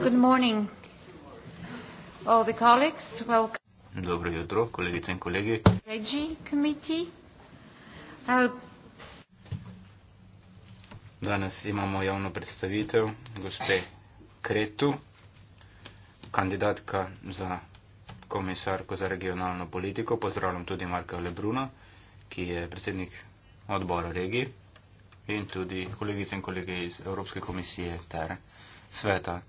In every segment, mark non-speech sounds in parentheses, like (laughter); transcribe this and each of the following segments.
Good morning. All the colleagues, welcome. Dobro jutro, kolegice in kolegi. Regi committee. Danes imamo javno predstavitev gospe Kretu, kandidatka za komisarko za regionalno politiko. Pozdravljam tudi Marka Lebruna, ki je predsednik odbora regije in tudi kolegice in kolege iz Evropske komisije ter sveta.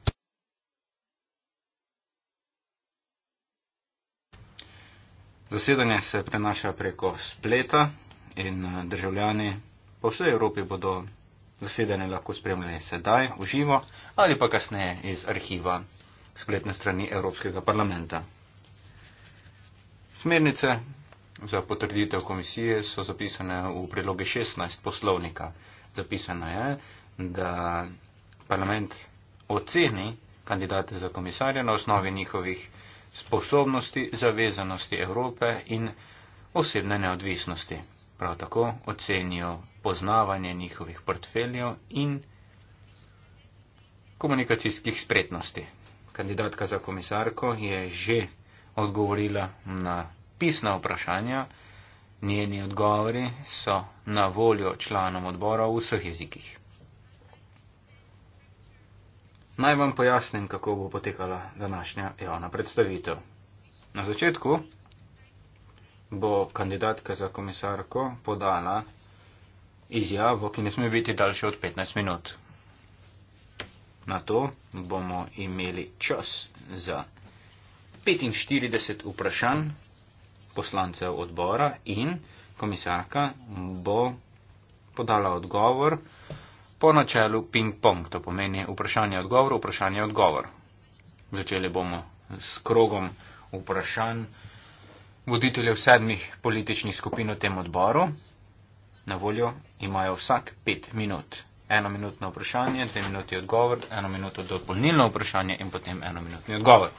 Zasedanje se prenaša preko spleta in eh, državljani po vsej Evropi bodo zasedanje lahko spremljali sedaj, v živo ali pa kasneje iz arhiva spletne strani Evropskega parlamenta. Smernice za potrditev komisije so zapisane v priloge 16 poslovnika. Zapisano je, da parlament oceni kandidate za komisarja na osnovi njihovih sposobnosti zavezanosti Evrope in osebne neodvisnosti. Prav tako ocenijo poznavanje njihovih portfeljev in komunikacijskih spretnosti. Kandidatka za komisarko je že odgovorila na pisna vprašanja. Njeni odgovori so na voljo članom odbora v vseh jezikih. Naj vam pojasnim, kako bo potekala današnja javna predstavitev. Na začetku bo kandidatka za komisarko podala izjavo, ki ne sme biti daljša od 15 minut. Na to bomo imeli čas za 45 vprašanj poslancev odbora in komisarka bo podala odgovor po načelu ping-pong, to pomeni vprašanje odgovor, vprašanje odgovor. Začeli bomo s krogom vprašanj voditeljev sedmih političnih skupin v tem odboru. Na voljo imajo vsak pet minut. Eno minutno vprašanje, dve minuti odgovor, eno minuto dopolnilno vprašanje in potem eno minutni odgovor.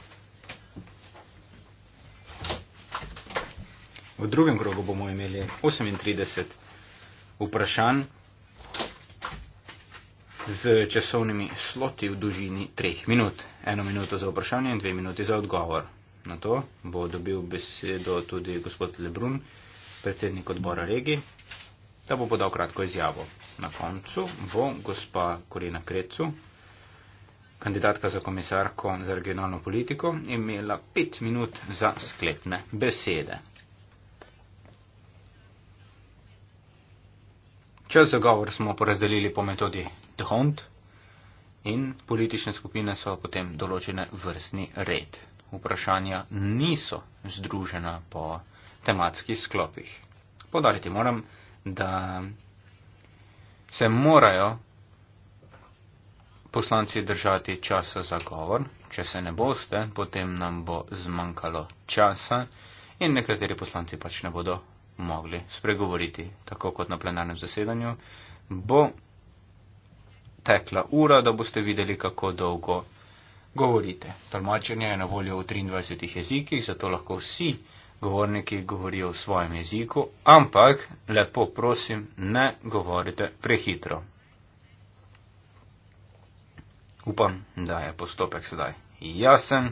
V drugem krogu bomo imeli 38 vprašanj z časovnimi sloti v dužini treh minut. Eno minuto za vprašanje in dve minuti za odgovor. Na to bo dobil besedo tudi gospod Lebrun, predsednik odbora regi, da bo podal kratko izjavo. Na koncu bo gospa Korina Krecu, kandidatka za komisarko za regionalno politiko, imela pet minut za sklepne besede. Čas za govor smo porazdelili po metodi de Hond in politične skupine so potem določene vrstni red. Vprašanja niso združena po tematskih sklopih. Podariti moram, da se morajo poslanci držati časa za govor. Če se ne boste, potem nam bo zmanjkalo časa in nekateri poslanci pač ne bodo mogli spregovoriti, tako kot na plenarnem zasedanju. Bo tekla ura, da boste videli, kako dolgo govorite. Tolmačenje je na voljo v 23 jezikih, zato lahko vsi govorniki govorijo v svojem jeziku, ampak lepo prosim, ne govorite prehitro. Upam, da je postopek sedaj jasen.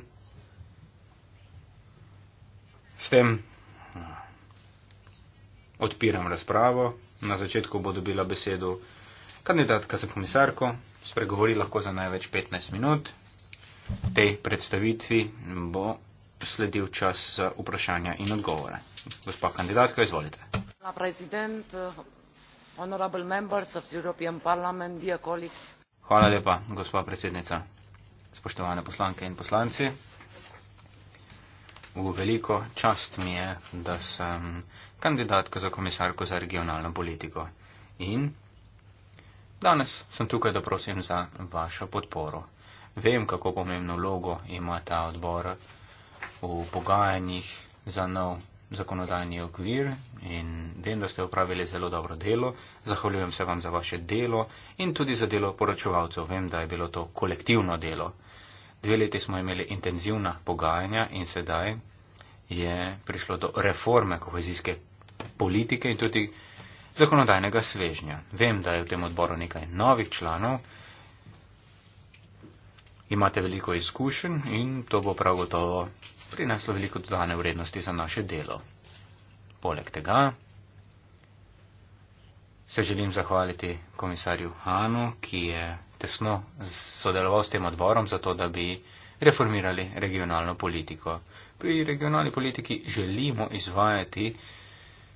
S tem ah, odpiram razpravo. Na začetku bo dobila besedo. Kandidatka za komisarko spregovori lahko za največ 15 minut. Tej predstavitvi bo sledil čas za vprašanja in odgovore. Gospa kandidatka, izvolite. Hvala lepa, gospa predsednica, spoštovane poslanke in poslanci. V veliko čast mi je, da sem kandidatka za komisarko za regionalno politiko in Danes sem tukaj, da prosim za vašo podporo. Vem, kako pomembno vlogo ima ta odbor v pogajanjih za nov zakonodajni okvir in vem, da ste upravili zelo dobro delo. Zahvaljujem se vam za vaše delo in tudi za delo poročevalcev. Vem, da je bilo to kolektivno delo. Dve leti smo imeli intenzivna pogajanja in sedaj je prišlo do reforme kohezijske politike in tudi zakonodajnega svežnja. Vem, da je v tem odboru nekaj novih članov, imate veliko izkušenj in to bo prav gotovo prineslo veliko dodane vrednosti za naše delo. Poleg tega se želim zahvaliti komisarju Hanu, ki je tesno sodeloval s tem odborom za to, da bi reformirali regionalno politiko. Pri regionalni politiki želimo izvajati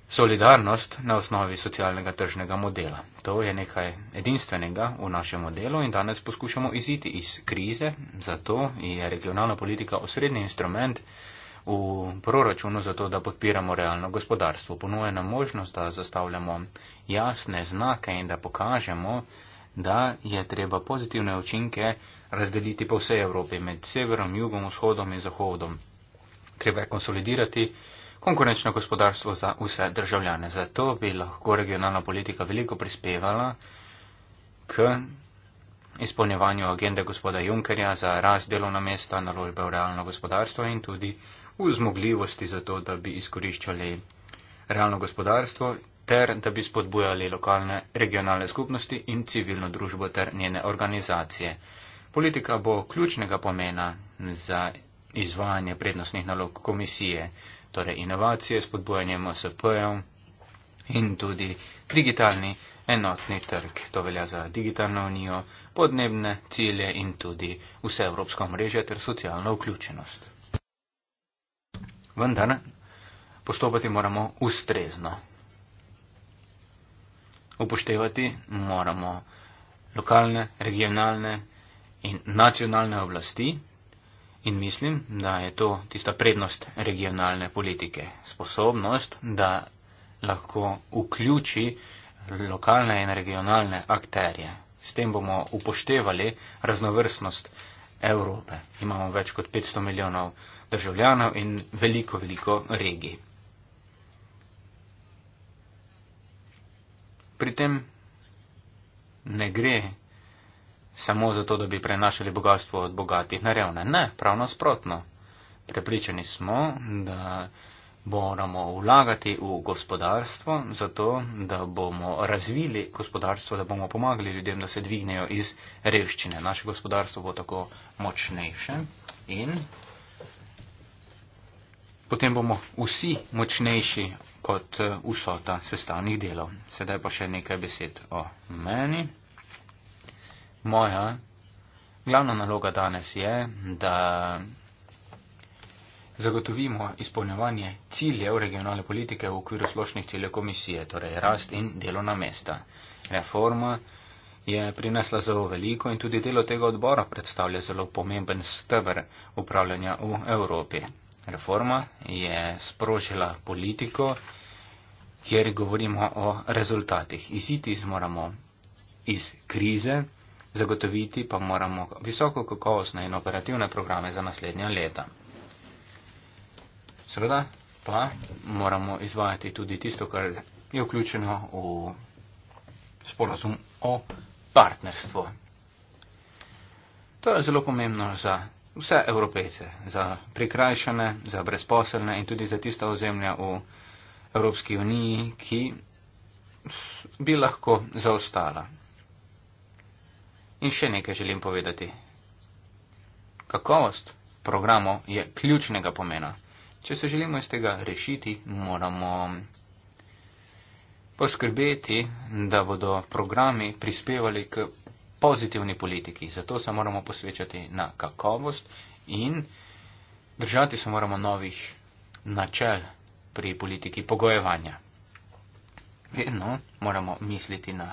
Solidarnost na osnovi socialnega tržnega modela. To je nekaj edinstvenega v našem modelu in danes poskušamo iziti iz krize. Zato je regionalna politika osrednji instrument v proračunu za to, da podpiramo realno gospodarstvo. Ponuje nam možnost, da zastavljamo jasne znake in da pokažemo, da je treba pozitivne učinke razdeliti po vsej Evropi med severom, jugom, vzhodom in zahodom. Treba je konsolidirati konkurenčno gospodarstvo za vse državljane. Zato bi lahko regionalna politika veliko prispevala k izpolnjevanju agende gospoda Junkerja za rast delovna mesta, naložbe v realno gospodarstvo in tudi v zmogljivosti za to, da bi izkoriščali realno gospodarstvo ter da bi spodbujali lokalne regionalne skupnosti in civilno družbo ter njene organizacije. Politika bo ključnega pomena za izvajanje prednostnih nalog komisije torej inovacije, spodbojanje MSP-jev in tudi digitalni enotni trg. To velja za digitalno unijo, podnebne cilje in tudi vse evropsko mreže ter socialno vključenost. Vendar postopati moramo ustrezno. Upoštevati moramo lokalne, regionalne in nacionalne oblasti, In mislim, da je to tista prednost regionalne politike. Sposobnost, da lahko vključi lokalne in regionalne akterje. S tem bomo upoštevali raznovrstnost Evrope. Imamo več kot 500 milijonov državljanov in veliko, veliko regij. Pri tem ne gre samo zato, da bi prenašali bogatstvo od bogatih na revne. Ne, prav nasprotno. Prepričani smo, da moramo vlagati v gospodarstvo, zato da bomo razvili gospodarstvo, da bomo pomagali ljudem, da se dvignejo iz revščine. Naše gospodarstvo bo tako močnejše in potem bomo vsi močnejši kot eh, vsota sestavnih delov. Sedaj pa še nekaj besed o meni moja glavna naloga danes je, da zagotovimo izpolnjevanje ciljev regionalne politike v okviru splošnih ciljev komisije, torej rast in delovna mesta. Reforma je prinesla zelo veliko in tudi delo tega odbora predstavlja zelo pomemben stebr upravljanja v Evropi. Reforma je sprožila politiko, kjer govorimo o rezultatih. Iziti moramo iz krize. Zagotoviti pa moramo visoko kakovostne in operativne programe za naslednja leta. Seveda pa moramo izvajati tudi tisto, kar je vključeno v sporozum o partnerstvu. To je zelo pomembno za vse evropejce, za prikrajšane, za brezposelne in tudi za tista ozemlja v Evropski uniji, ki bi lahko zaostala. In še nekaj želim povedati. Kakovost programov je ključnega pomena. Če se želimo iz tega rešiti, moramo poskrbeti, da bodo programi prispevali k pozitivni politiki. Zato se moramo posvečati na kakovost in držati se moramo novih načel pri politiki pogojevanja. Vedno moramo misliti na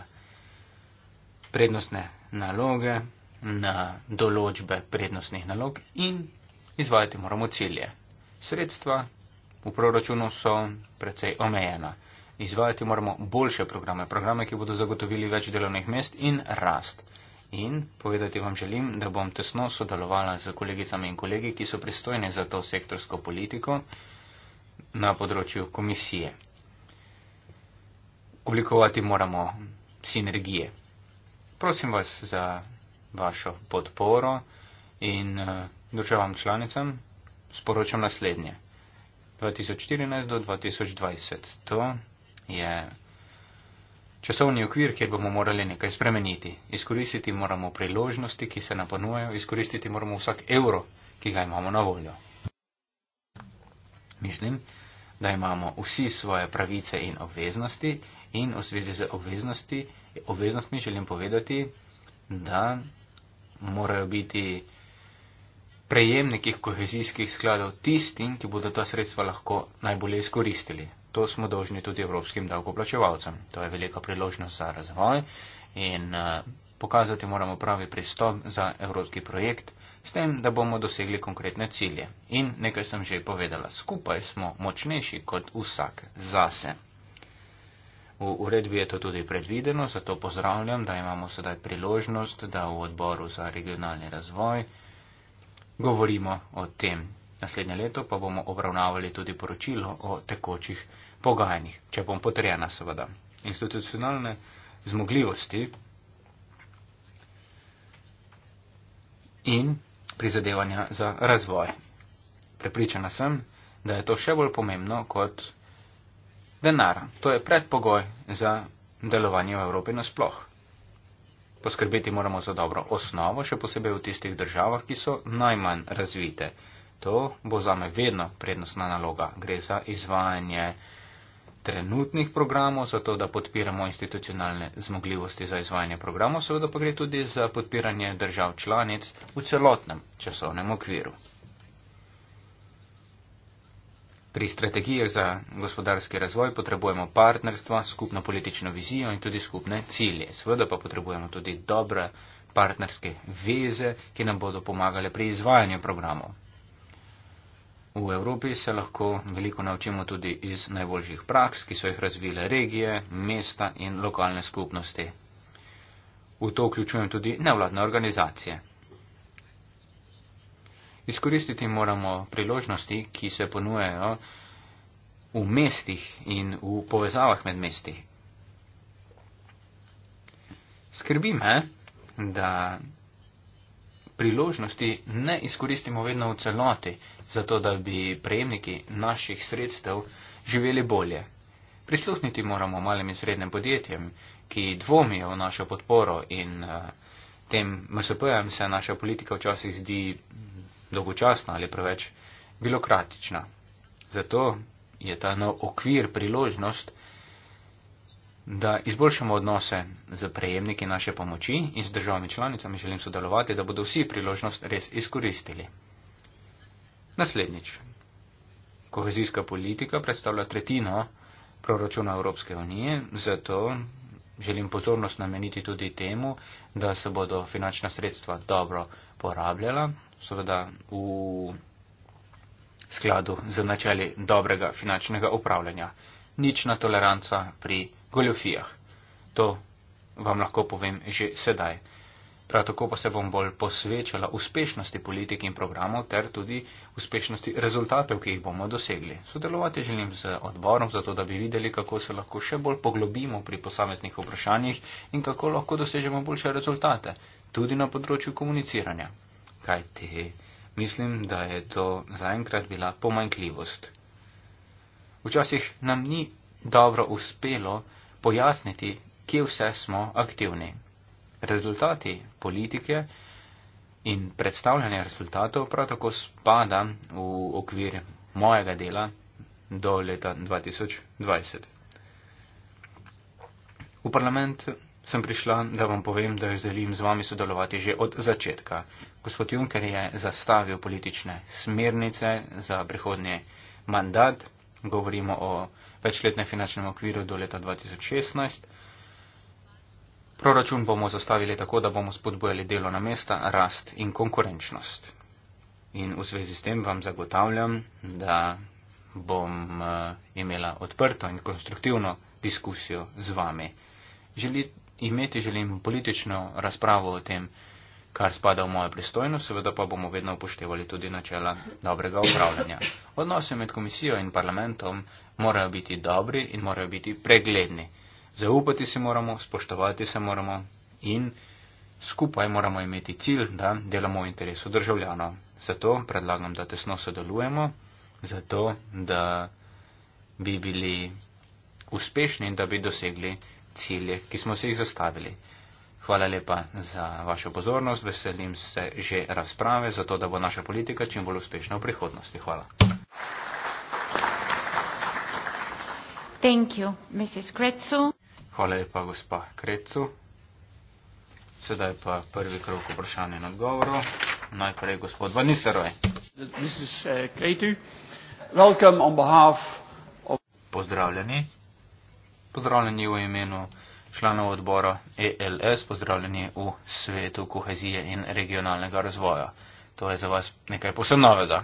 prednostne naloge, na določbe prednostnih nalog in izvajati moramo cilje. Sredstva v proračunu so precej omejena. Izvajati moramo boljše programe, programe, ki bodo zagotovili več delovnih mest in rast. In povedati vam želim, da bom tesno sodelovala z kolegicami in kolegi, ki so pristojni za to sektorsko politiko na področju komisije. Oblikovati moramo sinergije. Prosim vas za vašo podporo in eh, državam članicam sporočam naslednje. 2014 do 2020. To je časovni okvir, kjer bomo morali nekaj spremeniti. Izkoristiti moramo priložnosti, ki se naponujejo, izkoristiti moramo vsak evro, ki ga imamo na voljo. Mislim, da imamo vsi svoje pravice in obveznosti in v zvezi z obveznostmi želim povedati, da morajo biti prejemnikih kohezijskih skladov tistim, ki bodo ta sredstva lahko najbolje izkoristili. To smo dolžni tudi evropskim davkoplačevalcem. To je velika priložnost za razvoj in eh, pokazati moramo pravi pristop za evropski projekt s tem, da bomo dosegli konkretne cilje. In nekaj sem že povedala, skupaj smo močnejši kot vsak zase. V uredbi je to tudi predvideno, zato pozdravljam, da imamo sedaj priložnost, da v odboru za regionalni razvoj govorimo o tem. Naslednje leto pa bomo obravnavali tudi poročilo o tekočih pogajanjih, če bom potrjena seveda. Institucionalne zmogljivosti in prizadevanja za razvoj. Prepričana sem, da je to še bolj pomembno kot denar. To je predpogoj za delovanje v Evropi nasploh. Poskrbeti moramo za dobro osnovo, še posebej v tistih državah, ki so najmanj razvite. To bo zame vedno prednostna naloga. Gre za izvajanje trenutnih programov, zato da podpiramo institucionalne zmogljivosti za izvajanje programov, seveda pa gre tudi za podpiranje držav članic v celotnem časovnem okviru. Pri strategijah za gospodarski razvoj potrebujemo partnerstva, skupno politično vizijo in tudi skupne cilje. Sveda pa potrebujemo tudi dobre partnerske veze, ki nam bodo pomagale pri izvajanju programov. V Evropi se lahko veliko naučimo tudi iz najboljših praks, ki so jih razvile regije, mesta in lokalne skupnosti. V to vključujem tudi nevladne organizacije. Izkoristiti moramo priložnosti, ki se ponujejo v mestih in v povezavah med mestih. Skrbi me, da priložnosti ne izkoristimo vedno v celoti, zato da bi prejemniki naših sredstev živeli bolje. Prisluhniti moramo malim in srednjim podjetjem, ki dvomijo v našo podporo in uh, tem MSP-jem se naša politika včasih zdi dolgočasna ali preveč birokratična. Zato je ta nov okvir priložnost, da izboljšamo odnose z prejemniki naše pomoči in z državami članicami želim sodelovati, da bodo vsi priložnost res izkoristili. Naslednjič. Kohezijska politika predstavlja tretjino proračuna Evropske unije, zato želim pozornost nameniti tudi temu, da se bodo finančna sredstva dobro porabljala, seveda v skladu z načeli dobrega finančnega upravljanja. Nična toleranca pri goljofijah. To vam lahko povem že sedaj. Prav tako pa se bom bolj posvečala uspešnosti politik in programov ter tudi uspešnosti rezultatov, ki jih bomo dosegli. Sodelovati želim z odborom, zato da bi videli, kako se lahko še bolj poglobimo pri posameznih vprašanjih in kako lahko dosežemo boljše rezultate, tudi na področju komuniciranja. Kaj ti? Mislim, da je to zaenkrat bila pomanjkljivost. Včasih nam ni dobro uspelo, pojasniti, kje vse smo aktivni. Rezultati politike in predstavljanje rezultatov prav tako spada v okvir mojega dela do leta 2020. V parlament sem prišla, da vam povem, da želim z vami sodelovati že od začetka. Gospod Juncker je zastavil politične smernice za prihodnje mandat 2020-2021 govorimo o večletnem finančnem okviru do leta 2016. Proračun bomo zastavili tako, da bomo spodbujali delo na mesta, rast in konkurenčnost. In v zvezi s tem vam zagotavljam, da bom eh, imela odprto in konstruktivno diskusijo z vami. Želi, imeti želim politično razpravo o tem, kar spada v mojo pristojnost, seveda pa bomo vedno upoštevali tudi načela dobrega upravljanja. Odnose med komisijo in parlamentom morajo biti dobri in morajo biti pregledni. Zaupati se moramo, spoštovati se moramo in skupaj moramo imeti cilj, da delamo v interesu državljanov. Zato predlagam, da tesno sodelujemo, zato da bi bili uspešni in da bi dosegli cilje, ki smo se jih zastavili. Hvala lepa za vašo pozornost. Veselim se že razprave, zato da bo naša politika čim bolj uspešna v prihodnosti. Hvala. You, Hvala lepa, gospa Krecu. Sedaj pa prvi krok vprašanja in odgovorov. Najprej gospod Van Nistelrooy. Eh, Pozdravljeni. Pozdravljeni v imenu članov odbora ELS, pozdravljeni v svetu kohezije in regionalnega razvoja. To je za vas nekaj posebno novega.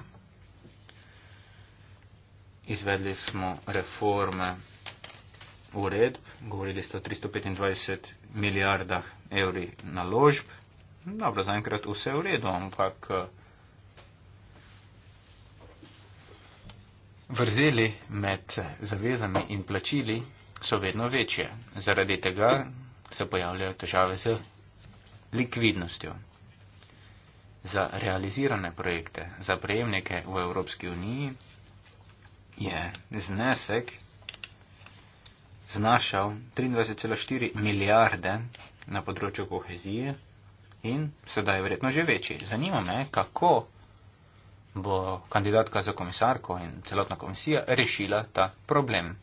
Izvedli smo reforme uredb, govorili ste o 325 milijardah evri naložb. Dobro, zaenkrat vse v redu, ampak eh, vrzeli med zavezami in plačili so vedno večje. Zaradi tega se pojavljajo težave z likvidnostjo. Za realizirane projekte, za prejemnike v Evropski uniji je znesek znašal 23,4 milijarde na področju kohezije in sedaj je verjetno že večji. Zanima me, kako bo kandidatka za komisarko in celotna komisija rešila ta problem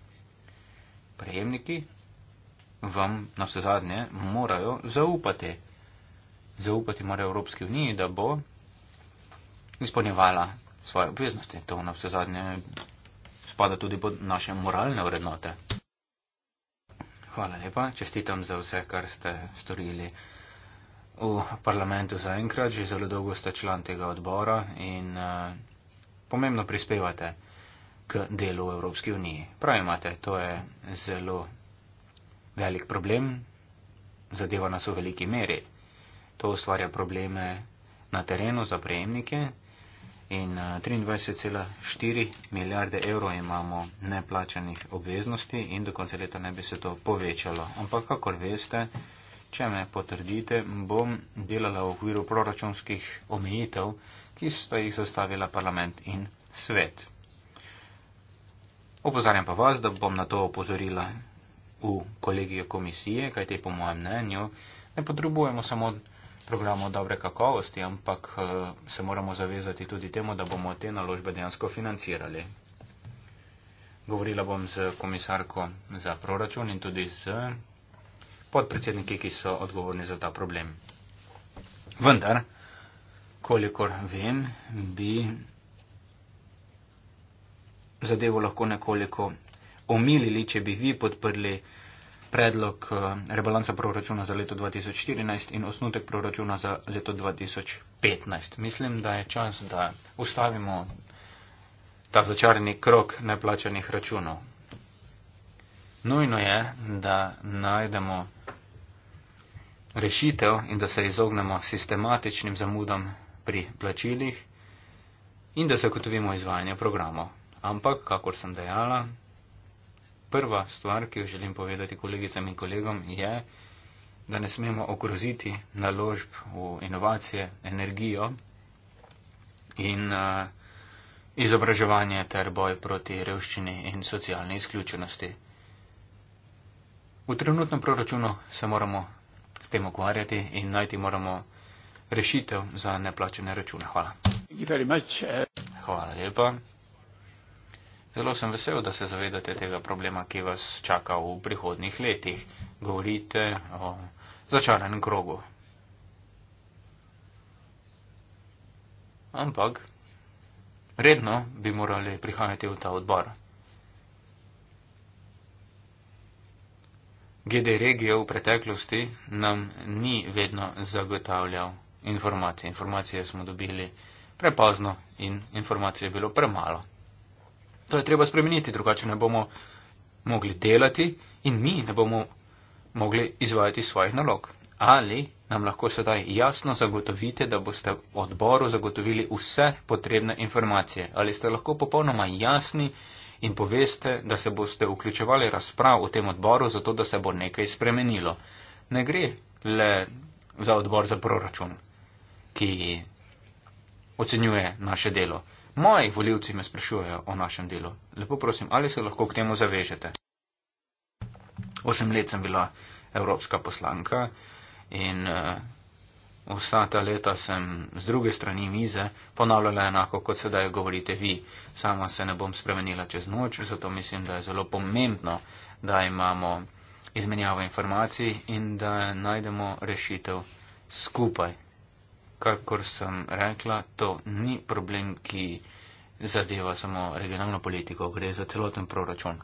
prejemniki vam na vse zadnje morajo zaupati. Zaupati mora Evropski uniji, da bo izpolnjevala svoje obveznosti. To na vse zadnje spada tudi pod naše moralne vrednote. Hvala lepa, čestitam za vse, kar ste storili v parlamentu za enkrat. Že zelo dolgo ste član tega odbora in uh, pomembno prispevate k delu v Evropski uniji. Prav imate, to je zelo velik problem, zadeva nas v veliki meri. To ustvarja probleme na terenu za prejemnike in 23,4 eh, milijarde evrov imamo neplačanih obveznosti in do konca leta ne bi se to povečalo. Ampak, kakor veste, če me potrdite, bom delala v okviru proračunskih omejitev, ki sta jih zastavila parlament in svet. Opozarjam pa vas, da bom na to opozorila v kolegijo komisije, kaj te po mojem mnenju ne potrebujemo samo programov dobre kakovosti, ampak eh, se moramo zavezati tudi temu, da bomo te naložbe dejansko financirali. Govorila bom z komisarko za proračun in tudi z podpredsedniki, ki so odgovorni za ta problem. Vendar, kolikor vem, bi zadevo lahko nekoliko omilili, če bi vi podprli predlog eh, rebalansa proračuna za leto 2014 in osnutek proračuna za leto 2015. Mislim, da je čas, da ustavimo ta začarni krok neplačanih računov. Nujno je, da najdemo rešitev in da se izognemo sistematičnim zamudam pri plačilih in da zagotovimo izvajanje programov. Ampak, kakor sem dejala, prva stvar, ki jo želim povedati kolegicam in kolegom, je, da ne smemo okroziti naložb v inovacije, energijo in uh, izobraževanje ter boj proti revščini in socialni izključenosti. V trenutnem proračunu se moramo s tem ukvarjati in najti moramo rešitev za neplačene račune. Hvala. Eh. Hvala lepa. Zelo sem vesel, da se zavedate tega problema, ki vas čaka v prihodnih letih. Govorite o začaranem krogu. Ampak redno bi morali prihajati v ta odbor. GD regije v preteklosti nam ni vedno zagotavljal informacije. Informacije smo dobili prepozno in informacije je bilo premalo. To je treba spremeniti, drugače ne bomo mogli delati in mi ne bomo mogli izvajati svojih nalog. Ali nam lahko sedaj jasno zagotovite, da boste odboru zagotovili vse potrebne informacije? Ali ste lahko popolnoma jasni in poveste, da se boste vključevali razprav v tem odboru, zato da se bo nekaj spremenilo? Ne gre le za odbor za proračun, ki ocenjuje naše delo. Moji voljivci me sprašujejo o našem delu. Lepo prosim, ali se lahko k temu zavežete? Osem let sem bila evropska poslanka in uh, vsa ta leta sem z druge strani mize ponavljala enako, kot sedaj govorite vi. Sama se ne bom spremenila čez noč, zato mislim, da je zelo pomembno, da imamo izmenjavo informacij in da najdemo rešitev skupaj kakor sem rekla, to ni problem, ki zadeva samo regionalno politiko, gre za celoten proračun.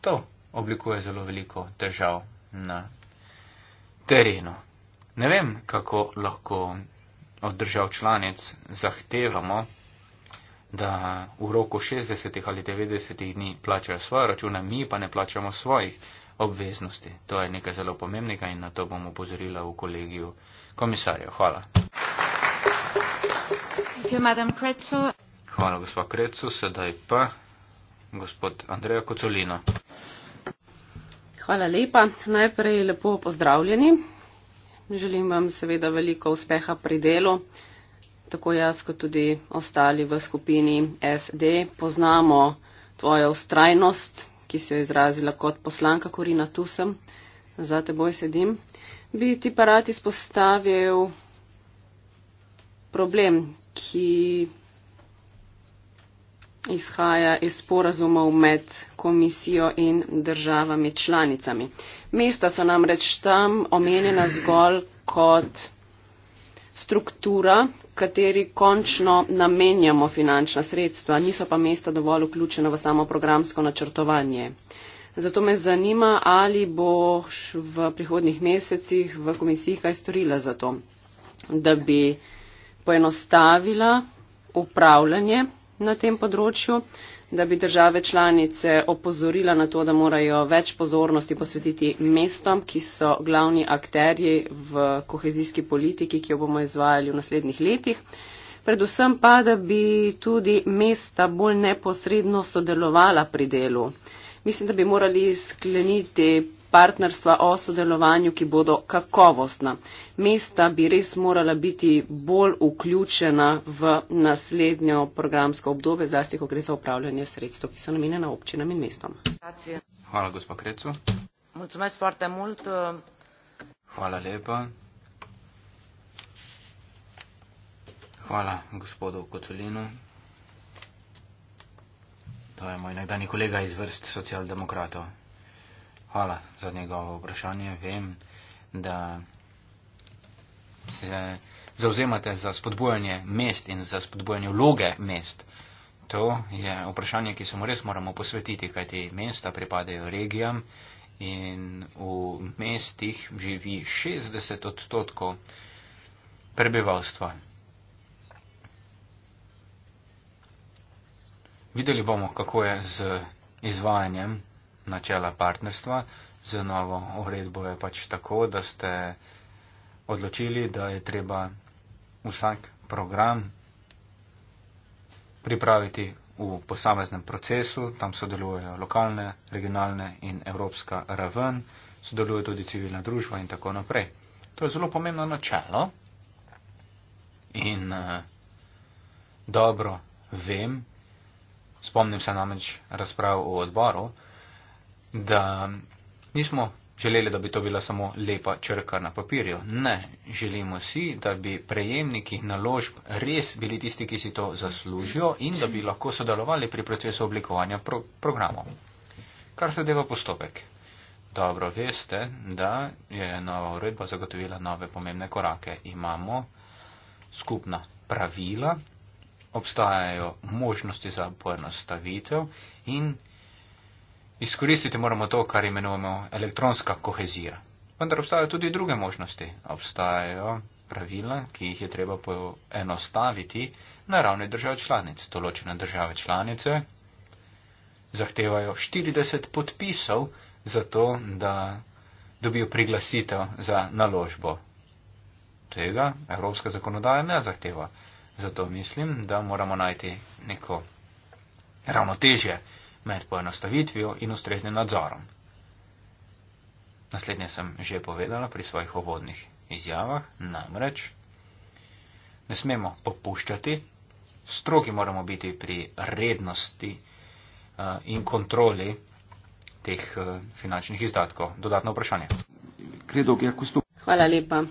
To oblikuje zelo veliko težav na terenu. Ne vem, kako lahko od držav članic zahtevamo, da v roku 60 ali 90 dni plačajo svoje račune, mi pa ne plačamo svojih obveznosti. To je nekaj zelo pomembnega in na to bom upozorila v kolegiju komisarja. Hvala. Hvala, gospod Krecu. Sedaj pa gospod Andreja Kocolino. Hvala lepa. Najprej lepo pozdravljeni. Želim vam seveda veliko uspeha pri delu. Tako jaz, kot tudi ostali v skupini SD, poznamo tvojo ustrajnost, ki si jo izrazila kot poslanka Korina Tusem. Za teboj sedim. Bi ti pa rad izpostavil problem, ki izhaja iz sporazumov med komisijo in državami članicami. Mesta so namreč tam omenjena zgolj kot struktura, kateri končno namenjamo finančna sredstva, niso pa mesta dovolj vključena v samo programsko načrtovanje. Zato me zanima, ali boš v prihodnih mesecih v komisiji kaj storila za to, da bi poenostavila upravljanje na tem področju, da bi države članice opozorila na to, da morajo več pozornosti posvetiti mestom, ki so glavni akterji v kohezijski politiki, ki jo bomo izvajali v naslednjih letih. Predvsem pa, da bi tudi mesta bolj neposredno sodelovala pri delu. Mislim, da bi morali skleniti partnerstva o sodelovanju, ki bodo kakovostna. Mesta bi res morala biti bolj vključena v naslednjo programsko obdobje, zlasti, ko gre za upravljanje sredstv, ki so namenjena občinam in mestom. Hvala, gospod Krecu. Mulțumesc foarte mult. Hvala lepa. Hvala gospodu Kotulinu. To je moj nekdani kolega iz vrst socialdemokratov. Hvala za njegovo vprašanje. Vem, da se zauzemate za spodbujanje mest in za spodbujanje vloge mest. To je vprašanje, ki se mu res moramo posvetiti, kajti mesta pripadajo regijam in v mestih živi 60 odstotkov prebivalstva. Videli bomo, kako je z izvajanjem načela partnerstva, z novo uredbo je pač tako, da ste odločili, da je treba vsak program pripraviti v posameznem procesu, tam sodelujejo lokalne, regionalne in evropska raven, sodeluje tudi civilna družba in tako naprej. To je zelo pomembno načelo in eh, dobro vem, spomnim se namreč razprav v odboru, da nismo želeli, da bi to bila samo lepa črka na papirju. Ne, želimo si, da bi prejemniki naložb res bili tisti, ki si to zaslužijo in da bi lahko sodelovali pri procesu oblikovanja pro programov. Kar se deva postopek. Dobro veste, da je nova uredba zagotovila nove pomembne korake. Imamo skupna pravila, obstajajo možnosti za poenostavitev in Izkoristiti moramo to, kar imenujemo elektronska kohezija. Vendar obstajajo tudi druge možnosti. Obstajajo pravila, ki jih je treba poenostaviti na ravni držav članic. Določene države članice zahtevajo 40 podpisov za to, da dobijo priglasitev za naložbo. Tega evropska zakonodaja ne zahteva. Zato mislim, da moramo najti neko ravnotežje med poenostavitvijo in ustreznim nadzorom. Naslednje sem že povedala pri svojih uvodnih izjavah, namreč ne smemo popuščati, strogi moramo biti pri rednosti uh, in kontroli teh uh, finančnih izdatkov. Dodatno vprašanje. Hvala lepa.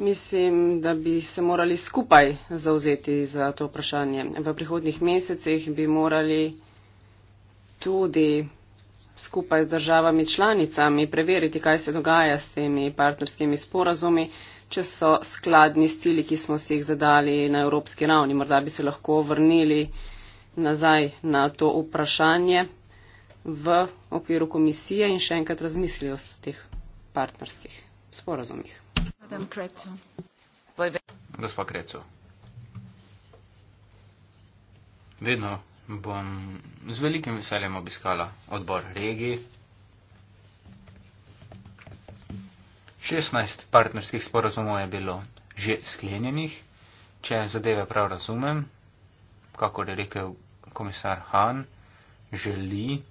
Mislim, da bi se morali skupaj zauzeti za to vprašanje. V prihodnih mesecih bi morali tudi skupaj z državami članicami preveriti, kaj se dogaja s temi partnerskimi sporazumi, če so skladni s cili, ki smo si jih zadali na evropski ravni. Morda bi se lahko vrnili nazaj na to vprašanje v okviru komisije in še enkrat razmislijo o teh partnerskih sporazumih. Gospod Krecu. Vedno bom z velikim veseljem obiskala odbor regi. 16 partnerskih sporozumov je bilo že sklenjenih, če zadeve prav razumem, kako je rekel komisar Han, želi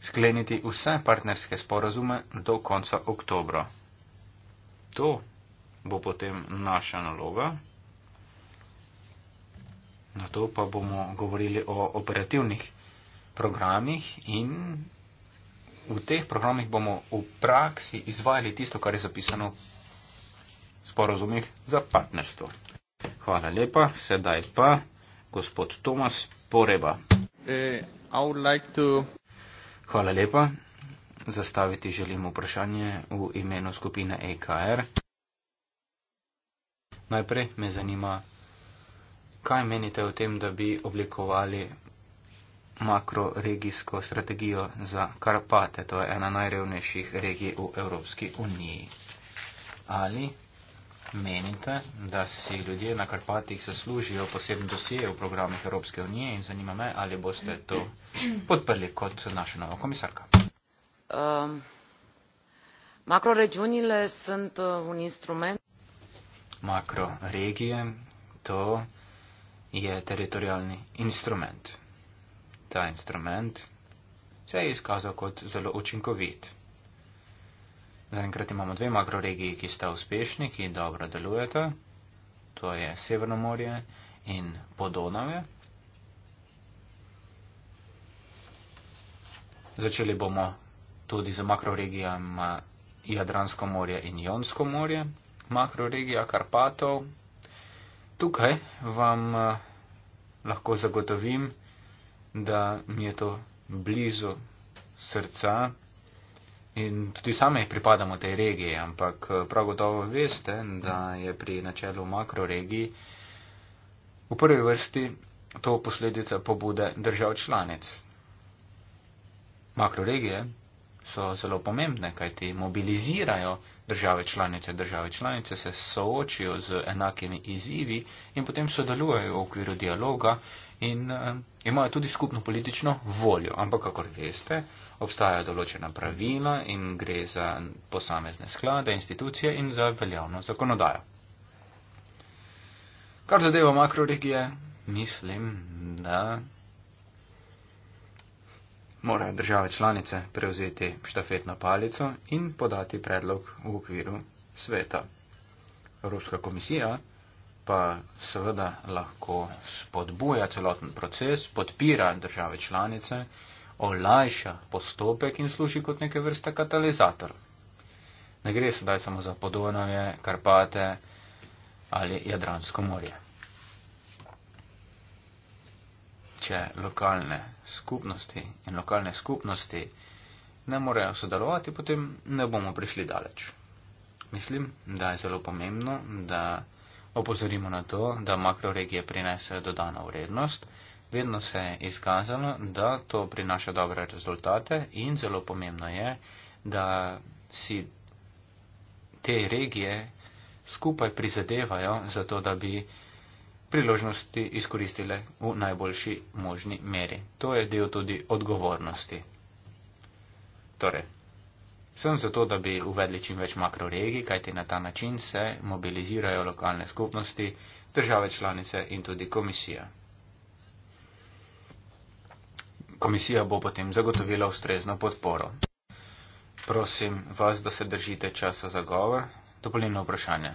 skleniti vse partnerske sporozume do konca oktobra. To bo potem naša naloga. Na to pa bomo govorili o operativnih programih in v teh programih bomo v praksi izvajali tisto, kar je zapisano v sporozumih za partnerstvo. Hvala lepa, sedaj pa gospod Tomas Poreba. Uh, like to... Hvala lepa. Zastaviti želim vprašanje v imenu skupine EKR. Najprej me zanima kaj menite o tem, da bi oblikovali makroregijsko strategijo za Karpate, to je ena najrevnejših regij v Evropski uniji? Ali menite, da si ljudje na Karpatih zaslužijo poseben dosje v programih Evropske unije in zanima me, ali boste to podprli kot naša nova komisarka? Um, makroregijone so uh, instrument. Makroregije, to je teritorijalni instrument. Ta instrument se je izkazal kot zelo učinkovit. Zaenkrat imamo dve makroregiji, ki sta uspešni, ki dobro delujeta, to je Severno morje in Podonave. Začeli bomo tudi z makroregijama Jadransko morje in Jonsko morje. Makroregija Karpatov tukaj vam eh, lahko zagotovim, da mi je to blizu srca in tudi sami pripadamo tej regiji, ampak eh, prav gotovo veste, da je pri načelu makroregiji v prvi vrsti to posledica pobude držav članic. Makroregije so zelo pomembne, kajti mobilizirajo Države članice, države članice se soočijo z enakimi izzivi in potem sodelujejo v okviru dialoga in uh, imajo tudi skupno politično voljo. Ampak, kakor veste, obstajajo določena pravila in gre za posamezne sklade, institucije in za veljavno zakonodajo. Kar zadeva makroregije, mislim, da morajo države članice prevzeti štafetno palico in podati predlog v okviru sveta. Evropska komisija pa seveda lahko spodbuja celoten proces, podpira države članice, olajša postopek in služi kot neke vrste katalizator. Ne gre sedaj samo za Podonave, Karpate ali Jadransko morje. Če lokalne skupnosti in lokalne skupnosti ne morejo sodelovati, potem ne bomo prišli daleč. Mislim, da je zelo pomembno, da opozorimo na to, da makroregije prinesejo dodano vrednost. Vedno se je izkazalo, da to prinaša dobre rezultate in zelo pomembno je, da si te regije skupaj prizadevajo za to, da bi priložnosti izkoristile v najboljši možni meri. To je del tudi odgovornosti. Torej, sem zato, da bi uvedli čim več makroregij, kajti na ta način se mobilizirajo lokalne skupnosti, države članice in tudi komisija. Komisija bo potem zagotovila ustrezno podporo. Prosim vas, da se držite časa za govor. Dopolnilno vprašanje.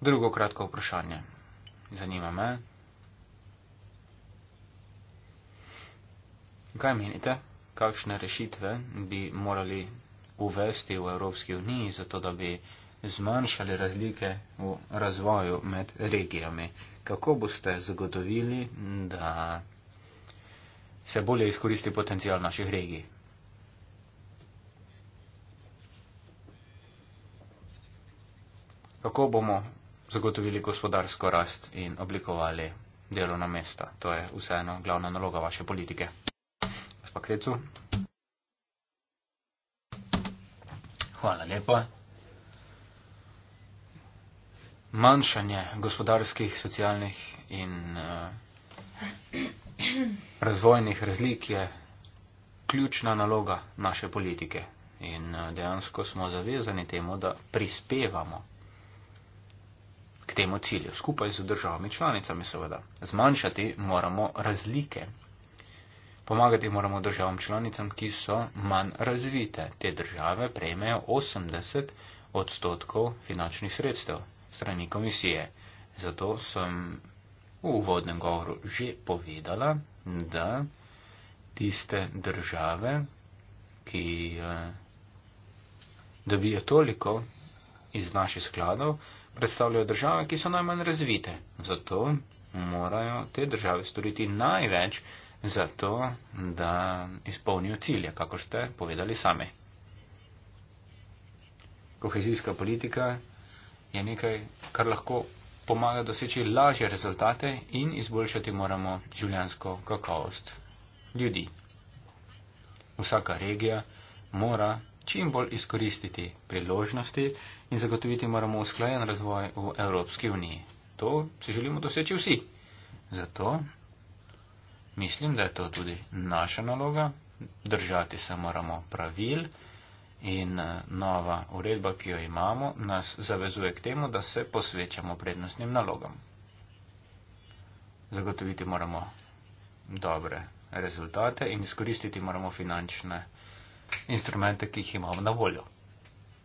Drugo kratko vprašanje. Zanima me. Kaj menite, kakšne rešitve bi morali uvesti v Evropski uniji, zato da bi zmanjšali razlike v razvoju med regijami? Kako boste zagotovili, da se bolje izkoristi potencial naših regij? Kako bomo zagotovili gospodarsko rast in oblikovali delovna mesta. To je vseeno glavna naloga vaše politike. Gospod Krecu. Hvala lepa. Manjšanje gospodarskih, socialnih in uh, razvojnih razlik je ključna naloga naše politike. In uh, dejansko smo zavezani temu, da prispevamo temu cilju, skupaj z državami članicami seveda. Zmanjšati moramo razlike. Pomagati moramo državam članicam, ki so manj razvite. Te države prejmejo 80 odstotkov finančnih sredstev strani komisije. Zato sem v uvodnem govoru že povedala, da tiste države, ki eh, dobijo toliko iz naših skladov, predstavljajo države, ki so najmanj razvite. Zato morajo te države storiti največ za to, da izpolnijo cilje, kako ste povedali sami. Kohezijska politika je nekaj, kar lahko pomaga doseči lažje rezultate in izboljšati moramo življansko kakovost ljudi. Vsaka regija mora čim bolj izkoristiti priložnosti in zagotoviti moramo usklajen razvoj v Evropski uniji. To si želimo doseči vsi. Zato mislim, da je to tudi naša naloga. Držati se moramo pravil in eh, nova uredba, ki jo imamo, nas zavezuje k temu, da se posvečamo prednostnim nalogam. Zagotoviti moramo dobre rezultate in izkoristiti moramo finančne instrumente, ki jih imamo na voljo.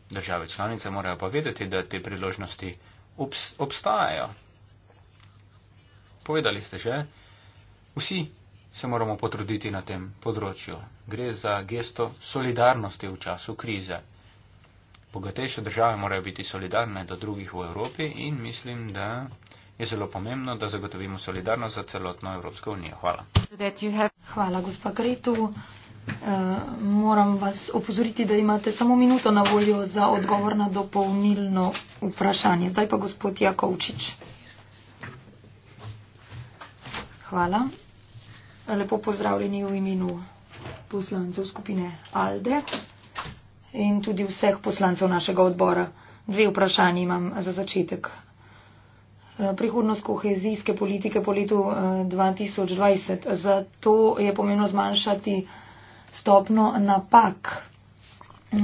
Države članice morajo pa vedeti, da te priložnosti obs obstajajo. Povedali ste že, vsi se moramo potruditi na tem področju. Gre za gesto solidarnosti v času krize. Bogatejše države morajo biti solidarne do drugih v Evropi in mislim, da je zelo pomembno, da zagotovimo solidarnost za celotno Evropsko unijo. Hvala. Hvala, gospod Gritu. Eh, moram vas opozoriti, da imate samo minuto na voljo za odgovor na dopolnilno vprašanje. Zdaj pa gospod Jakovčič. Hvala. Lepo pozdravljeni v imenu poslancev skupine ALDE in tudi vseh poslancev našega odbora. Dve vprašanje imam za začetek. Eh, prihodnost kohezijske politike po letu 2020. Eh, Zato je pomembno zmanjšati stopno napak,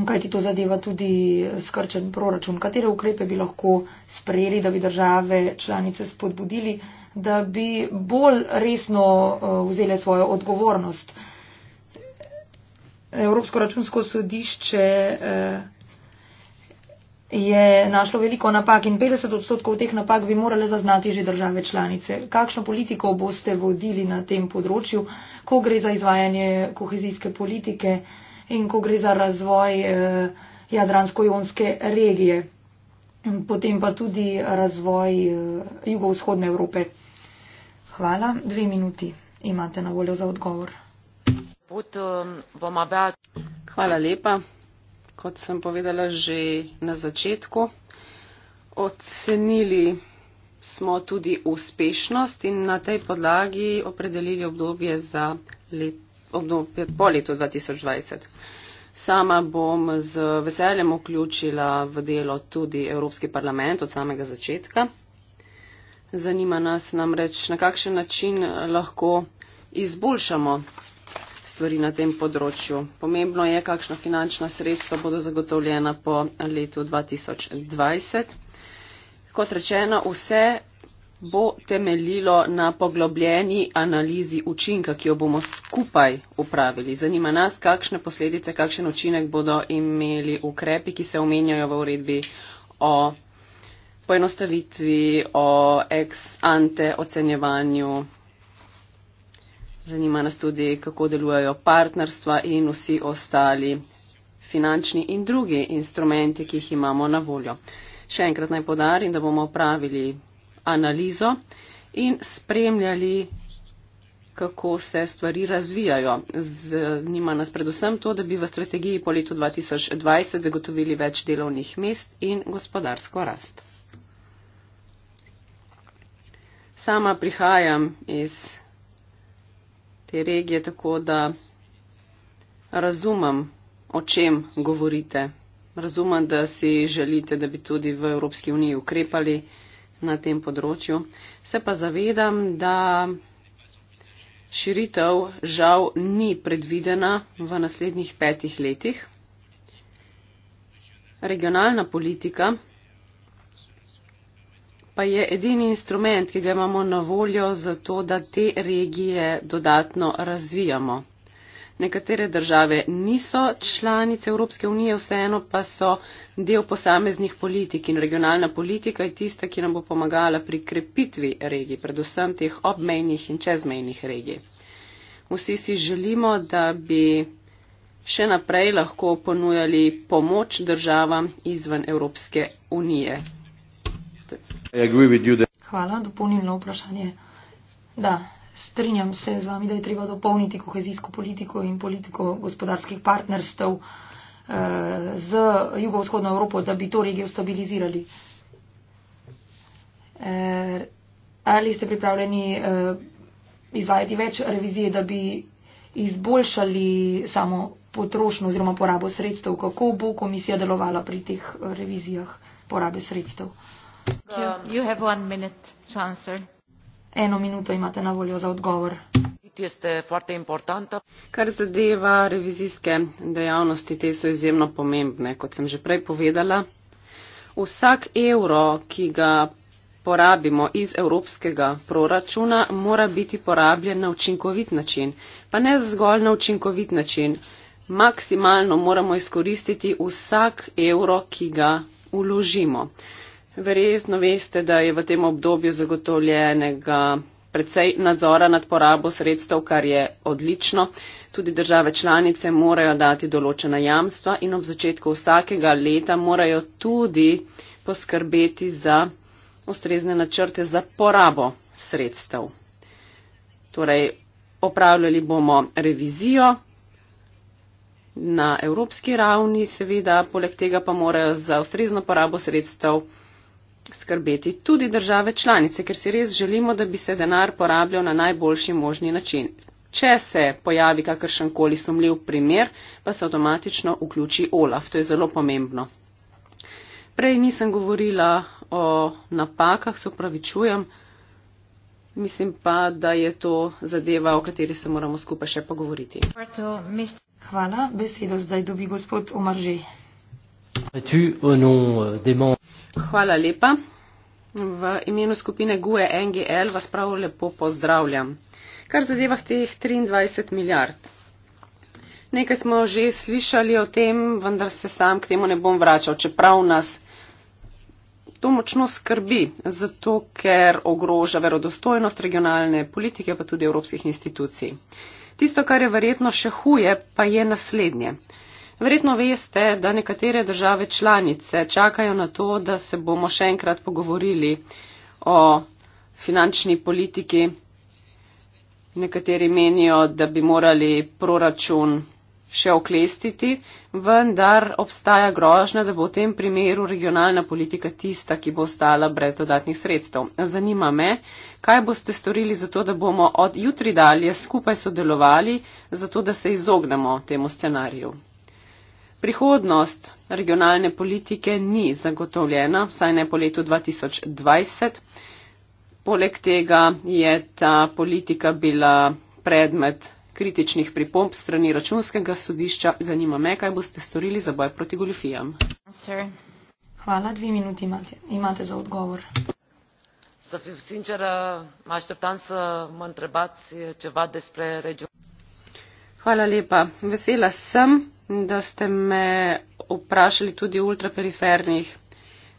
kaj ti to zadeva tudi skrčen proračun. Katere ukrepe bi lahko sprejeli, da bi države članice spodbudili, da bi bolj resno eh, vzele svojo odgovornost? Evropsko računsko sodišče. Eh, je našlo veliko napak in 50 odstotkov teh napak bi morale zaznati že države članice. Kakšno politiko boste vodili na tem področju, ko gre za izvajanje kohezijske politike in ko gre za razvoj eh, Jadransko-Jonske regije, potem pa tudi razvoj eh, jugovzhodne Evrope? Hvala. Dve minuti imate na voljo za odgovor. Eh, Hvala lepa kot sem povedala že na začetku. Ocenili smo tudi uspešnost in na tej podlagi opredelili obdobje, za let, obdobje po letu 2020. Sama bom z veseljem vključila v delo tudi Evropski parlament od samega začetka. Zanima nas namreč, na kakšen način lahko izboljšamo stvari na tem področju. Pomembno je, kakšna finančna sredstva bodo zagotovljena po letu 2020. Kot rečeno, vse bo temeljilo na poglobljeni analizi učinka, ki jo bomo skupaj upravili. Zanima nas, kakšne posledice, kakšen učinek bodo imeli ukrepi, ki se omenjajo v uredbi o poenostavitvi, o ex ante ocenjevanju Zanima nas tudi, kako delujejo partnerstva in vsi ostali finančni in drugi instrumenti, ki jih imamo na voljo. Še enkrat naj podarim, da bomo opravili analizo in spremljali, kako se stvari razvijajo. Zanima nas predvsem to, da bi v strategiji po letu 2020 zagotovili več delovnih mest in gospodarsko rast. Sama prihajam iz te regije, tako da razumem, o čem govorite. Razumem, da si želite, da bi tudi v Evropski uniji ukrepali na tem področju. Se pa zavedam, da širitev žal ni predvidena v naslednjih petih letih. Regionalna politika pa je edini instrument, ki ga imamo na voljo za to, da te regije dodatno razvijamo. Nekatere države niso članice Evropske unije, vseeno pa so del posameznih politik in regionalna politika je tista, ki nam bo pomagala pri krepitvi regij, predvsem teh obmejnih in čezmejnih regij. Vsi si želimo, da bi še naprej lahko ponujali pomoč državam izven Evropske unije. Hvala, dopolnilno vprašanje. Da, strinjam se z vami, da je treba dopolniti kohezijsko politiko in politiko gospodarskih partnerstv eh, z jugovzhodno Evropo, da bi to regijo stabilizirali. Eh, ali ste pripravljeni eh, izvajati več revizije, da bi izboljšali samo potrošnjo oziroma porabo sredstev? Kako bo komisija delovala pri teh revizijah porabe sredstev? kar zadeva revizijske dejavnosti te so izjemno pomembne kot sem že prej povedala vsak evro ki ga porabimo iz evropskega proračuna mora biti porabljen na učinkovit način pa ne zgolj na učinkovit način maksimalno moramo izkoristiti vsak evro ki ga uložimo. Verjetno veste, da je v tem obdobju zagotovljenega predvsej nadzora nad porabo sredstev, kar je odlično. Tudi države članice morajo dati določena jamstva in ob začetku vsakega leta morajo tudi poskrbeti za ustrezne načrte za porabo sredstev. Torej, opravljali bomo revizijo na evropski ravni, seveda, poleg tega pa morajo za ustrezno porabo sredstev skrbeti tudi države članice, ker si res želimo, da bi se denar porabljal na najboljši možni način. Če se pojavi kakršen koli sumljiv primer, pa se avtomatično vključi OLAF. To je zelo pomembno. Prej nisem govorila o napakah, se upravičujem. Mislim pa, da je to zadeva, o kateri se moramo skupaj še pogovoriti. Hvala. Besedo zdaj dobi gospod Omarži. Tu, au nom euh, des membres. Hvala lepa. V imenu skupine GUE NGL vas prav lepo pozdravljam. Kar zadeva teh 23 milijard. Nekaj smo že slišali o tem, vendar se sam k temu ne bom vračal, čeprav nas to močno skrbi, zato ker ogroža verodostojnost regionalne politike pa tudi evropskih institucij. Tisto, kar je verjetno še huje, pa je naslednje. Verjetno veste, da nekatere države članice čakajo na to, da se bomo še enkrat pogovorili o finančni politiki. Nekateri menijo, da bi morali proračun še oklestiti, vendar obstaja grožna, da bo v tem primeru regionalna politika tista, ki bo ostala brez dodatnih sredstev. Zanima me, kaj boste storili za to, da bomo od jutri dalje skupaj sodelovali, zato da se izognemo temu scenariju. Prihodnost regionalne politike ni zagotovljena, vsaj ne po letu 2020. Poleg tega je ta politika bila predmet kritičnih pripomp strani računskega sodišča. Zanima me, kaj boste storili za boj proti goljofijam. Sir. Hvala, dve minuti imate, imate za odgovor. Hvala lepa. Vesela sem, da ste me vprašali tudi o ultraperifernih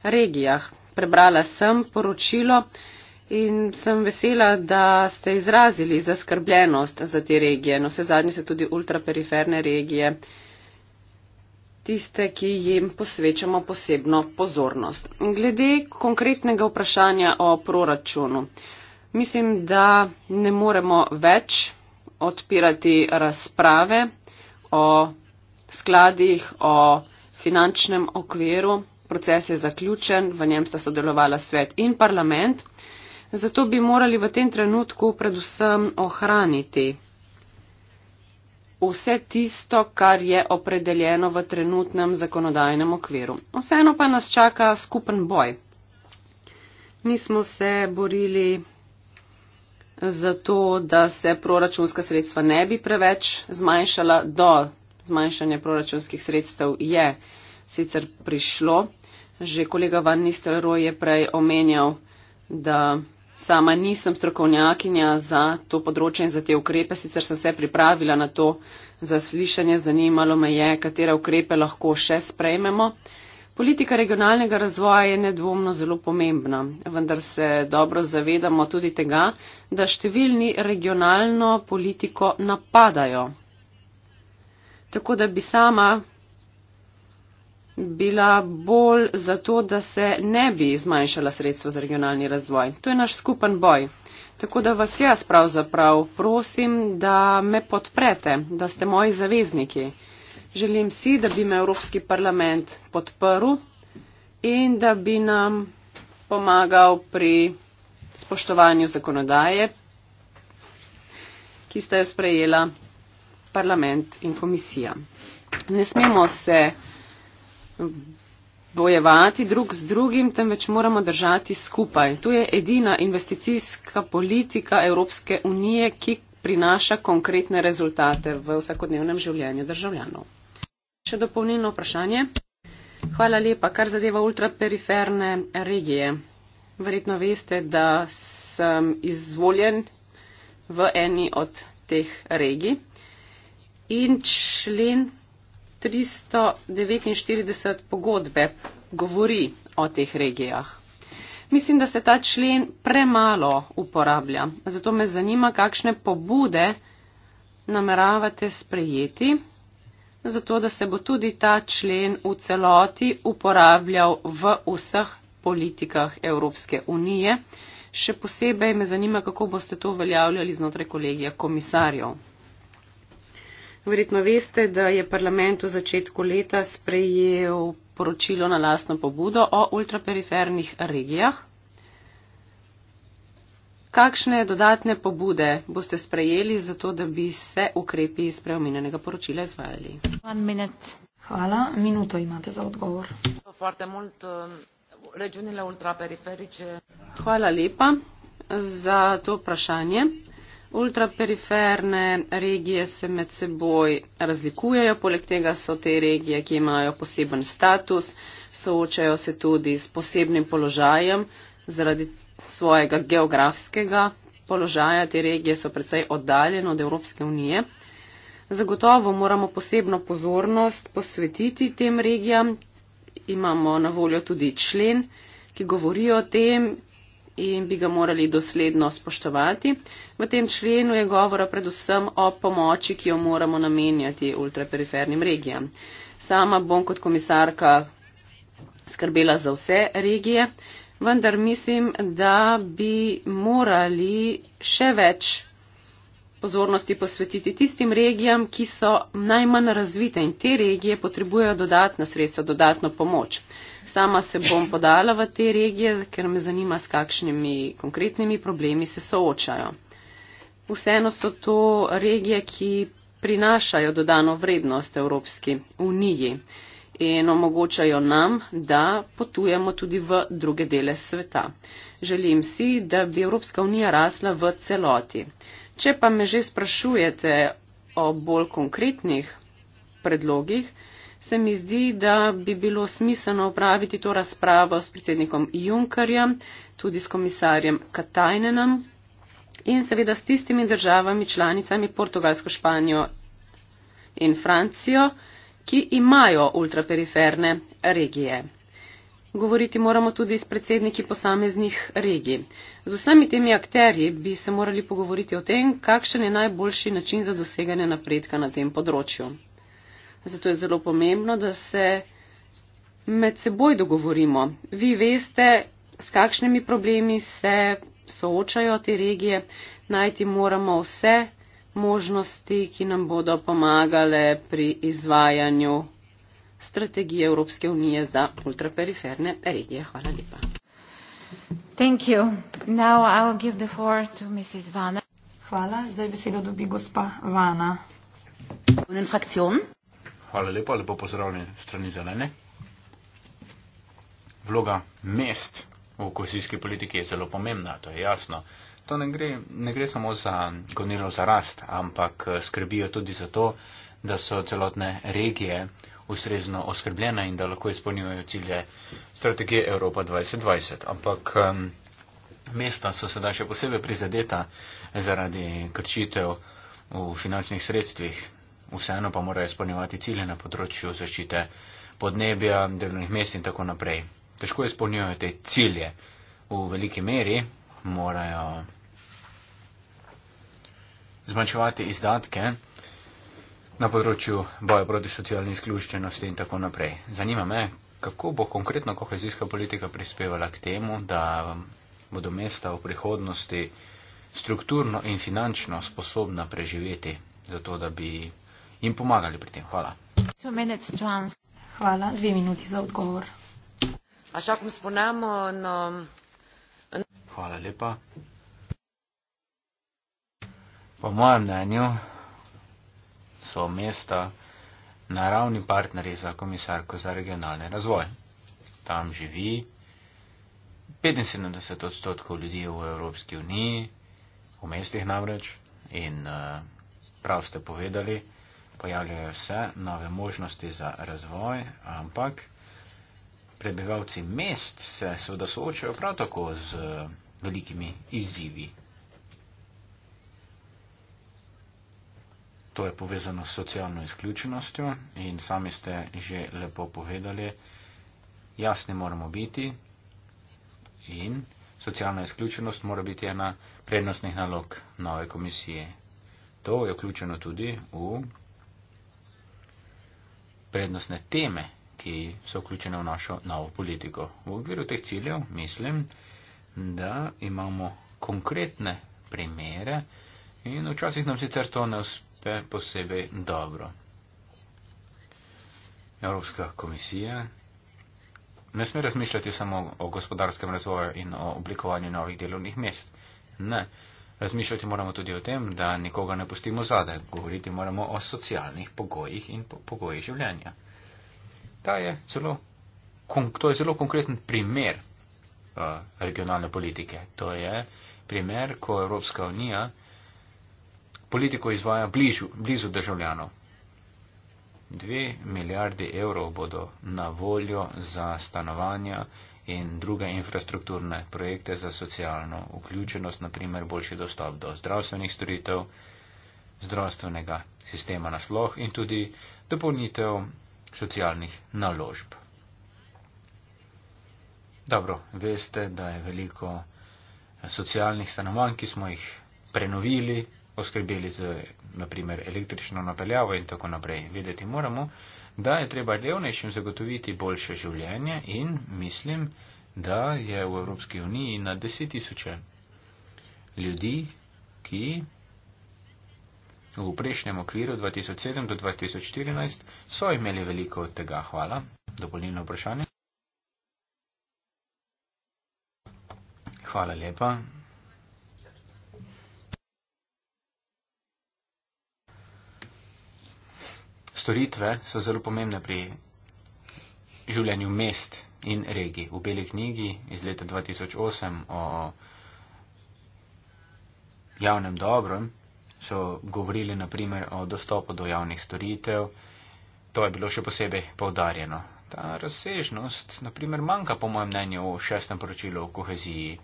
regijah. Prebrala sem poročilo in sem vesela, da ste izrazili zaskrbljenost za te regije. No, vse zadnje so tudi ultraperiferne regije, tiste, ki jim posvečamo posebno pozornost. Glede konkretnega vprašanja o proračunu. Mislim, da ne moremo več odpirati razprave o skladih, o finančnem okviru. Proces je zaključen, v njem sta sodelovala svet in parlament. Zato bi morali v tem trenutku predvsem ohraniti vse tisto, kar je opredeljeno v trenutnem zakonodajnem okviru. Vseeno pa nas čaka skupen boj. Mi smo se borili za to, da se proračunska sredstva ne bi preveč zmanjšala do zmanjšanje proračunskih sredstev je sicer prišlo. Že kolega Van Nistelrooy je prej omenjal, da sama nisem strokovnjakinja za to področje in za te ukrepe, sicer sem se pripravila na to zaslišanje, zanimalo me je, katere ukrepe lahko še sprejmemo. Politika regionalnega razvoja je nedvomno zelo pomembna, vendar se dobro zavedamo tudi tega, da številni regionalno politiko napadajo tako da bi sama bila bolj zato, da se ne bi zmanjšala sredstva za regionalni razvoj. To je naš skupen boj. Tako da vas jaz pravzaprav prosim, da me podprete, da ste moji zavezniki. Želim si, da bi me Evropski parlament podprl in da bi nam pomagal pri spoštovanju zakonodaje, ki ste jo sprejela parlament in komisija. Ne smemo se bojevati drug z drugim, temveč moramo držati skupaj. To je edina investicijska politika Evropske unije, ki prinaša konkretne rezultate v vsakodnevnem življenju državljanov. Še dopolnilno vprašanje. Hvala lepa. Kar zadeva ultraperiferne regije, verjetno veste, da sem izvoljen v eni od teh regij in člen 349 pogodbe govori o teh regijah. Mislim, da se ta člen premalo uporablja, zato me zanima, kakšne pobude nameravate sprejeti, zato da se bo tudi ta člen v celoti uporabljal v vseh politikah Evropske unije. Še posebej me zanima, kako boste to uveljavljali znotraj kolegija komisarjev. Verjetno veste, da je parlament v začetku leta sprejel poročilo na lastno pobudo o ultrapernih regijah. Kakšne dodatne pobude boste sprejeli, zato da bi se ukrepi iz preomenjenega poročila izvajali? Hvala, minuto imate za odgovor. Hvala lepa za to vprašanje. Ultraperiferne regije se med seboj razlikujejo, poleg tega so te regije, ki imajo poseben status, soočajo se tudi s posebnim položajem zaradi svojega geografskega položaja. Te regije so precej oddaljene od Evropske unije. Zagotovo moramo posebno pozornost posvetiti tem regijam. Imamo na voljo tudi člen, ki govori o tem, in bi ga morali dosledno spoštovati. V tem členu je govora predvsem o pomoči, ki jo moramo namenjati ultraperifernim regijam. Sama bom kot komisarka skrbela za vse regije, vendar mislim, da bi morali še več pozornosti posvetiti tistim regijam, ki so najmanj razvite in te regije potrebujejo dodatna sredstva, dodatno pomoč. Sama se bom podala v te regije, ker me zanima, s kakšnimi konkretnimi problemi se soočajo. Vseeno so to regije, ki prinašajo dodano vrednost Evropski uniji in omogočajo nam, da potujemo tudi v druge dele sveta. Želim si, da bi Evropska unija rasla v celoti. Če pa me že sprašujete o bolj konkretnih predlogih, se mi zdi, da bi bilo smiselno opraviti to razpravo s predsednikom Junkerjem, tudi s komisarjem Katajnenom in seveda s tistimi državami, članicami Portugalsko, Španijo in Francijo, ki imajo ultraperiferne regije. Govoriti moramo tudi s predsedniki posameznih regij. Z vsemi temi akterji bi se morali pogovoriti o tem, kakšen je najboljši način za doseganje napredka na tem področju. Zato je zelo pomembno, da se med seboj dogovorimo. Vi veste, s kakšnimi problemi se soočajo te regije, najti moramo vse možnosti, ki nam bodo pomagale pri izvajanju strategije Evropske unije za ultraperiferne regije. Hvala lepa. Hvala. Zdaj besedo dobi gospa Vana. Hvala lepa, lepo pozdravljen strani zelene. Vloga mest v kohezijski politiki je zelo pomembna, to je jasno. To ne gre, ne gre samo za gonilo za rast, ampak eh, skrbijo tudi za to, da so celotne regije ustrezno oskrbljene in da lahko izpolnjujejo cilje strategije Evropa 2020. Ampak um, mesta so sedaj še posebej prizadeta zaradi krčitev v finančnih sredstvih vseeno pa morajo izpolnjevati cilje na področju zaščite podnebja, delovnih mest in tako naprej. Težko izpolnjujejo te cilje. V veliki meri morajo zmanjševati izdatke na področju boja proti socialni izključenosti in tako naprej. Zanima me, kako bo konkretno kohezijska politika prispevala k temu, da bodo mesta v prihodnosti strukturno in finančno sposobna preživeti, zato da bi in pomagali pri tem. Hvala. Hvala, dve minuti za odgovor. No, no. Hvala lepa. Po mojem mnenju so mesta naravni partnerji za komisarko za regionalni razvoj. Tam živi 75 odstotkov ljudi v Evropski uniji, v mestih namreč, in eh, prav ste povedali, pojavljajo se nove možnosti za razvoj, ampak prebivalci mest se seveda soočajo prav tako z eh, velikimi izzivi. To je povezano s socialno izključenostjo in sami ste že lepo povedali, jasni moramo biti in socialna izključenost mora biti ena prednostnih nalog nove komisije. To je vključeno tudi v prednostne teme, ki so vključene v našo novo politiko. V okviru teh ciljev mislim, da imamo konkretne primere in včasih nam sicer to ne uspe posebej dobro. Evropska komisija ne sme razmišljati samo o gospodarskem razvoju in o oblikovanju novih delovnih mest. Ne. Razmišljati moramo tudi o tem, da nikoga ne pustimo zade. Govoriti moramo o socialnih pogojih in po pogojih življenja. Je celo, to je zelo konkreten primer uh, regionalne politike. To je primer, ko Evropska unija politiko izvaja bližu, blizu državljanov. Dve milijardi evrov bodo na voljo za stanovanja in druge infrastrukturne projekte za socialno vključenost, naprimer boljši dostop do zdravstvenih storitev, zdravstvenega sistema nasploh in tudi dopolnitev socialnih naložb. Dobro, veste, da je veliko socialnih stanovanj, ki smo jih prenovili, oskrbeli z naprimer električno napeljavo in tako naprej. Vedeti moramo, da je treba revnejšim zagotoviti boljše življenje in mislim, da je v Evropski uniji na deset tisoče ljudi, ki v prejšnjem okviru 2007 do 2014 so imeli veliko od tega. Hvala. Dopolnilno vprašanje. Hvala lepa. storitve so zelo pomembne pri življenju mest in regij. V Beli knjigi iz leta 2008 o javnem dobrom so govorili naprimer o dostopu do javnih storitev. To je bilo še posebej povdarjeno. Ta razsežnost, naprimer, manjka po mojem mnenju v šestem poročilu o koheziji.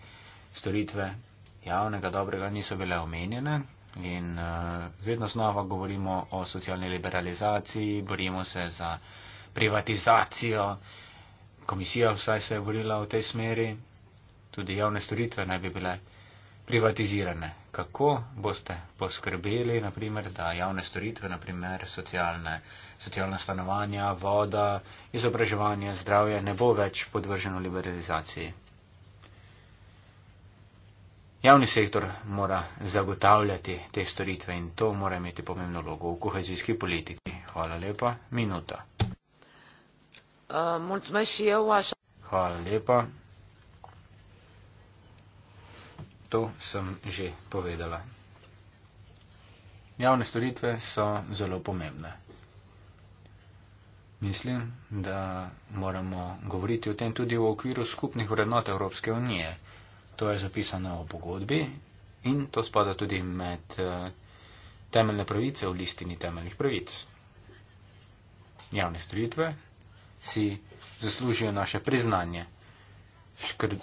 Storitve javnega dobrega niso bile omenjene, In uh, vedno znova govorimo o socialni liberalizaciji, borimo se za privatizacijo. Komisija vsaj se je borila v tej smeri, tudi javne storitve naj bi bile privatizirane. Kako boste poskrbeli, naprimer, da javne storitve, naprimer socialne, socialna stanovanja, voda, izobraževanje, zdravje ne bo več podvrženo liberalizaciji? Javni sektor mora zagotavljati te storitve in to mora imeti pomembno vlogo v kohezijski politiki. Hvala lepa. Minuta. Uh, Hvala lepa. To sem že povedala. Javne storitve so zelo pomembne. Mislim, da moramo govoriti o tem tudi v okviru skupnih vrednot Evropske unije. To je zapisano v pogodbi in to spada tudi med eh, temeljne pravice v listini temeljnih pravic. Javne storitve si zaslužijo naše priznanje,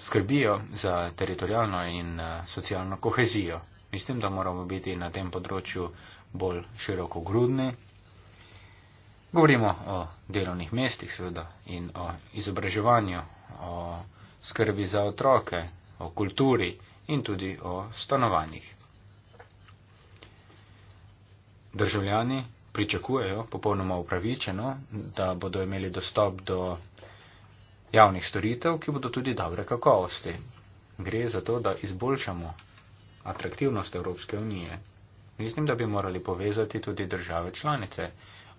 skrbijo za teritorijalno in eh, socialno kohezijo. Mislim, da moramo biti na tem področju bolj široko grudni. Govorimo o delovnih mestih, seveda, in o izobraževanju, o skrbi za otroke, o kulturi in tudi o stanovanjih. Državljani pričakujejo popolnoma upravičeno, da bodo imeli dostop do javnih storitev, ki bodo tudi dobre kakovosti. Gre za to, da izboljšamo atraktivnost Evropske unije. Mislim, da bi morali povezati tudi države članice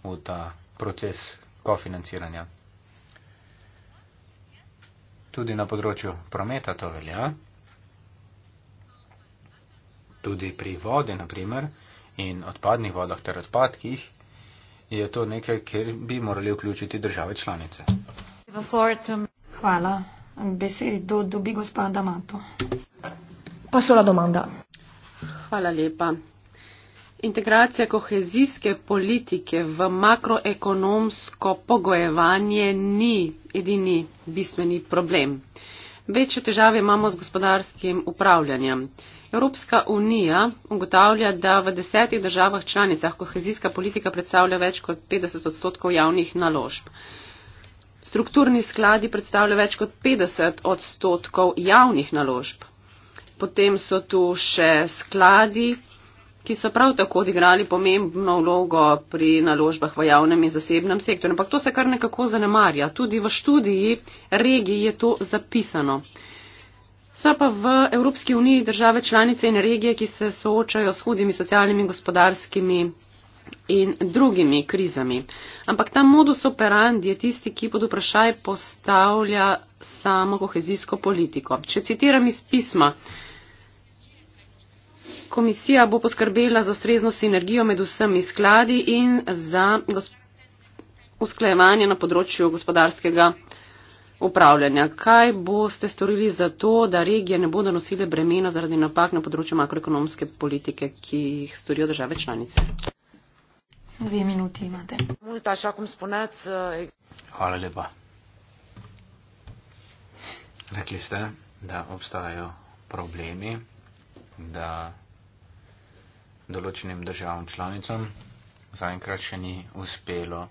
v ta proces kofinanciranja. Tudi na področju prometa to velja. Tudi pri vodi, naprimer, in odpadnih vodah ter odpadkih je to nekaj, kjer bi morali vključiti države članice. Hvala. Besedo dobi gospod Damato. Pa so la domanda. Hvala lepa integracija kohezijske politike v makroekonomsko pogojevanje ni edini bistveni problem. Večje težave imamo z gospodarskim upravljanjem. Evropska unija ugotavlja, da v desetih državah članicah kohezijska politika predstavlja več kot 50 odstotkov javnih naložb. Strukturni skladi predstavlja več kot 50 odstotkov javnih naložb. Potem so tu še skladi, ki so prav tako odigrali pomembno vlogo pri naložbah v javnem in zasebnem sektorju. Ampak to se kar nekako zanemarja. Tudi v študiji regiji je to zapisano. So pa v Evropski uniji države članice in regije, ki se soočajo s hudimi socialnimi, gospodarskimi in drugimi krizami. Ampak ta modus operandi je tisti, ki pod vprašaj postavlja samo kohezijsko politiko. Če citiram iz pisma, komisija bo poskrbela za ustrezno sinergijo med vsemi skladi in za usklajevanje na področju gospodarskega upravljanja. Kaj boste storili za to, da regije ne bodo nosile bremena zaradi napak na področju makroekonomske politike, ki jih storijo države članice? Dve minuti imate. E- Hvala lepa. Rekli ste, da obstajajo problemi, da določenim državam članicam zaenkrat še ni uspelo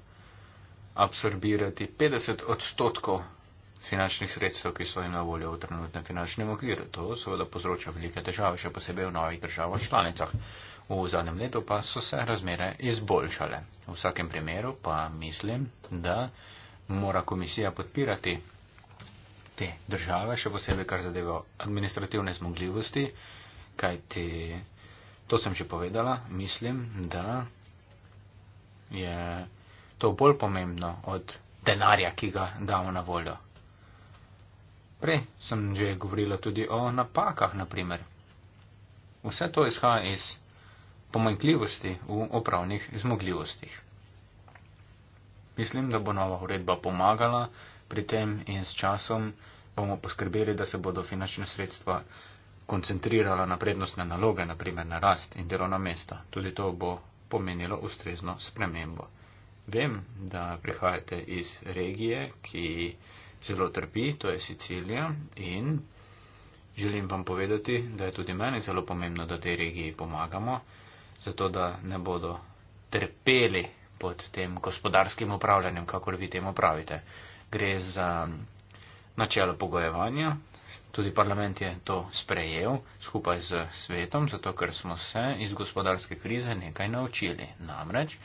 absorbirati 50 odstotkov finančnih sredstev, ki so jim na voljo v trenutnem finančnem okviru. To seveda povzroča velike težave, še posebej v novih državah članicah. V zadnjem letu pa so se razmere izboljšale. V vsakem primeru pa mislim, da mora komisija podpirati te države, še posebej kar zadeva administrativne zmogljivosti, kajti To sem že povedala, mislim, da je to bolj pomembno od denarja, ki ga damo na voljo. Prej sem že govorila tudi o napakah, naprimer. Vse to izhaja iz pomankljivosti v upravnih zmogljivostih. Mislim, da bo nova uredba pomagala pri tem in s časom bomo poskrbeli, da se bodo finančne sredstva koncentrirala na prednostne naloge, naprimer na rast in delovna mesta. Tudi to bo pomenilo ustrezno spremembo. Vem, da prihajate iz regije, ki zelo trpi, to je Sicilija in želim vam povedati, da je tudi meni zelo pomembno, da tej regiji pomagamo, zato da ne bodo trpeli pod tem gospodarskim upravljanjem, kakor vi temu pravite. Gre za načelo pogojevanja, Tudi parlament je to sprejel skupaj z svetom, zato ker smo se iz gospodarske krize nekaj naučili. Namreč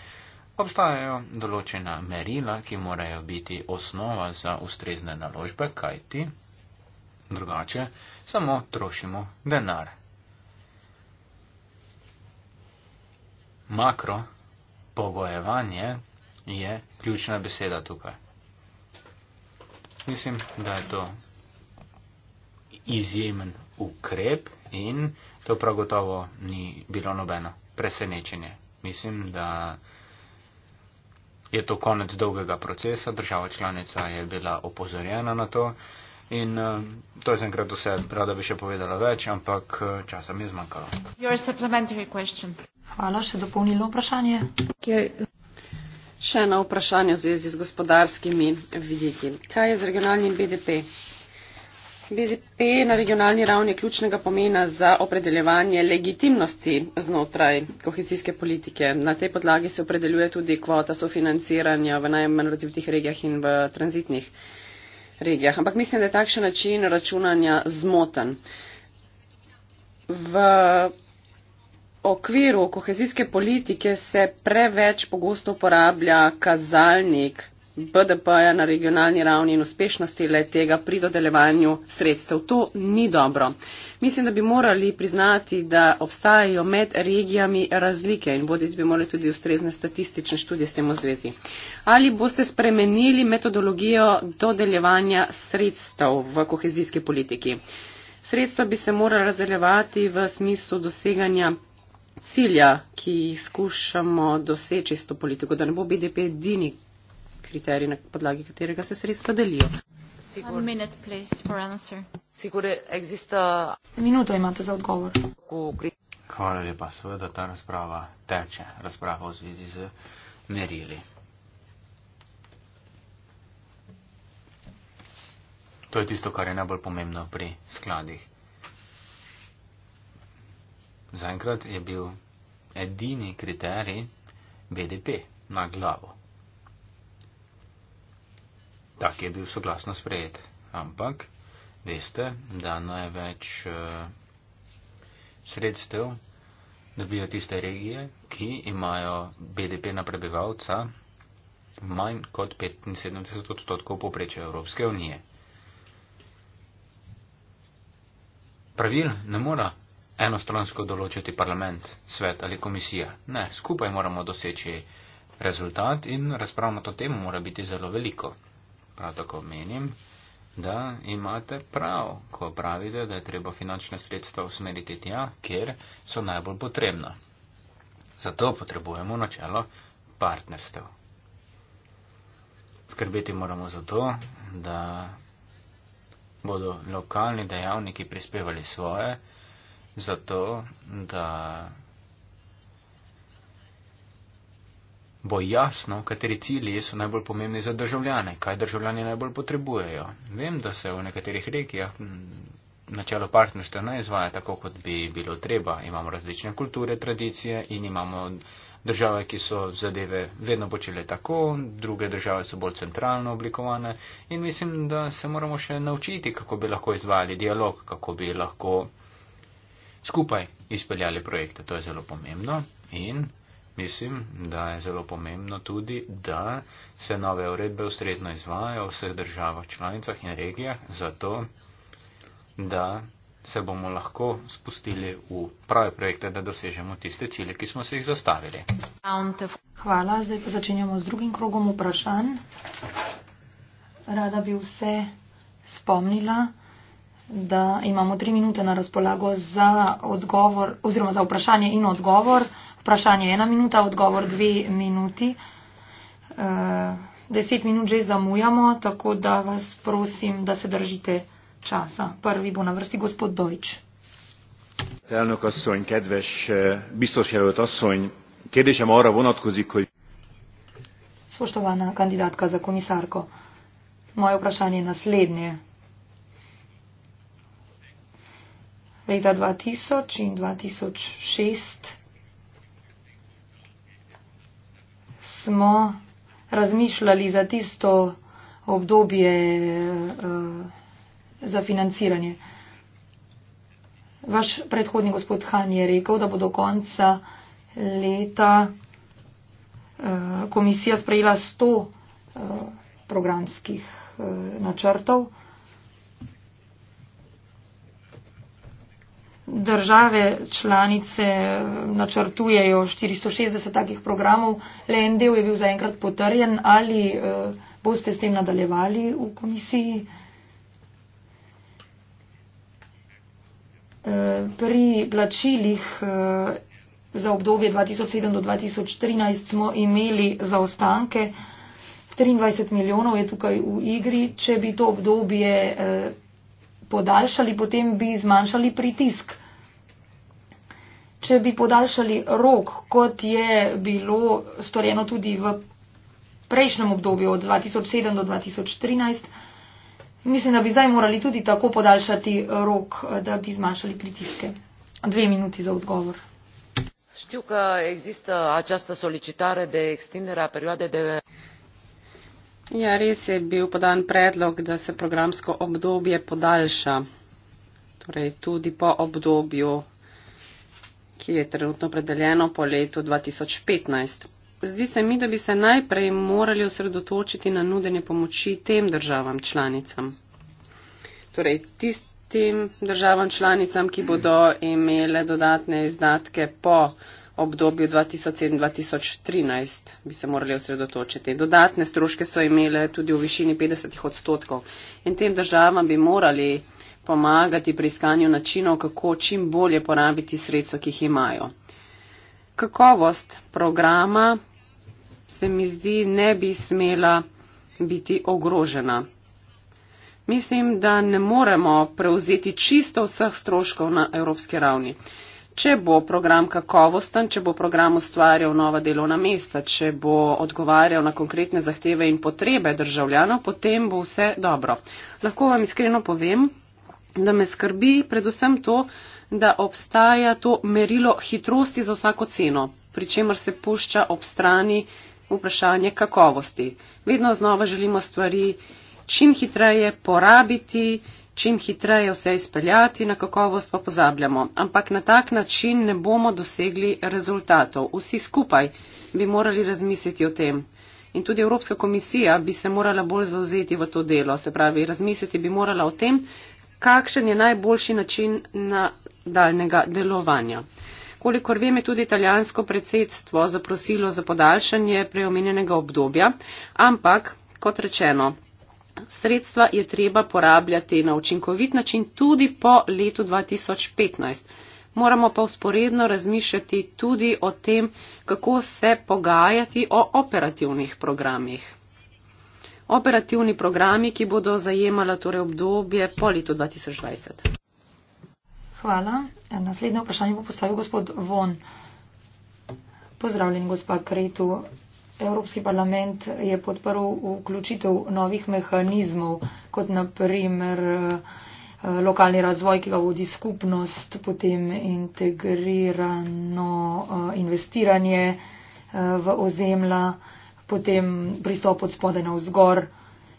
obstajajo določena merila, ki morajo biti osnova za ustrezne naložbe, kajti drugače samo trošimo denar. Makro pogojevanje je ključna beseda tukaj. Mislim, da je to izjemen ukrep in to prav gotovo ni bilo nobeno presenečenje. Mislim, da je to konec dolgega procesa, država članica je bila opozorjena na to in uh, to je zaenkrat vse. Rada bi še povedala več, ampak uh, časa mi je zmanjkalo. Hvala, še dopolnilo vprašanje. Še eno vprašanje v zvezi z gospodarskimi vidiki. Kaj je z regionalnim BDP? BZP na regionalni ravni je ključnega pomena za opredeljevanje legitimnosti znotraj kohezijske politike. Na tej podlagi se opredeljuje tudi kvota sofinanciranja v najmanj razvitih regijah in v tranzitnih regijah. Ampak mislim, da je takšen način računanja zmoten. V okviru kohezijske politike se preveč pogosto uporablja kazalnik BDP-ja na regionalni ravni in uspešnosti le tega pri dodelevanju sredstev. To ni dobro. Mislim, da bi morali priznati, da obstajajo med regijami razlike in voditi bi morali tudi ustrezne statistične študije s tem v zvezi. Ali boste spremenili metodologijo dodeljevanja sredstev v kohezijski politiki? Sredstva bi se morala razdeljevati v smislu doseganja cilja, ki jih skušamo doseči s to politiko, da ne bo BDP edini kriterij, na podlagi katerega se sredstva delijo. Sigur, minute, please, sigur, exista... Minuto imate za odgovor. Hvala lepa, seveda ta razprava teče, razprava v zvezi z merili. To je tisto, kar je najbolj pomembno pri skladih. Zaenkrat je bil edini kriterij BDP na glavo tak je bil soglasno sprejet. Ampak veste, da največ uh, sredstev dobijo tiste regije, ki imajo BDP na prebivalca manj kot 75 odstotkov poprečja Evropske unije. Pravil ne mora enostransko določiti parlament, svet ali komisija. Ne, skupaj moramo doseči rezultat in razpravno to temo mora biti zelo veliko prav tako menim, da imate prav, ko pravite, da je treba finančne sredstva usmeriti tja, kjer so najbolj potrebna. Zato potrebujemo načelo partnerstev. Skrbeti moramo za to, da bodo lokalni dejavniki prispevali svoje, zato da. bo jasno, kateri cilji so najbolj pomembni za državljane, kaj državljani najbolj potrebujejo. Vem, da se v nekaterih regijah načelo partnerstva ne izvaja tako, kot bi bilo treba. Imamo različne kulture, tradicije in imamo države, ki so zadeve vedno počele tako, druge države so bolj centralno oblikovane in mislim, da se moramo še naučiti, kako bi lahko izvajali dialog, kako bi lahko skupaj izpeljali projekte. To je zelo pomembno. In Mislim, da je zelo pomembno tudi, da se nove uredbe ustredno izvajajo v vseh državah, članicah in regijah, zato da se bomo lahko spustili v prave projekte, da dosežemo tiste cilje, ki smo se jih zastavili. Hvala, zdaj pa začenjamo z drugim krogom vprašanj. Rada bi vse spomnila, da imamo tri minute na razpolago za odgovor oziroma za vprašanje in odgovor vprašanje ena minuta, odgovor dve minuti. Eh, deset minut že zamujamo, tako da vas prosim, da se držite časa. Prvi bo na vrsti gospod Dojč. Elnök asszony, kedves eh, biztos jelölt asszony, kérdésem arra vonatkozik, hogy... Szóstována kandidátka za komisárko. Moje vprašanje naslednje. Leta 2000 in 2006 smo razmišljali za tisto obdobje uh, za financiranje. Vaš predhodni gospod Han je rekel, da bo do konca leta uh, komisija sprejela 100 uh, eh, programskih uh, načrtov. države članice načrtujejo 460 takih programov, le en del je bil zaenkrat potrjen. Ali eh, boste s tem nadaljevali v komisiji? Eh, pri plačilih eh, za obdobje 2007 do 2013 smo imeli zaostanke. 23 milijonov je tukaj v igri. Če bi to obdobje podaljšali, potem bi zmanjšali pritisk. Če bi podaljšali rok, kot je bilo storjeno tudi v prejšnjem obdobju od 2007 do 2013, mislim, da bi zdaj morali tudi tako podaljšati rok, da bi zmanjšali pritiske. Dve minuti za odgovor. Știu că există această solicitare de extindere a perioadei de. Ja, res je bil podan predlog, da se programsko obdobje podaljša, torej tudi po obdobju, ki je trenutno predeljeno po letu 2015. Zdi se mi, da bi se najprej morali osredotočiti na nudenje pomoči tem državam članicam. Torej tistim državam članicam, ki bodo imele dodatne izdatke po obdobju 2007-2013 bi se morali osredotočiti. Dodatne stroške so imele tudi v višini 50 odstotkov in tem državam bi morali pomagati pri iskanju načinov, kako čim bolje porabiti sredstva, ki jih imajo. Kakovost programa se mi zdi ne bi smela biti ogrožena. Mislim, da ne moremo prevzeti čisto vseh stroškov na evropski ravni. Če bo program kakovosten, če bo program ustvarjal nova delovna mesta, če bo odgovarjal na konkretne zahteve in potrebe državljanov, potem bo vse dobro. Lahko vam iskreno povem, da me skrbi predvsem to, da obstaja to merilo hitrosti za vsako ceno, pri čemer se pušča ob strani vprašanje kakovosti. Vedno znova želimo stvari čim hitreje porabiti čim hitreje vse izpeljati, na kakovost pa pozabljamo. Ampak na tak način ne bomo dosegli rezultatov. Vsi skupaj bi morali razmisliti o tem. In tudi Evropska komisija bi se morala bolj zauzeti v to delo. Se pravi, razmisliti bi morala o tem, kakšen je najboljši način na daljnega delovanja. Kolikor vem, je tudi italijansko predsedstvo zaprosilo za podaljšanje preomenjenega obdobja, ampak, kot rečeno, sredstva je treba porabljati na učinkovit način tudi po letu 2015. Moramo pa usporedno razmišljati tudi o tem, kako se pogajati o operativnih programih. Operativni programi, ki bodo zajemala torej obdobje po letu 2020. Hvala. Naslednje vprašanje bo postavil gospod Von. Pozdravljen, gospod Kretu. Evropski parlament je podprl vključitev novih mehanizmov, kot naprimer eh, lokalni razvoj, ki ga vodi skupnost, potem integrirano eh, investiranje eh, v ozemlja, potem pristop od spode na vzgor.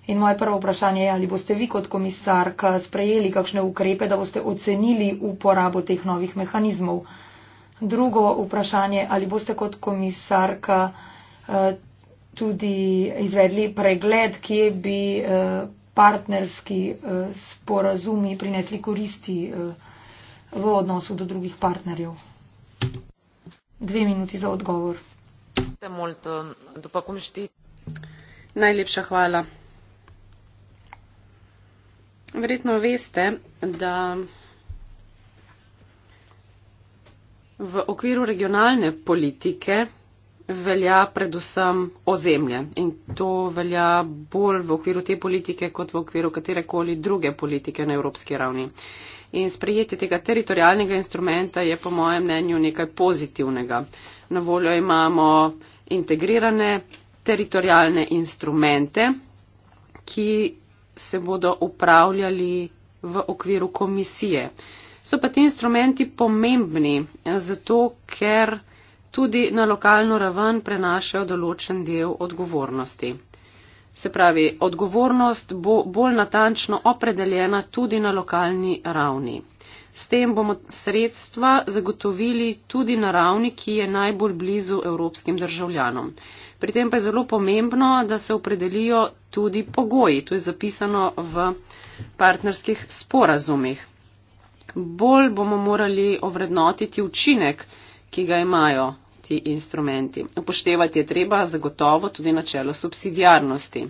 In moje prvo vprašanje je, ali boste vi kot komisarka sprejeli kakšne ukrepe, da boste ocenili uporabo teh novih mehanizmov. Drugo vprašanje, ali boste kot komisarka Eh, tudi izvedli pregled, kje bi eh, partnerski eh, sporazumi prinesli koristi v odnosu do drugih partnerjev. Dve minuti za odgovor. Najlepša hvala. Verjetno veste, da v okviru regionalne politike velja predvsem ozemlje in to velja bolj v okviru te politike kot v okviru katerekoli druge politike na evropski ravni. In sprejetje tega teritorijalnega instrumenta je po mojem mnenju nekaj pozitivnega. Na voljo imamo integrirane teritorijalne instrumente, ki se bodo upravljali v okviru komisije. So pa ti instrumenti pomembni, zato ker tudi na lokalno raven prenašajo določen del odgovornosti. Se pravi, odgovornost bo bolj natančno opredeljena tudi na lokalni ravni. S tem bomo sredstva zagotovili tudi na ravni, ki je najbolj blizu evropskim državljanom. Pri tem pa je zelo pomembno, da se opredelijo tudi pogoji. To je zapisano v partnerskih sporazumih. Bolj bomo morali ovrednotiti učinek, ki ga imajo ti instrumenti. Upoštevati je treba zagotovo tudi načelo subsidijarnosti.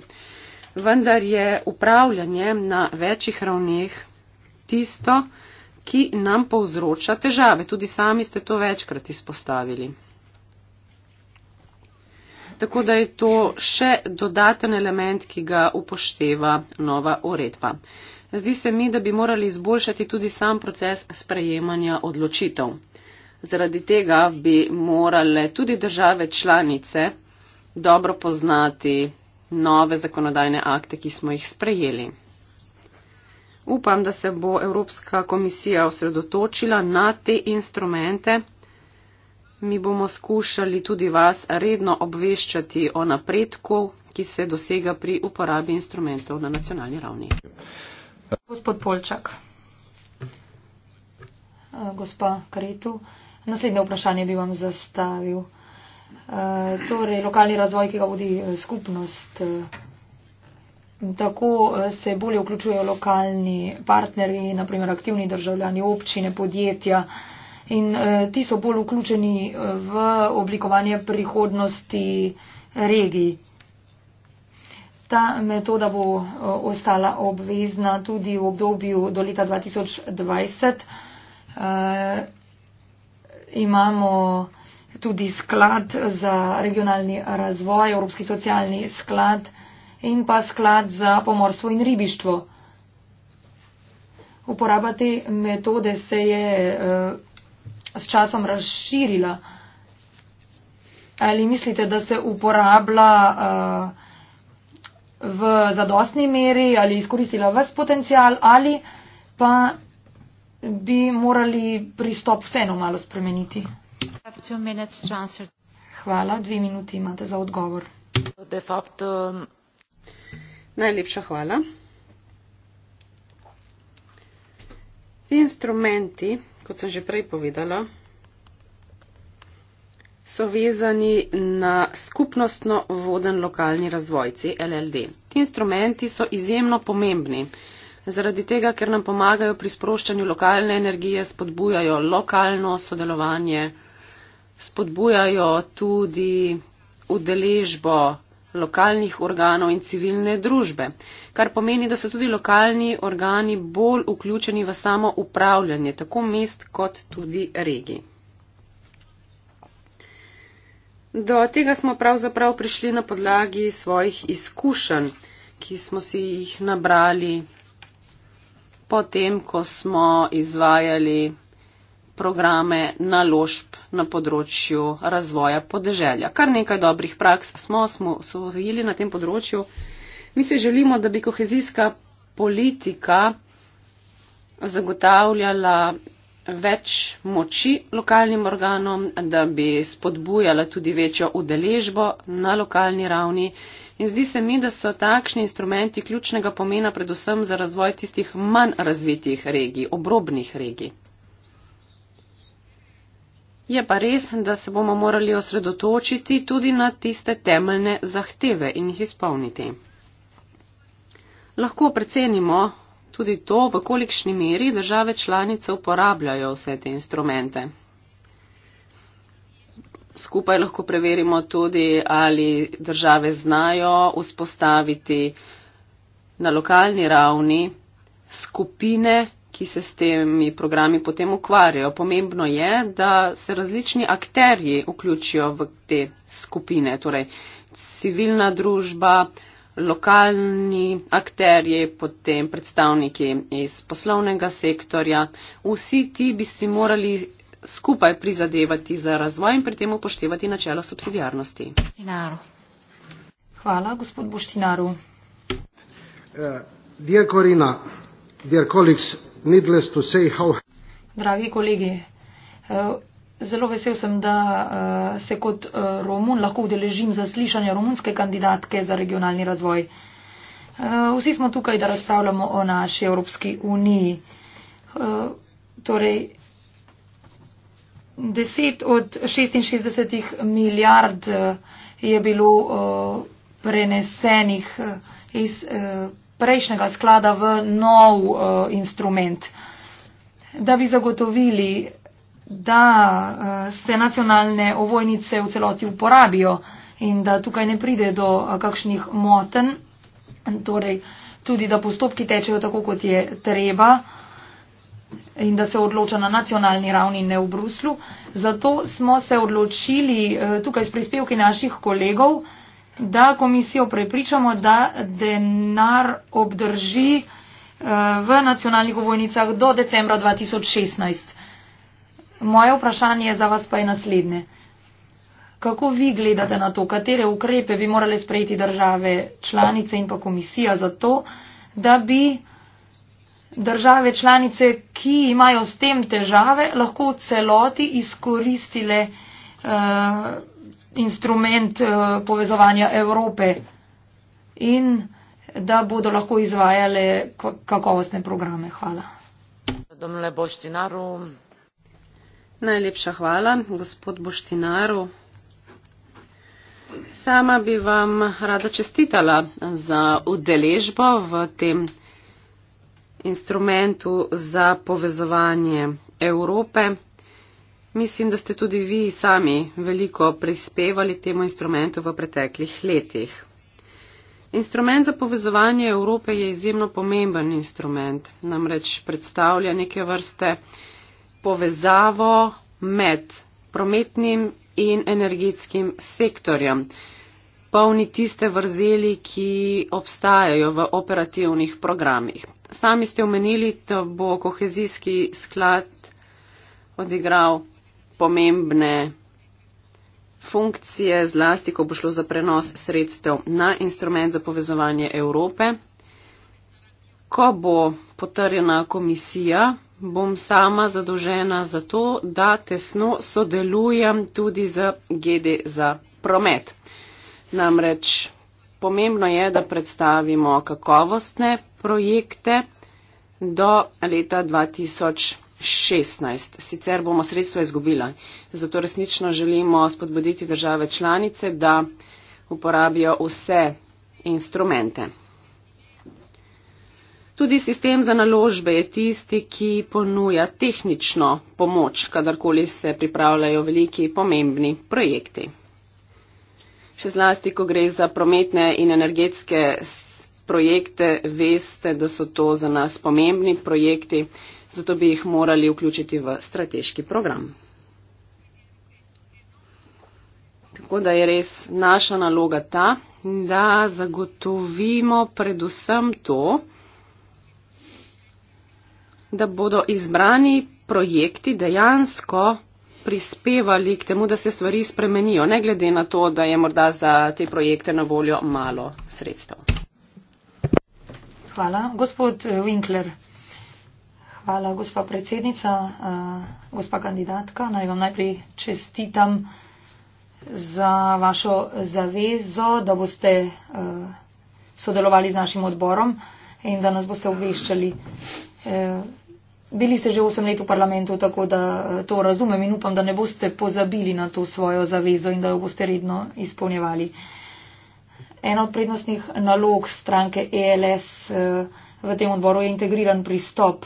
Vendar je upravljanje na večjih ravneh tisto, ki nam povzroča težave. Tudi sami ste to večkrat izpostavili. Tako da je to še dodaten element, ki ga upošteva nova uredba. Zdi se mi, da bi morali izboljšati tudi sam proces sprejemanja odločitev. Zaradi tega bi morale tudi države članice dobro poznati nove zakonodajne akte, ki smo jih sprejeli. Upam, da se bo Evropska komisija osredotočila na te instrumente. Mi bomo skušali tudi vas redno obveščati o napredku, ki se dosega pri uporabi instrumentov na nacionalni ravni. Gospod Polčak. Gospa Kretu. Naslednje vprašanje bi vam zastavil. E, torej, lokalni razvoj, ki ga vodi e, skupnost. E, tako e, se bolje vključujejo lokalni partnerji, naprimer aktivni državljani občine, podjetja in e, ti so bolj vključeni v oblikovanje prihodnosti regij. Ta metoda bo ostala obvezna tudi v obdobju do leta 2020. E, imamo tudi sklad za regionalni razvoj, Evropski socialni sklad in pa sklad za pomorstvo in ribištvo. Uporaba te metode se je eh, s časom razširila. Ali mislite, da se uporablja eh, v zadostni meri ali izkoristila vse potencial ali pa bi morali pristop vseeno malo spremeniti. Hvala, dve minuti imate za odgovor. Facto... Najlepša hvala. Ti instrumenti, kot sem že prej povedala, so vezani na skupnostno voden lokalni razvoj CLLD. Ti instrumenti so izjemno pomembni zaradi tega, ker nam pomagajo pri sproščanju lokalne energije, spodbujajo lokalno sodelovanje, spodbujajo tudi udeležbo lokalnih organov in civilne družbe, kar pomeni, da so tudi lokalni organi bolj vključeni v samo upravljanje tako mest kot tudi regij. Do tega smo pravzaprav prišli na podlagi svojih izkušenj, ki smo si jih nabrali potem, ko smo izvajali programe naložb na področju razvoja podeželja. Kar nekaj dobrih praks smo osvojili na tem področju. Mi se želimo, da bi kohezijska politika zagotavljala več moči lokalnim organom, da bi spodbujala tudi večjo udeležbo na lokalni ravni In zdi se mi, da so takšni instrumenti ključnega pomena predvsem za razvoj tistih manj razvitih regij, obrobnih regij. Je pa res, da se bomo morali osredotočiti tudi na tiste temeljne zahteve in jih izpolniti. Lahko predcenimo tudi to, v kolikšni meri države članice uporabljajo vse te instrumente skupaj lahko preverimo tudi, ali države znajo vzpostaviti na lokalni ravni skupine, ki se s temi programi potem ukvarjajo. Pomembno je, da se različni akterji vključijo v te skupine, torej civilna družba, lokalni akterji, potem predstavniki iz poslovnega sektorja. Vsi ti bi si morali skupaj prizadevati za razvoj in pri tem upoštevati načelo subsidijarnosti. Inaru. Hvala, gospod Boštinaru. Uh, Dragi kolegi, eh, zelo vesel sem, da eh, se kot Romun lahko udeležim zaslišanja romunske kandidatke za regionalni razvoj. Vsi smo tukaj, da razpravljamo o naši Evropski uniji. Torej, 10 od 66 milijard eh, je bilo eh, prenesenih eh, iz prejšnjega sklada v nov instrument. Da bi zagotovili, da se nacionalne ovojnice v celoti uporabijo in da tukaj ne pride do kakšnih moten, torej tudi da postopki tečejo tako, kot je treba, in da se odloča na nacionalni ravni in ne v Bruslu. Zato smo se odločili eh, tukaj s prispevki naših kolegov, da komisijo prepričamo, da denar obdrži eh, v nacionalnih ovojnicah do decembra 2016. Moje vprašanje za vas pa je naslednje. Kako vi gledate na to, katere ukrepe bi morale sprejeti države članice in pa komisija za to, da bi države članice, ki imajo s tem težave, lahko v celoti izkoristile uh, instrument uh, povezovanja Evrope in da bodo lahko izvajale kakovostne programe. Hvala. Najlepša hvala, gospod Boštinaru. Sama bi vam rada čestitala za udeležbo v tem instrumentu za povezovanje Evrope. Mislim, da ste tudi vi sami veliko prispevali temu instrumentu v preteklih letih. Instrument za povezovanje Evrope je izjemno pomemben instrument, namreč predstavlja neke vrste povezavo med prometnim in energetskim sektorjem, polni tiste vrzeli, ki obstajajo v operativnih programih. Sami ste omenili, da bo kohezijski sklad odigral pomembne funkcije, zlasti, ko bo šlo za prenos sredstev na instrument za povezovanje Evrope. Ko bo potrjena komisija, bom sama zadolžena za to, da tesno sodelujem tudi z GD za promet. Namreč pomembno je, da predstavimo kakovostne projekte do leta 2016. Sicer bomo sredstva izgubila. Zato resnično želimo spodbuditi države članice, da uporabijo vse instrumente. Tudi sistem za naložbe je tisti, ki ponuja tehnično pomoč, kadarkoli se pripravljajo veliki pomembni projekti še zlasti, ko gre za prometne in energetske projekte, veste, da so to za nas pomembni projekti, zato bi jih morali vključiti v strateški program. Tako da je res naša naloga ta, da zagotovimo predvsem to, da bodo izbrani projekti dejansko prispevali k temu, da se stvari spremenijo, ne glede na to, da je morda za te projekte na voljo malo sredstev. Hvala, gospod eh, Winkler. Hvala, gospa predsednica, eh, gospa kandidatka. Naj vam najprej čestitam za vašo zavezo, da boste eh, sodelovali z našim odborom in da nas boste obveščali. Bili ste že 8 let v parlamentu, tako da eh, to razumem in upam, da ne boste pozabili na to svojo zavezo in da jo boste redno izpolnjevali. Ena od prednostnih nalog stranke ELS eh, v tem odboru je integriran pristop.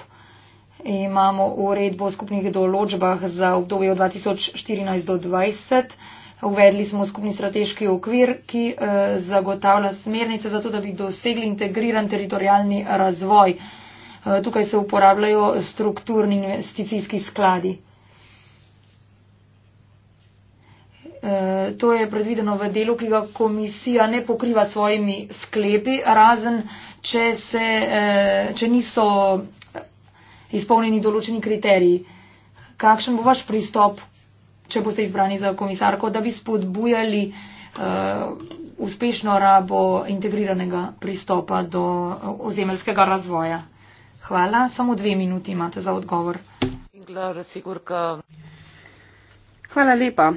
Imamo uredbo o skupnih določbah za obdobje od 2014 do 2020. Uvedli smo skupni strateški okvir, ki eh, zagotavlja smernice za to, da bi dosegli integriran teritorijalni razvoj. Eh, tukaj se uporabljajo strukturni investicijski skladi. Eh, to je predvideno v delu, ki ga komisija ne pokriva svojimi sklepi, razen če, se, eh, če niso izpolnjeni določeni kriteriji. Kakšen bo vaš pristop, če boste izbrani za komisarko, da bi spodbujali uspešno rabo integriranega pristopa do ozemeljskega razvoja? Hvala. Samo dve minuti imate za odgovor. Winkler, sigurka. Hvala lepa,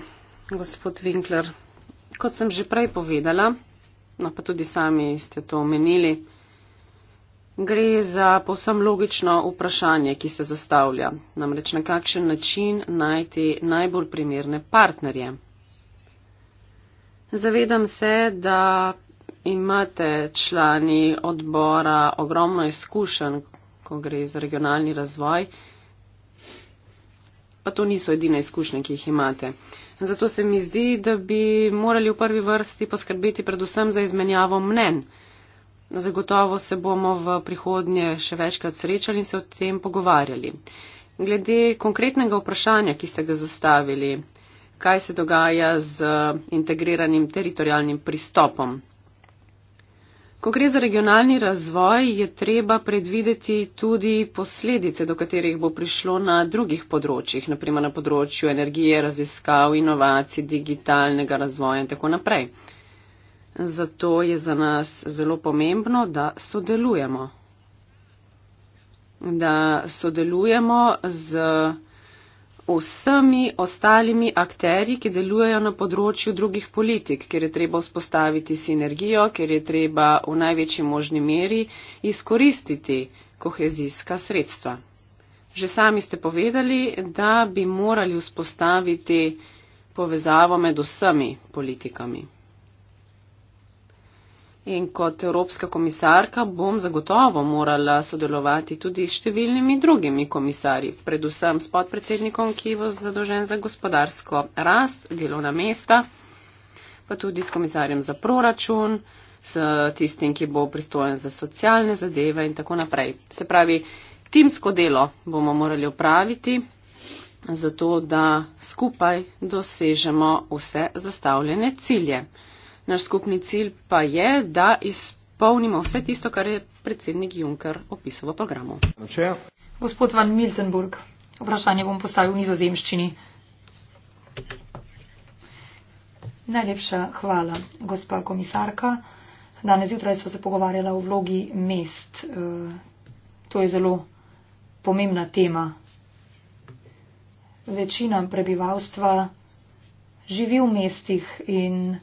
gospod Winkler. Kot sem že prej povedala, no pa tudi sami ste to omenili, gre za povsem logično vprašanje, ki se zastavlja. Namreč na kakšen način najti najbolj primerne partnerje. Zavedam se, da imate člani odbora ogromno izkušenj, ko gre za regionalni razvoj. Pa to niso edine izkušnje, ki jih imate. Zato se mi zdi, da bi morali v prvi vrsti poskrbeti predvsem za izmenjavo mnen. Zagotovo se bomo v prihodnje še večkrat srečali in se o tem pogovarjali. Glede konkretnega vprašanja, ki ste ga zastavili, kaj se dogaja z integriranim teritorijalnim pristopom. Ko gre za regionalni razvoj, je treba predvideti tudi posledice, do katerih bo prišlo na drugih področjih, naprimer na področju energije, raziskav, inovacij, digitalnega razvoja in tako naprej. Zato je za nas zelo pomembno, da sodelujemo. Da sodelujemo z vsemi ostalimi akteri, ki delujejo na področju drugih politik, ker je treba vzpostaviti sinergijo, ker je treba v največji možni meri izkoristiti kohezijska sredstva. Že sami ste povedali, da bi morali vzpostaviti povezavo med vsemi politikami. In kot evropska komisarka bom zagotovo morala sodelovati tudi s številnimi drugimi komisarji, predvsem s podpredsednikom, ki bo zadolžen za gospodarsko rast, delovna mesta, pa tudi s komisarjem za proračun, s tistim, ki bo pristojen za socialne zadeve in tako naprej. Se pravi, timsko delo bomo morali upraviti zato da skupaj dosežemo vse zastavljene cilje. Naš skupni cilj pa je, da izpolnimo vse tisto, kar je predsednik Juncker opisal v programu. Načeja. Gospod Van Miltenburg, vprašanje bom postavil v nizozemščini. Najlepša hvala, gospa komisarka. Danes jutraj smo se pogovarjala o vlogi mest. Eh, to je zelo pomembna tema. Večina prebivalstva živi v mestih in.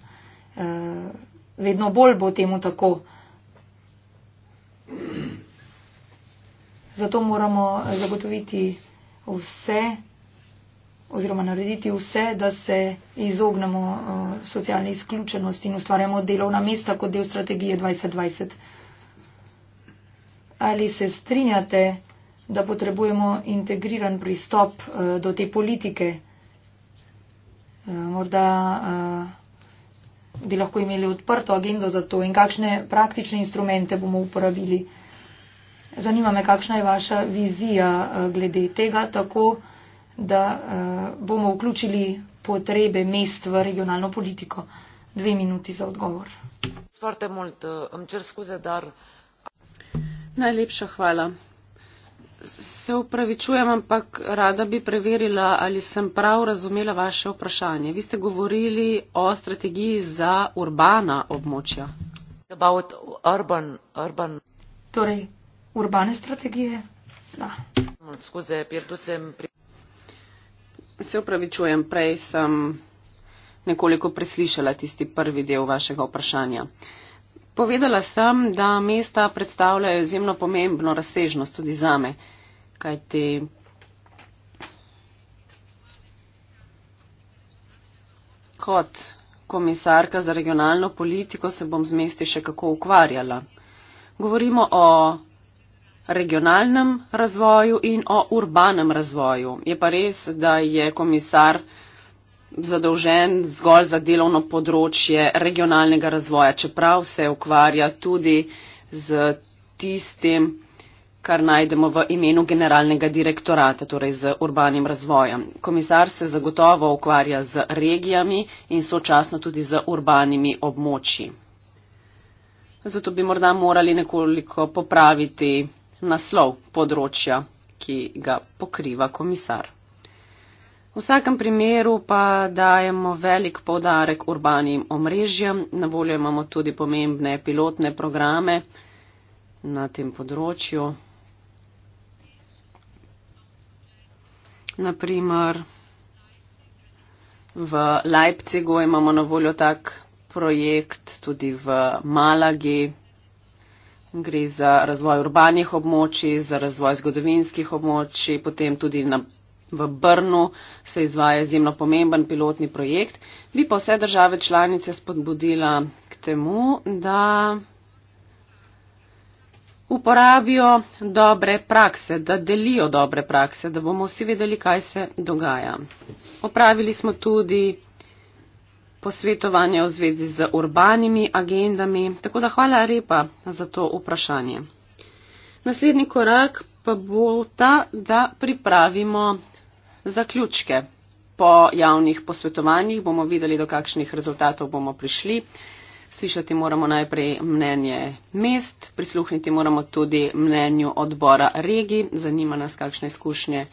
Eh, vedno bolj bo temu tako. Zato moramo zagotoviti vse oziroma narediti vse, da se izognemo eh, socialni izključenosti in ustvarjamo delovna mesta kot del strategije 2020. Ali se strinjate, da potrebujemo integriran pristop eh, do te politike? Morda bi lahko imeli odprto agendo za to in kakšne praktične instrumente bomo uporabili. Zanima me, kakšna je vaša vizija eh, glede tega, tako da eh, bomo vključili potrebe mest v regionalno politiko. Dve minuti za odgovor. Najlepša hvala se upravičujem, ampak rada bi preverila, ali sem prav razumela vaše vprašanje. Vi ste govorili o strategiji za urbana območja. About urban, urban. Torej, urbane strategije. Da. Skozi pirtu sem pri. Se upravičujem, prej sem nekoliko preslišala tisti prvi del vašega vprašanja. Uh, Povedala sem, da mesta predstavljajo izjemno pomembno razsežnost tudi zame, kajti kot komisarka za regionalno politiko se bom z mesti še kako ukvarjala. Govorimo o regionalnem razvoju in o urbanem razvoju. Je pa res, da je komisar zadolžen zgolj za delovno področje regionalnega razvoja, čeprav se ukvarja tudi z tistim, kar najdemo v imenu generalnega direktorata, torej z urbanim razvojem. Komisar se zagotovo ukvarja z regijami in sočasno tudi z urbanimi območji. Zato bi morda morali nekoliko popraviti naslov področja, ki ga pokriva komisar. V vsakem primeru pa dajemo velik povdarek urbanim omrežjem, na voljo imamo tudi pomembne pilotne programe na tem področju. Naprimer, v Leipzigu imamo na voljo tak projekt, tudi v Malagi. Gre za razvoj urbanih območij, za razvoj zgodovinskih območij, potem tudi na V Brnu se izvaja izjemno pomemben pilotni projekt. Bi pa vse države članice spodbudila k temu, da uporabijo dobre prakse, da delijo dobre prakse, da bomo vsi vedeli, kaj se dogaja. Opravili smo tudi posvetovanje v zvezi z urbanimi agendami, tako da hvala lepa za to vprašanje. Naslednji korak pa bo ta, da pripravimo zaključke. Po javnih posvetovanjih bomo videli, do kakšnih rezultatov bomo prišli. Slišati moramo najprej mnenje mest, prisluhniti moramo tudi mnenju odbora regij. Zanima nas, kakšne izkušnje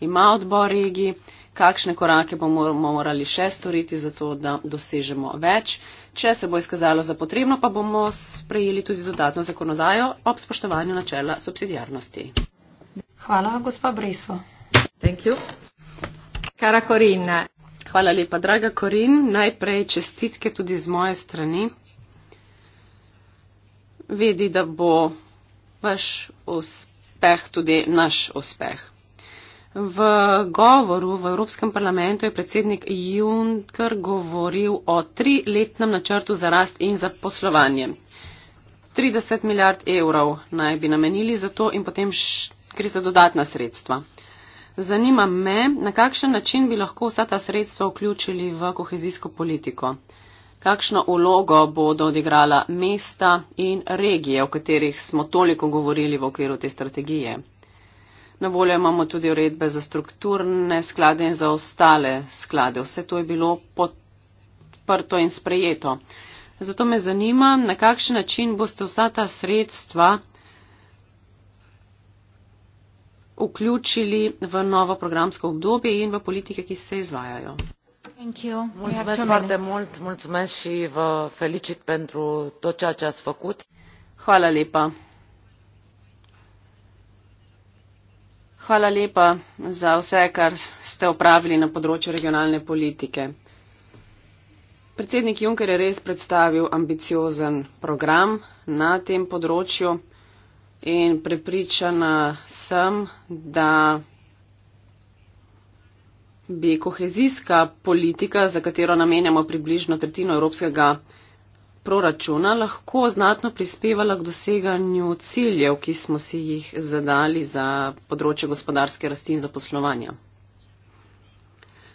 ima odbor regij, kakšne korake bomo morali še storiti, zato da dosežemo več. Če se bo izkazalo za potrebno, pa bomo sprejeli tudi dodatno zakonodajo ob spoštovanju načela subsidijarnosti. Hvala, gospa Briso. Thank you. Kara Korina. Hvala lepa, draga Korin. Najprej čestitke tudi z moje strani. Vedi, da bo vaš uspeh tudi naš uspeh. V govoru v Evropskem parlamentu je predsednik Juncker govoril o triletnem načrtu za rast in za poslovanje. 30 milijard evrov naj bi namenili za to in potem gre za dodatna sredstva. Zanima me, na kakšen način bi lahko vsa ta sredstva vključili v kohezijsko politiko. Kakšno ulogo bodo odigrala mesta in regije, o katerih smo toliko govorili v okviru te strategije. Na voljo imamo tudi uredbe za strukturne sklade in za ostale sklade. Vse to je bilo podprto in sprejeto. Zato me zanima, na kakšen način boste vsa ta sredstva vključili v novo programsko obdobje in v politike, ki se izvajajo. Hvala lepa. Hvala lepa za vse, kar ste opravili na področju regionalne politike. Predsednik Juncker je res predstavil ambiciozen program na tem področju in prepričana sem, da bi kohezijska politika, za katero namenjamo približno tretjino evropskega proračuna, lahko znatno prispevala k doseganju ciljev, ki smo si jih zadali za področje gospodarske rasti in zaposlovanja.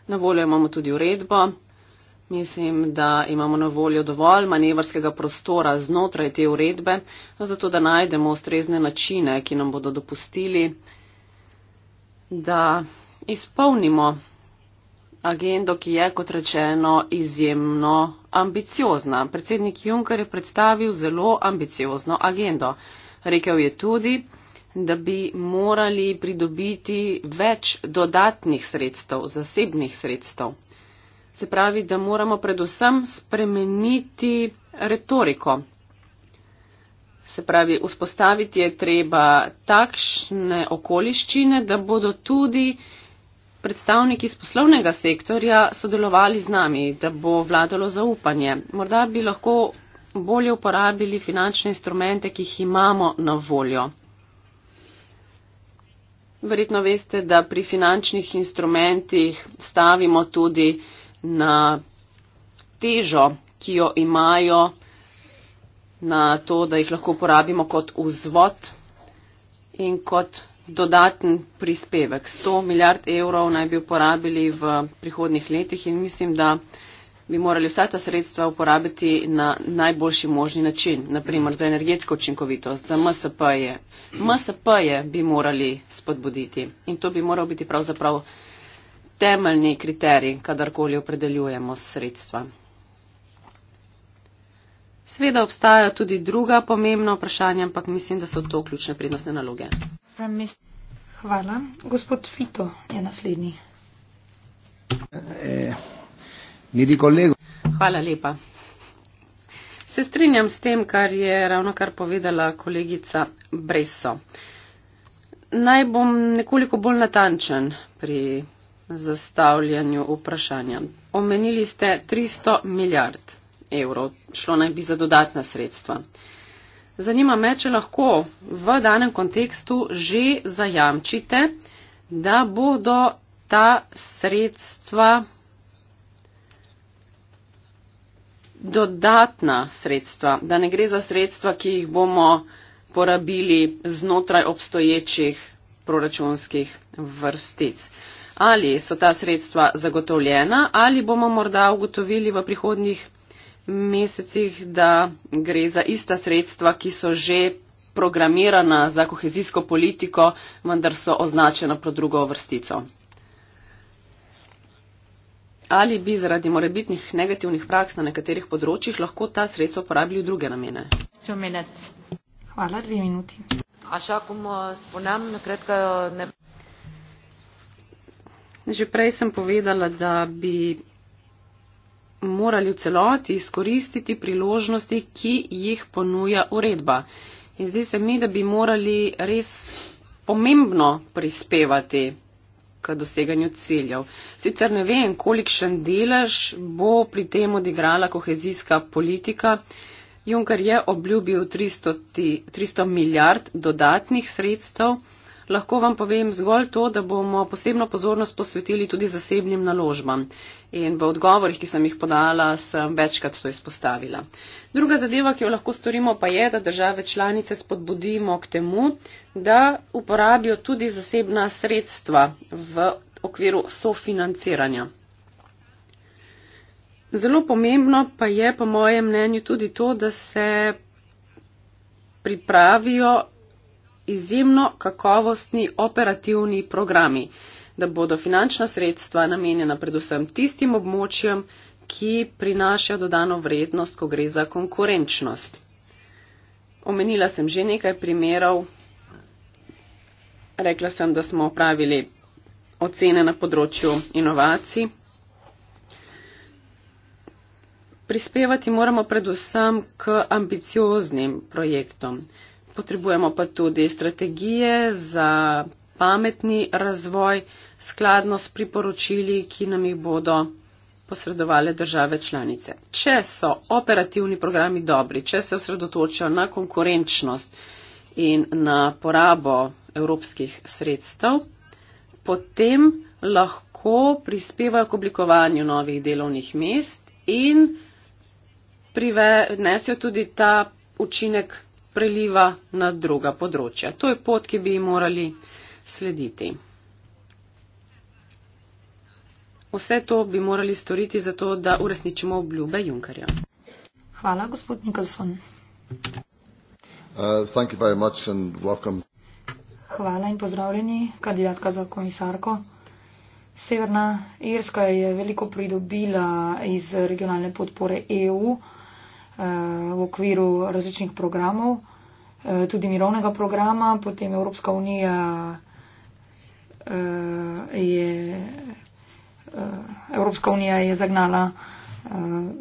Na voljo imamo tudi uredbo. Mislim, da imamo na voljo dovolj manevrskega prostora znotraj te uredbe, zato da najdemo ustrezne načine, ki nam bodo dopustili, da izpolnimo agendo, ki je, kot rečeno, izjemno ambiciozna. Predsednik Juncker je predstavil zelo ambiciozno agendo. Rekel je tudi, da bi morali pridobiti več dodatnih sredstev, zasebnih sredstev. Se pravi, da moramo predvsem spremeniti retoriko. Se pravi, vzpostaviti je treba takšne okoliščine, da bodo tudi predstavniki iz poslovnega sektorja sodelovali z nami, da bo vladalo zaupanje. Morda bi lahko bolje uporabili finančne instrumente, ki jih imamo na voljo. Verjetno veste, da pri finančnih instrumentih stavimo tudi na težo, ki jo imajo, na to, da jih lahko uporabimo kot vzvod in kot dodaten prispevek. 100 milijard evrov naj bi uporabili v prihodnih letih in mislim, da bi morali vsa ta sredstva uporabiti na najboljši možni način, naprimer za energetsko učinkovitost, za MSP-je. MSP-je bi morali spodbuditi in to bi moral biti pravzaprav temeljni kriterij, kadarkoli opredeljujemo sredstva. Sveda obstajajo tudi druga pomembna vprašanja, ampak mislim, da so to ključne prednostne naloge. Hvala. Gospod Fito je naslednji. Eh, miri kolego. Hvala lepa. Se strinjam s tem, kar je ravno kar povedala kolegica Breso. Naj bom nekoliko bolj natančen pri zastavljanju vprašanja. Omenili ste 300 milijard evrov, šlo naj bi za dodatna sredstva. Zanima me, če lahko v danem kontekstu že zajamčite, da bodo ta sredstva dodatna sredstva, da ne gre za sredstva, ki jih bomo porabili znotraj obstoječih proračunskih vrstic ali so ta sredstva zagotovljena, ali bomo morda ugotovili v prihodnjih mesecih, da gre za ista sredstva, ki so že programirana za kohezijsko politiko, vendar so označena pod drugo vrstico. Ali bi zaradi morebitnih negativnih praks na nekaterih področjih lahko ta sredstva uporabili v druge namene? Hvala, dve minuti. Že prej sem povedala, da bi morali v celoti izkoristiti priložnosti, ki jih ponuja uredba. In zdi se mi, da bi morali res pomembno prispevati k doseganju ciljev. Sicer ne vem, kolikšen delež bo pri tem odigrala kohezijska politika. Junker je obljubil 300, 300 milijard dodatnih sredstev. Lahko vam povem zgolj to, da bomo posebno pozornost posvetili tudi zasebnim naložbam. In v odgovorih, ki sem jih podala, sem večkrat to izpostavila. Druga zadeva, ki jo lahko storimo, pa je, da države članice spodbudimo k temu, da uporabijo tudi zasebna sredstva v okviru sofinanciranja. Zelo pomembno pa je, po mojem mnenju, tudi to, da se pripravijo izjemno kakovostni operativni programi, da bodo finančna sredstva namenjena predvsem tistim območjem, ki prinašajo dodano vrednost, ko gre za konkurenčnost. Omenila sem že nekaj primerov. Rekla sem, da smo opravili ocene na področju inovacij. Prispevati moramo predvsem k ambicioznim projektom. Potrebujemo pa tudi strategije za pametni razvoj skladno s priporočili, ki nam jih bodo posredovale države članice. Če so operativni programi dobri, če se osredotočajo na konkurenčnost in na porabo evropskih sredstev, potem lahko prispevajo k oblikovanju novih delovnih mest in prive, nesijo tudi ta učinek preliva na druga področja. To je pot, ki bi ji morali slediti. Vse to bi morali storiti zato, da uresničimo obljube Junkarja. Hvala, gospod Nikolson. Uh, Hvala in pozdravljeni, kandidatka za komisarko. Severna Irska je veliko pridobila iz regionalne podpore EU. Uh, v okviru različnih programov, eh, tudi mirovnega programa, potem Evropska unija eh, je, eh, Evropska unija je zagnala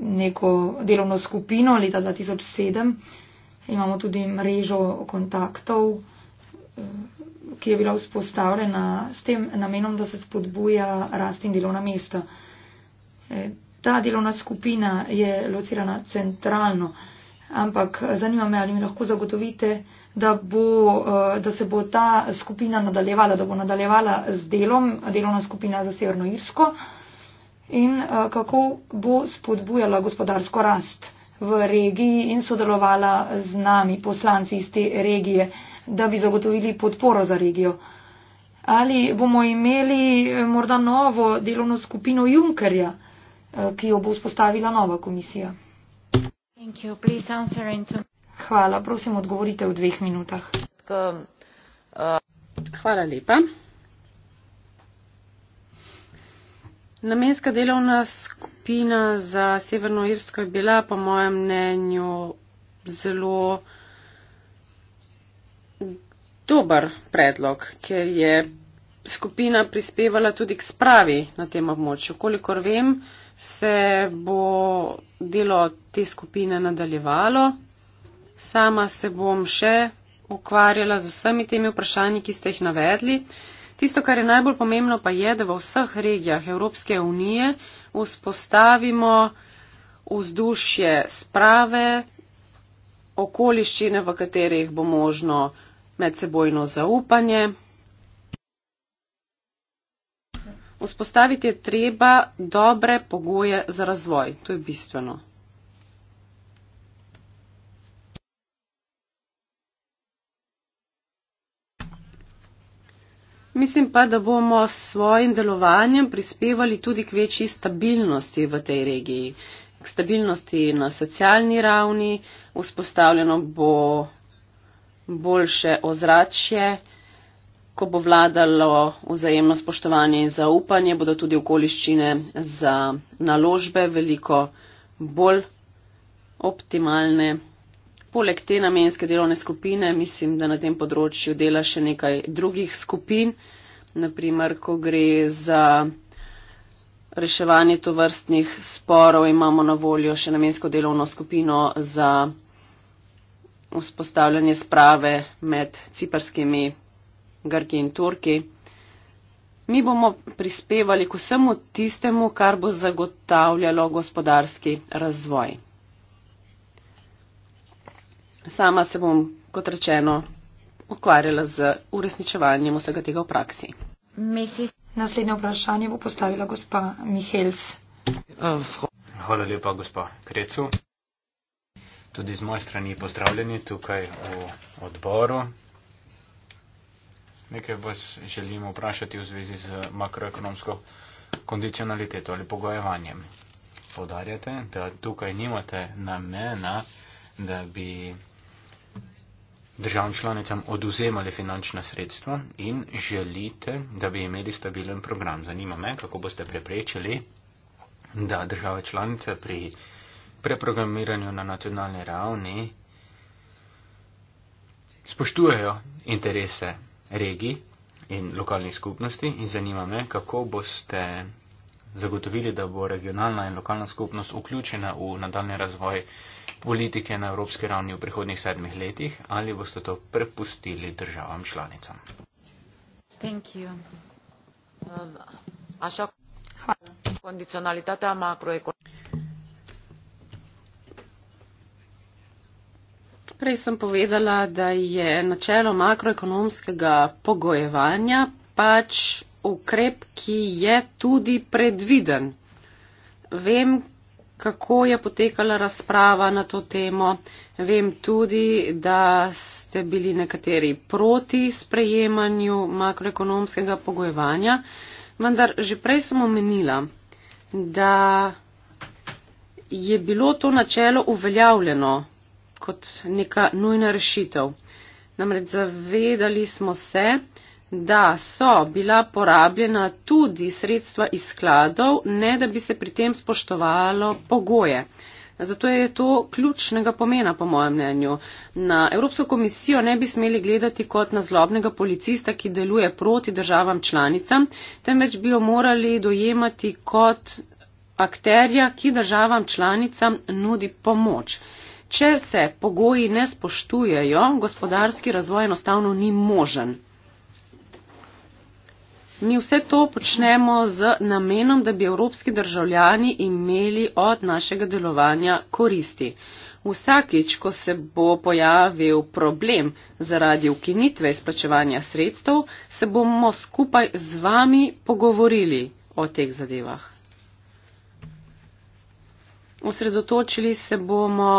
neko delovno skupino leta 2007. Imamo tudi mrežo kontaktov, ki je bila vzpostavljena s tem namenom, da se spodbuja rast in delovna mesta. Ta delovna skupina je locirana centralno, ampak zanima me, ali mi lahko zagotovite, da, bo, eh, da se bo ta skupina nadaljevala, da bo nadaljevala z delom, delovna skupina za Severno Irsko in eh, kako bo spodbujala gospodarsko rast v regiji in sodelovala z nami, poslanci iz te regije, da bi zagotovili podporo za regijo. Ali bomo imeli eh, morda novo delovno skupino Junkerja? Eh, ki jo bo vzpostavila nova komisija. Hvala, prosim, odgovorite v dveh minutah. Hvala lepa. Namenska delovna skupina za Severno Irsko je bila, po mojem mnenju, zelo dober predlog, ker je skupina prispevala tudi k spravi na tem območju. Kolikor vem, se bo delo te skupine nadaljevalo. Sama se bom še ukvarjala z vsemi temi vprašanji, ki ste jih navedli. Tisto, kar je najbolj pomembno, pa je, da v vseh regijah Evropske unije vzpostavimo vzdušje sprave, okoliščine, v katerih bo možno medsebojno zaupanje, Vzpostaviti je treba dobre pogoje za razvoj, to je bistveno. Mislim pa, da bomo s svojim delovanjem prispevali tudi k večji stabilnosti v tej regiji, k stabilnosti na socialni ravni, vzpostavljeno bo boljše ozračje ko bo vladalo vzajemno spoštovanje in zaupanje, bodo tudi okoliščine za naložbe veliko bolj optimalne. Poleg te namenske delovne skupine mislim, da na tem področju dela še nekaj drugih skupin, naprimer, ko gre za reševanje tovrstnih sporov, imamo na voljo še namensko delovno skupino za vzpostavljanje sprave med ciparskimi Grki in Turki. Mi bomo prispevali k vsemu tistemu, kar bo zagotavljalo gospodarski razvoj. Sama se bom, kot rečeno, ukvarjala z uresničevanjem vsega tega v praksi. Mesis. Naslednje vprašanje bo postavila gospa Mihels. Hvala lepa, gospa Krecu. Tudi z moje strani pozdravljeni tukaj v odboru Nekaj vas želim vprašati v zvezi z makroekonomsko kondicionaliteto ali pogojevanjem. Podarjate, da tukaj nimate namena, da bi državnim članicam oduzemali finančna sredstva in želite, da bi imeli stabilen program. Zanima me, kako boste preprečili, da države članice pri preprogramiranju na nacionalni ravni spoštujejo interese regij in lokalnih skupnosti in zanima me, kako boste zagotovili, da bo regionalna in lokalna skupnost vključena v nadaljni razvoj politike na evropski ravni v prihodnih sedmih letih ali boste to prepustili državam članicam. Hvala. Hvala. Prej sem povedala, da je načelo makroekonomskega pogojevanja pač ukrep, ki je tudi predviden. Vem, kako je potekala razprava na to temo. Vem tudi, da ste bili nekateri proti sprejemanju makroekonomskega pogojevanja, vendar že prej sem omenila, da je bilo to načelo uveljavljeno kot neka nujna rešitev. Namreč zavedali smo se, da so bila porabljena tudi sredstva iz skladov, ne da bi se pri tem spoštovalo pogoje. Zato je to ključnega pomena, po mojem mnenju. Na Evropsko komisijo ne bi smeli gledati kot na zlobnega policista, ki deluje proti državam članicam, temveč bi jo morali dojemati kot akterja, ki državam članicam nudi pomoč. Če se pogoji ne spoštujejo, gospodarski razvoj enostavno ni možen. Mi vse to počnemo z namenom, da bi evropski državljani imeli od našega delovanja koristi. Vsakič, ko se bo pojavil problem zaradi ukinitve izplačevanja sredstev, se bomo skupaj z vami pogovorili o teh zadevah. Osredotočili se bomo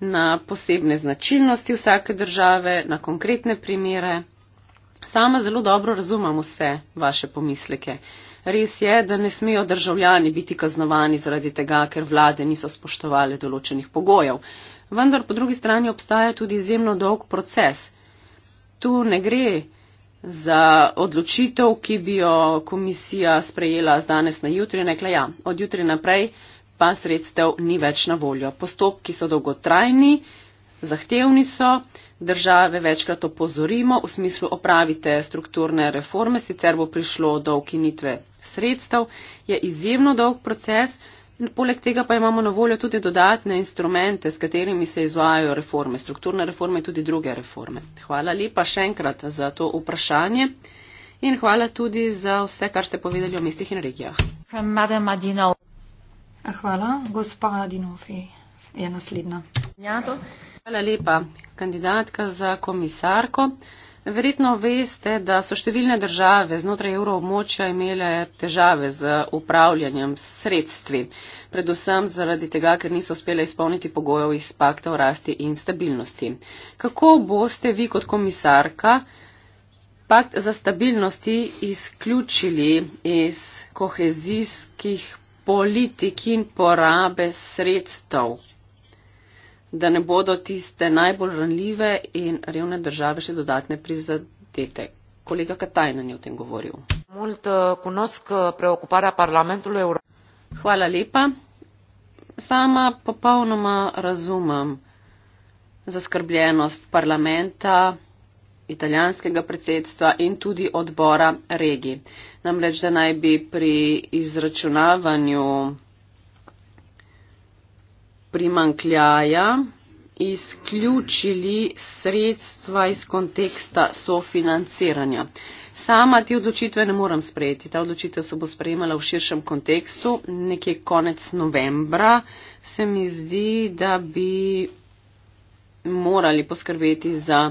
na posebne značilnosti vsake države, na konkretne primere. Sama zelo dobro razumem vse vaše pomisleke. Res je, da ne smejo državljani biti kaznovani zaradi tega, ker vlade niso spoštovali določenih pogojev. Vendar po drugi strani obstaja tudi izjemno dolg proces. Tu ne gre za odločitev, ki bi jo komisija sprejela z danes na jutri in rekla, ja, od jutri naprej pa sredstev ni več na voljo. Postopki so dolgotrajni, zahtevni so, države večkrat opozorimo v smislu opravite strukturne reforme, sicer bo prišlo do ukinitve sredstev, je izjemno dolg proces. Poleg tega pa imamo na voljo tudi dodatne instrumente, s katerimi se izvajajo reforme, strukturne reforme in tudi druge reforme. Hvala lepa še enkrat za to vprašanje in hvala tudi za vse, kar ste povedali o mestih in regijah. Hvala. Gospa Dinofi je naslednja. Njato. Hvala lepa, kandidatka za komisarko. Verjetno veste, da so številne države znotraj evroobmočja imele težave z upravljanjem sredstvi, predvsem zaradi tega, ker niso uspele izpolniti pogojev iz pakta o rasti in stabilnosti. Kako boste vi kot komisarka pakt za stabilnosti izključili iz kohezijskih politik in porabe sredstev, da ne bodo tiste najbolj ranljive in revne države še dodatne prizadete. Kolega Katajnen je o tem govoril. Hvala lepa. Sama popolnoma razumem zaskrbljenost parlamenta italijanskega predsedstva in tudi odbora regij. Namreč, da naj bi pri izračunavanju primankljaja izključili sredstva iz konteksta sofinanciranja. Sama ti odločitve ne moram sprejeti. Ta odločitev se bo sprejemala v širšem kontekstu. Nekje konec novembra se mi zdi, da bi morali poskrbeti za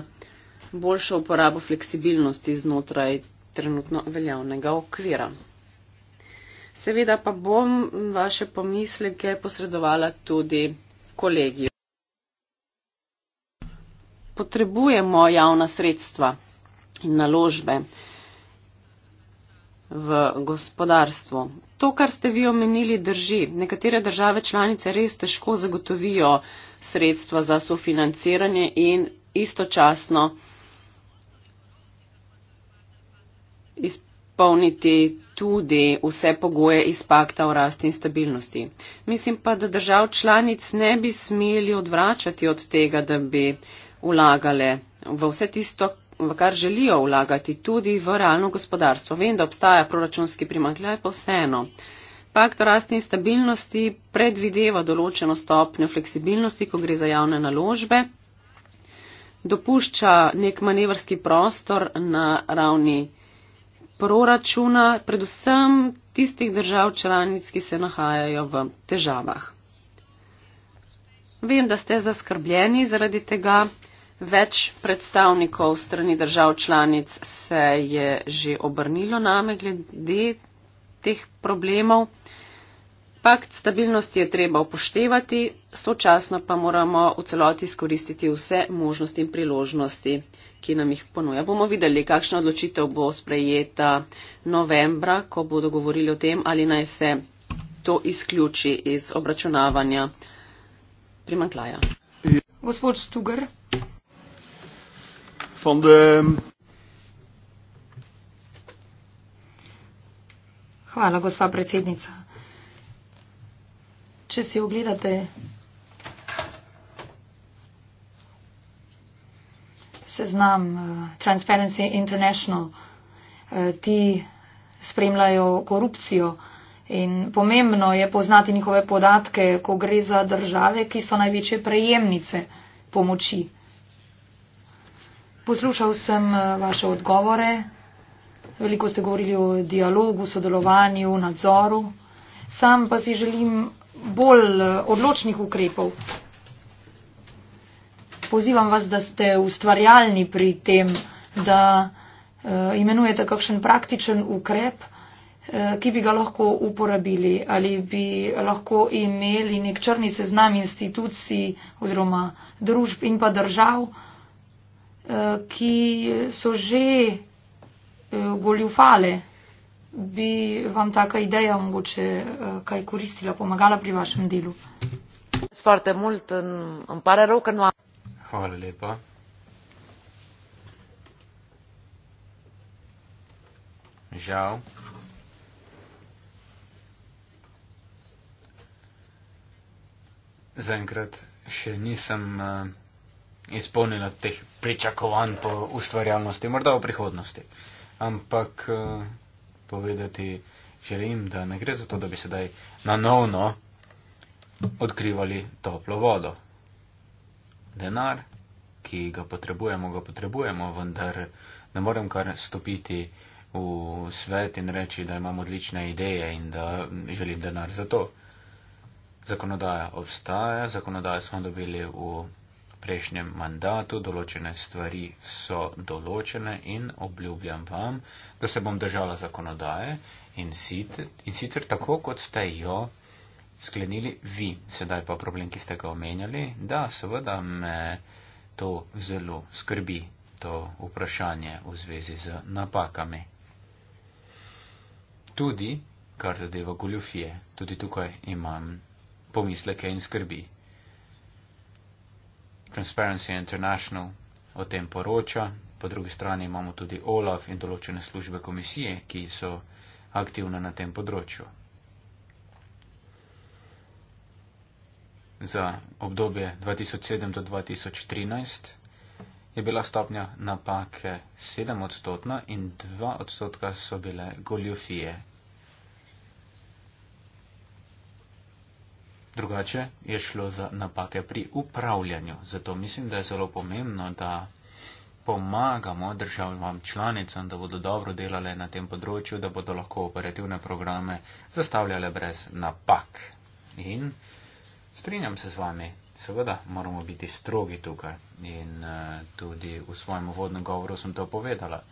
boljšo uporabo fleksibilnosti znotraj trenutno veljavnega okvira. Seveda pa bom vaše pomisleke posredovala tudi kolegiju. Potrebujemo javna sredstva in naložbe v gospodarstvo. To, kar ste vi omenili, drži. Nekatere države članice res težko zagotovijo sredstva za sofinanciranje in istočasno izpolniti tudi vse pogoje iz pakta o rasti in stabilnosti. Mislim pa, da držav članic ne bi smeli odvračati od tega, da bi vlagale v vse tisto, v kar želijo vlagati, tudi v realno gospodarstvo. Vem, da obstaja proračunski primankljaj, pa vseeno. Pakt o rasti in stabilnosti predvideva določeno stopnjo fleksibilnosti, ko gre za javne naložbe, dopušča nek manevrski prostor na ravni proračuna, predvsem tistih držav članic, ki se nahajajo v težavah. Vem, da ste zaskrbljeni zaradi tega. Več predstavnikov strani držav članic se je že obrnilo name glede teh problemov. Pakt stabilnosti je treba upoštevati, sočasno pa moramo v celoti izkoristiti vse možnosti in priložnosti ki nam jih ponuja. Bomo videli, kakšna odločitev bo sprejeta novembra, ko bodo govorili o tem, ali naj se to izključi iz obračunavanja primanklaja. Gospod Stugar. De... Hvala, gospa predsednica. Če si ogledate seznam eh, Transparency International. Eh, ti spremljajo korupcijo in pomembno je poznati njihove podatke, ko gre za države, ki so največje prejemnice pomoči. Poslušal sem eh, vaše odgovore. Veliko ste govorili o dialogu, sodelovanju, nadzoru. Sam pa si želim bolj odločnih ukrepov pozivam vas, da ste ustvarjalni pri tem, da uh, imenujete kakšen praktičen ukrep, uh, ki bi ga lahko uporabili ali bi lahko imeli nek črni seznam institucij oziroma družb in pa držav, uh, ki so že uh, goljufale. Bi vam taka ideja mogoče uh, kaj koristila, pomagala pri vašem delu? Sparte mult, îmi pare rău că nu am. Hvala lepa. Žal. Zaenkrat še nisem uh, izpolnila teh pričakovanj po ustvarjalnosti, morda v prihodnosti. Ampak uh, povedati želim, da ne gre za to, da bi sedaj na novo odkrivali toplo vodo denar, ki ga potrebujemo, ga potrebujemo, vendar ne morem kar stopiti v svet in reči, da imam odlične ideje in da želim denar za to. Zakonodaja obstaja, zakonodajo smo dobili v prejšnjem mandatu, določene stvari so določene in obljubljam vam, da se bom držala zakonodaje in sicer, in sicer tako, kot ste jo sklenili vi. Sedaj pa problem, ki ste ga omenjali, da seveda me to zelo skrbi, to vprašanje v zvezi z napakami. Tudi, kar zadeva goljufije, tudi tukaj imam pomisleke in skrbi. Transparency International o tem poroča, po drugi strani imamo tudi OLAF in določene službe komisije, ki so aktivne na tem področju. za obdobje 2007 do 2013 je bila stopnja napake 7 odstotna in 2 odstotka so bile goljofije. Drugače je šlo za napake pri upravljanju. Zato mislim, da je zelo pomembno, da pomagamo državam članicam, da bodo dobro delale na tem področju, da bodo lahko operativne programe zastavljale brez napak. In Strinjam se z vami. Seveda moramo biti strogi tukaj in eh, tudi v svojem uvodnem govoru sem to povedala.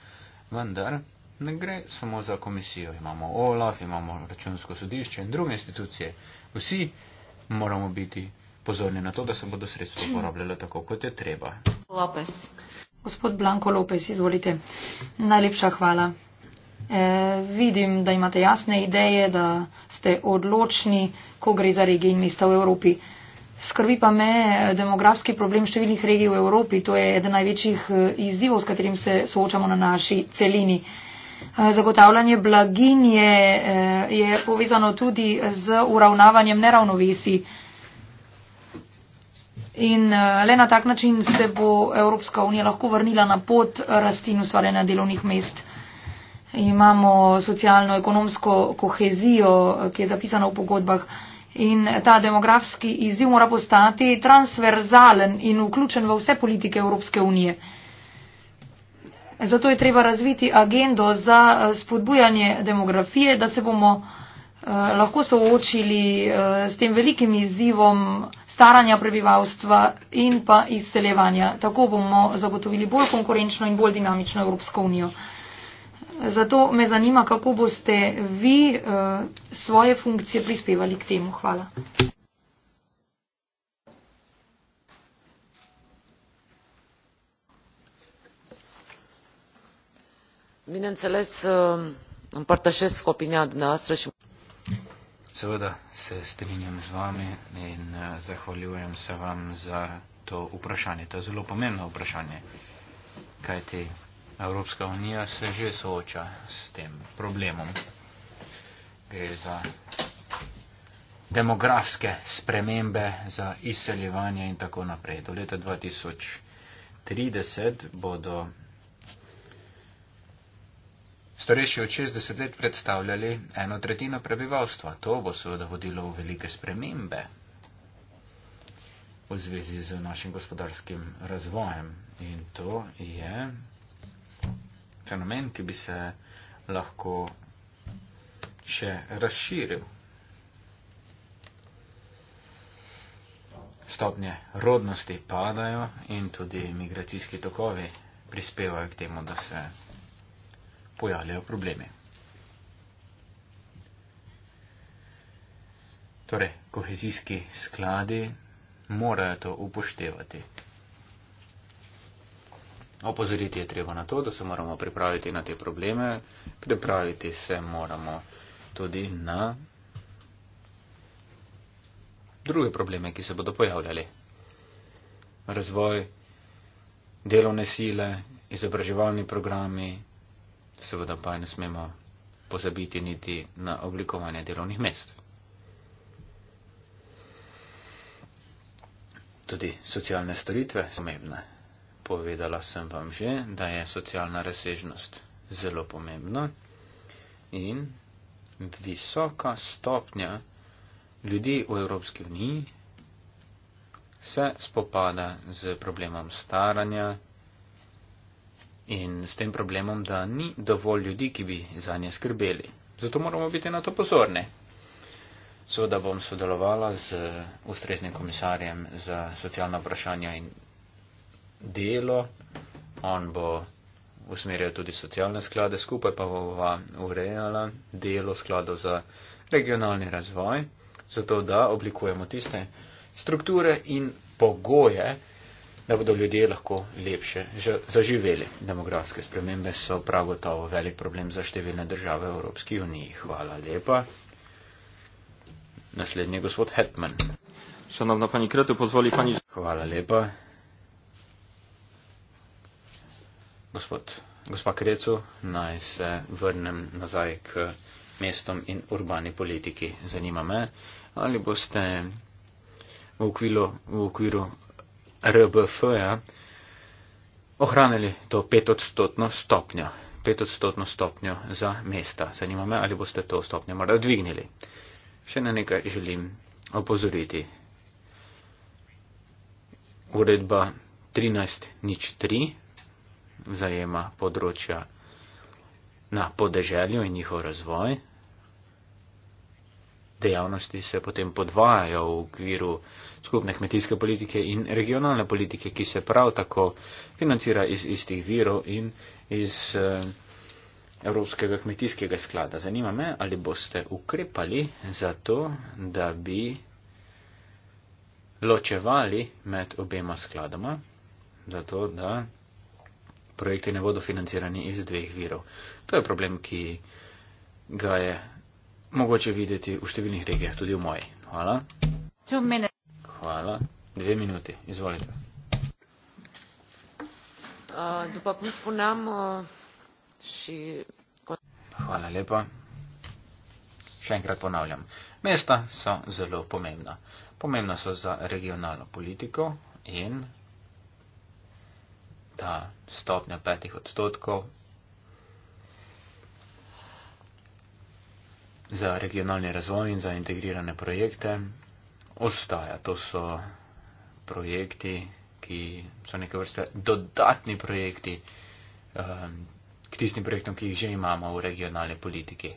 Vendar ne gre samo za komisijo. Imamo OLAF, imamo računsko sodišče in druge institucije. Vsi moramo biti pozorni na to, da se bodo sredstva uporabljala tako, kot je treba. Lopez. Gospod Blanko Lopez, izvolite. Najlepša hvala. E, vidim, da imate jasne ideje, da ste odločni, ko gre za regije in mesta v Evropi. Skrbi pa me e, demografski problem številnih regij v Evropi. To je eden največjih e, izzivov, s katerim se soočamo na naši celini. E, zagotavljanje blaginje je povezano tudi z uravnavanjem neravnovesi. In le na tak način se bo Evropska unija lahko vrnila na pot rasti in ustvarjanja delovnih mest imamo socialno-ekonomsko kohezijo, ki je zapisana v pogodbah. In ta demografski izziv mora postati transverzalen in vključen v vse politike Evropske unije. Zato je treba razviti agendo za eh, spodbujanje demografije, da se bomo eh, lahko soočili eh, s tem velikim izzivom staranja prebivalstva in pa izseljevanja. Tako bomo zagotovili bolj konkurenčno in bolj dinamično Evropsko unijo. Zato me zanima, kako boste vi uh, svoje funkcije prispevali k temu. Hvala. Bineînțeles, eh, împărtășesc opinia dumneavoastră și... Seveda, se strinim z vami in eh, zahvaljujem se vam za to vprašanje. To je zelo pomembno vprašanje, kajti Evropska unija se že sooča s tem problemom. Gre za demografske spremembe, za izseljevanje in tako naprej. Do leta 2030 bodo starejši od 60 let predstavljali eno tretjino prebivalstva. To bo seveda vodilo v velike spremembe v zvezi z našim gospodarskim razvojem. In to je fenomen, ki bi se lahko še razširil. Stopnje rodnosti padajo in tudi migracijski tokovi prispevajo k temu, da se pojavljajo problemi. Torej, kohezijski skladi morajo to upoštevati. Opozoriti je treba na to, da se moramo pripraviti na te probleme, pripraviti se moramo tudi na druge probleme, ki se bodo pojavljali. Razvoj delovne sile, izobraževalni programi, seveda pa ne smemo pozabiti niti na oblikovanje delovnih mest. Tudi socialne storitve so pomembne povedala sem vam že, da je socialna razsežnost zelo pomembna in visoka stopnja ljudi v Evropski uniji se spopada z problemom staranja in s tem problemom, da ni dovolj ljudi, ki bi za nje skrbeli. Zato moramo biti na to pozorni. Seveda bom sodelovala z ustreznim komisarjem za socialna vprašanja in delo, on bo usmerjal tudi socialne sklade, skupaj pa bova urejala delo sklado za regionalni razvoj, zato da oblikujemo tiste strukture in pogoje, da bodo ljudje lahko lepše zaživeli. Demografske spremembe so prav gotovo velik problem za številne države v Evropski uniji. Hvala lepa. Naslednji je gospod Hetman. Šanovna pani Kretu, pozvoli pani. Hvala lepa. gospod, gospa Krecu, naj se vrnem nazaj k mestom in urbani politiki. Zanima me, ali boste v, okvilo, v okviru RBF-ja ohranili to petodstotno stopnjo, petodstotno stopnjo za mesta. Zanima me, ali boste to stopnjo morda dvignili. Še na nekaj želim opozoriti. Uredba 13.03 zajema področja na podeželju in njihov razvoj. Dejavnosti se potem podvajajo v okviru skupne kmetijske politike in regionalne politike, ki se prav tako financira iz istih virov in iz eh, Evropskega kmetijskega sklada. Zanima me, ali boste ukrepali za to, da bi ločevali med obema skladama, zato da projekti ne bodo financirani iz dveh virov. To je problem, ki ga je mogoče videti v številnih regijah, tudi v moji. Hvala. Hvala. Dve minuti. Izvolite. Hvala lepa. Še enkrat ponavljam. Mesta so zelo pomembna. Pomembna so za regionalno politiko in ta stopnja petih odstotkov. Za regionalni razvoj in za integrirane projekte ostaja. To so projekti, ki so neke vrste dodatni projekti ehm, k tistim projektom, ki jih že imamo v regionalni politiki.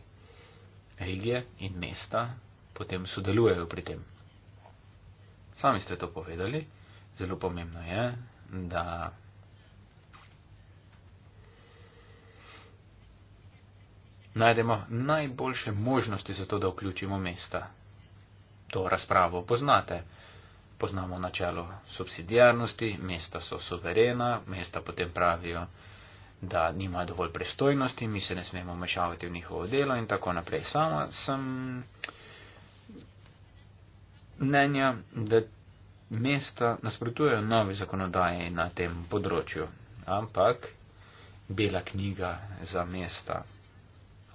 Regije in mesta potem sodelujejo pri tem. Sami ste to povedali. Zelo pomembno je, da najdemo najboljše možnosti za to, da vključimo mesta. To razpravo poznate. Poznamo načelo subsidijarnosti, mesta so suverena, mesta potem pravijo, da nima dovolj prestojnosti, mi se ne smemo mešavati v njihovo delo in tako naprej. Sama sem mnenja, da mesta nasprotujejo novi zakonodaji na tem področju, ampak bela knjiga za mesta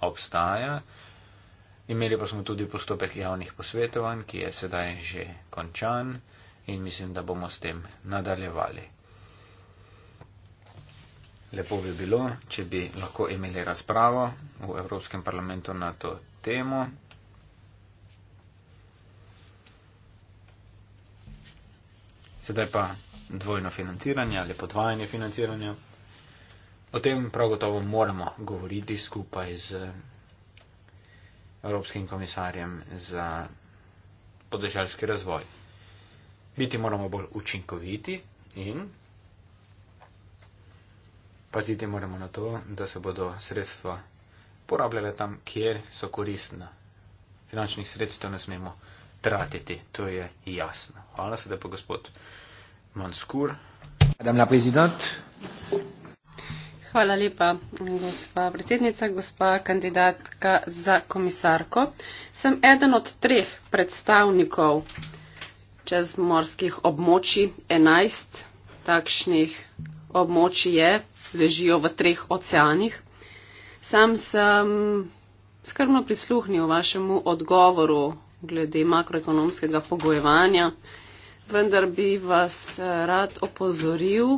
obstaja. Imeli pa smo tudi postopek javnih posvetovanj, ki je sedaj že končan in mislim, da bomo s tem nadaljevali. Lepo bi bilo, če bi lahko imeli razpravo v Evropskem parlamentu na to temo. Sedaj pa dvojno financiranje ali podvajanje financiranja. O tem prav gotovo moramo govoriti skupaj z Evropskim komisarjem za podeželjski razvoj. Biti moramo bolj učinkoviti in paziti moramo na to, da se bodo sredstva porabljale tam, kjer so koristna. Finančnih sredstev ne smemo tratiti, to je jasno. Hvala se, da pa gospod Manskur. Madame la présidente, Hvala lepa, gospa predsednica, gospa kandidatka za komisarko. Sem eden od treh predstavnikov čezmorskih območij, enajst takšnih območij je, ležijo v treh oceanih. Sam sem skrbno prisluhnil vašemu odgovoru glede makroekonomskega pogojevanja, vendar bi vas rad opozoril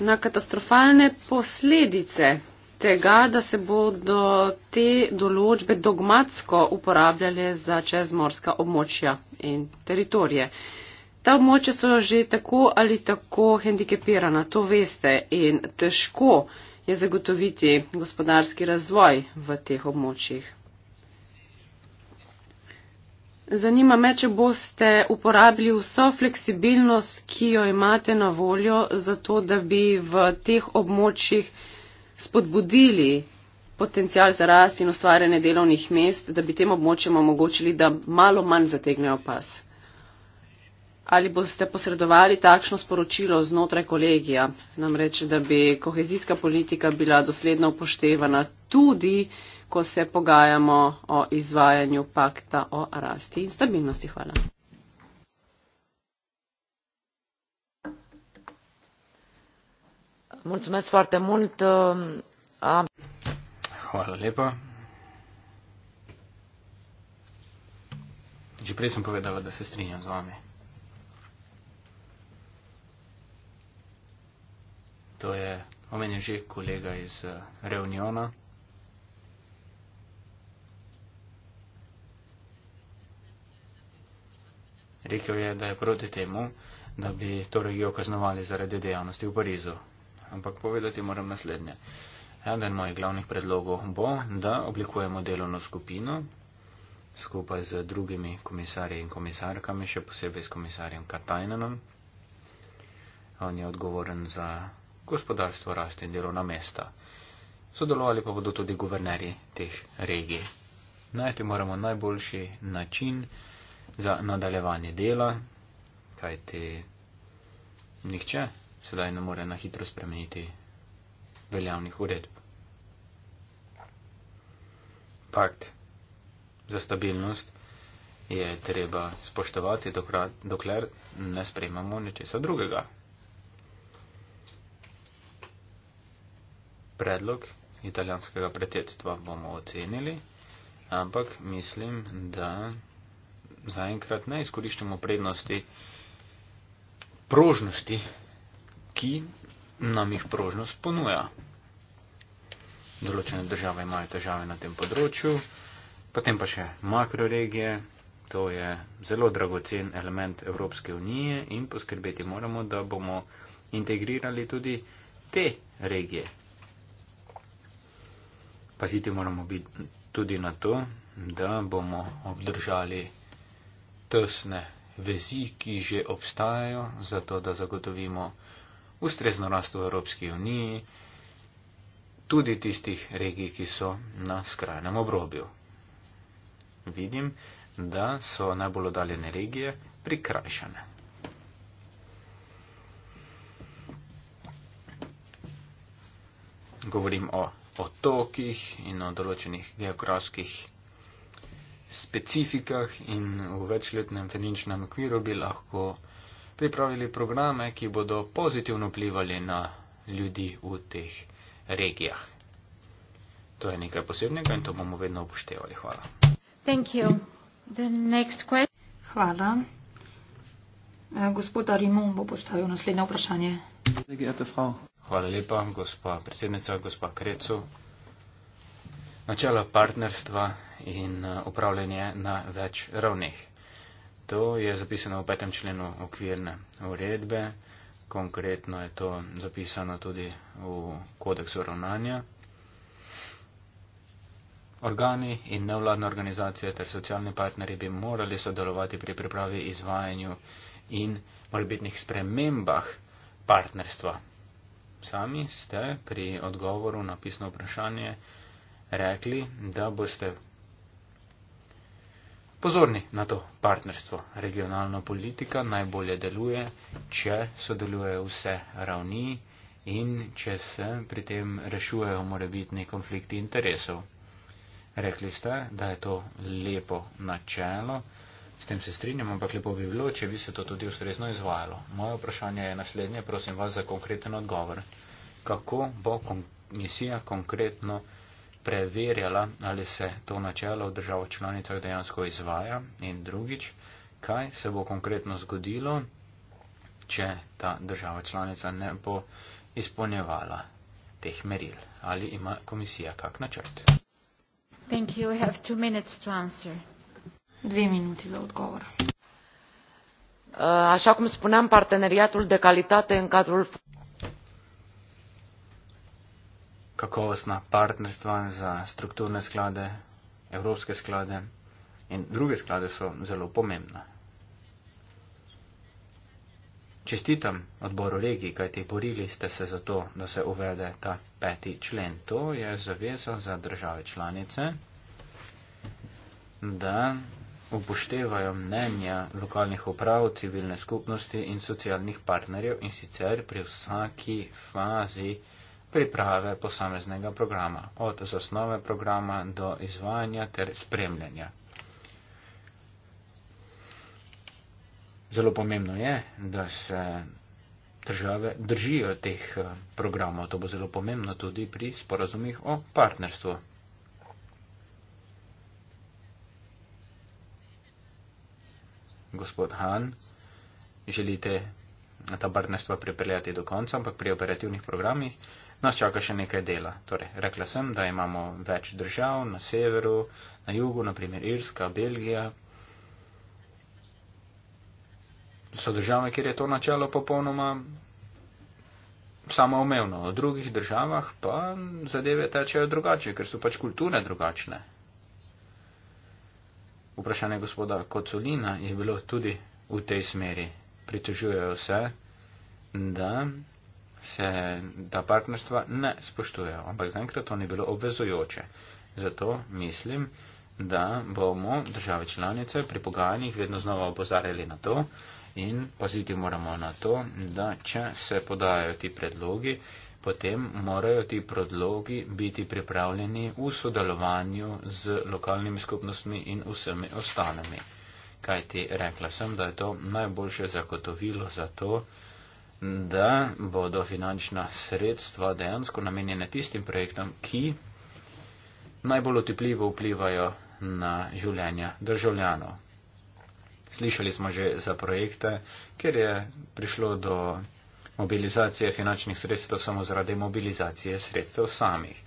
na katastrofalne posledice tega, da se bodo te določbe dogmatsko uporabljale za čezmorska območja in teritorije. Ta območja so že tako ali tako hendikepirana, to veste, in težko je zagotoviti gospodarski razvoj v teh območjih. Zanima me, če boste uporabili vso fleksibilnost, ki jo imate na voljo, zato da bi v teh območjih spodbudili potencial za rast in ustvarjanje delovnih mest, da bi tem območjem omogočili, da malo manj zategnejo pas. Ali boste posredovali takšno sporočilo znotraj kolegija, namreč, da bi kohezijska politika bila dosledno upoštevana tudi, ko se pogajamo o izvajanju pakta o rasti in stabilnosti. Hvala. Mulțumesc foarte mult. Am... Hvala lepa. Že prej sem povedala, da se strinjam z vami. To je omenil že kolega iz eh, Reuniona. Rekel je, da je proti temu, da bi torej jo kaznovali zaradi dejavnosti v Parizu. Ampak povedati moram naslednje. Eden mojih glavnih predlogov bo, da oblikujemo delovno skupino skupaj z drugimi komisarji in komisarkami, še posebej s komisarjem Katajnenom. On je odgovoren za gospodarstvo, rast in delovna mesta. Sodelovali pa bodo tudi guvernerji teh regij. Najti moramo najboljši način, za nadaljevanje dela, kajti nihče sedaj ne more na hitro spremeniti veljavnih uredb. Pakt za stabilnost je treba spoštovati, dokler ne sprejmemo nečesa drugega. Predlog italijanskega predsedstva bomo ocenili, ampak mislim, da zaenkrat ne izkoriščamo prednosti prožnosti, ki nam jih prožnost ponuja. Določene države imajo težave na tem področju, potem pa še makroregije, to je zelo dragocen element Evropske unije in poskrbeti moramo, da bomo integrirali tudi te regije. Paziti moramo biti tudi na to, da bomo obdržali tesne vezi, ki že obstajajo, zato da zagotovimo ustrezno rast v Evropski uniji, tudi tistih regij, ki so na skrajnem obrobju. Vidim, da so najbolj oddaljene regije prikrajšane. Govorim o otokih in o določenih geografskih specifikah in v večletnem finančnem okviru bi lahko pripravili programe, ki bodo pozitivno vplivali na ljudi v teh regijah. To je nekaj posebnega in to bomo vedno upoštevali. Hvala. Hvala. Eh, gospod Arimon bo postavil naslednje vprašanje. Hvala lepa, gospa predsednica, gospa Krecu načela partnerstva in eh, upravljanje na več ravneh. To je zapisano v petem členu okvirne uredbe, konkretno je to zapisano tudi v kodeksu ravnanja. Organi in nevladne organizacije ter socialni partneri bi morali sodelovati pri pripravi, izvajanju in morbitnih spremembah partnerstva. Sami ste pri odgovoru na pisno vprašanje rekli, da boste pozorni na to partnerstvo. Regionalna politika najbolje deluje, če sodelujejo vse ravni in če se pri tem rešujejo morebitni konflikti interesov. Rekli ste, da je to lepo načelo, s tem se strinjam, ampak lepo bi bilo, če bi se to tudi ustrezno izvajalo. Moje vprašanje je naslednje, prosim vas za konkreten odgovor. Kako bo komisija konkretno preverjala, ali se to načelo v državah članicah dejansko izvaja in drugič, kaj se bo konkretno zgodilo, če ta država članica ne bo izpolnjevala teh meril. Ali ima komisija kak načrt? Dve minuti za odgovor. Așa cum spuneam, parteneriatul de calitate în cadrul. kakovostna partnerstva za strukturne sklade, evropske sklade in druge sklade so zelo pomembna. Čestitam odboru regij, kajte borili ste se za to, da se uvede ta peti člen. To je zaveza za države članice, da upoštevajo mnenja lokalnih uprav, civilne skupnosti in socialnih partnerjev in sicer pri vsaki fazi priprave posameznega programa, od zasnove programa do izvajanja ter spremljanja. Zelo pomembno je, da se države držijo teh eh, programov. To bo zelo pomembno tudi pri sporazumih o partnerstvu. Gospod Han, želite ta partnerstva pripeljati do konca, ampak pri operativnih programih nas čaka še nekaj dela. Torej, rekla sem, da imamo več držav na severu, na jugu, naprimer Irska, Belgija. So države, kjer je to načelo popolnoma samoumevno. V drugih državah pa zadeve tečejo drugače, ker so pač kulture drugačne. Vprašanje gospoda Kocolina je bilo tudi v tej smeri. Pritožujejo se, da se ta partnerstva ne spoštujejo, ampak zaenkrat to ni bilo obvezujoče. Zato mislim, da bomo države članice pri pogajanjih vedno znova opozarjali na to in paziti moramo na to, da če se podajajo ti predlogi, potem morajo ti predlogi biti pripravljeni v sodelovanju z lokalnimi skupnostmi in vsemi ostalimi. Kajti rekla sem, da je to najboljše zagotovilo za to, da bodo finančna sredstva dejansko namenjene tistim projektom, ki najbolj otepljivo vplivajo na življenja državljanov. Slišali smo že za projekte, kjer je prišlo do mobilizacije finančnih sredstev samo zaradi mobilizacije sredstev samih.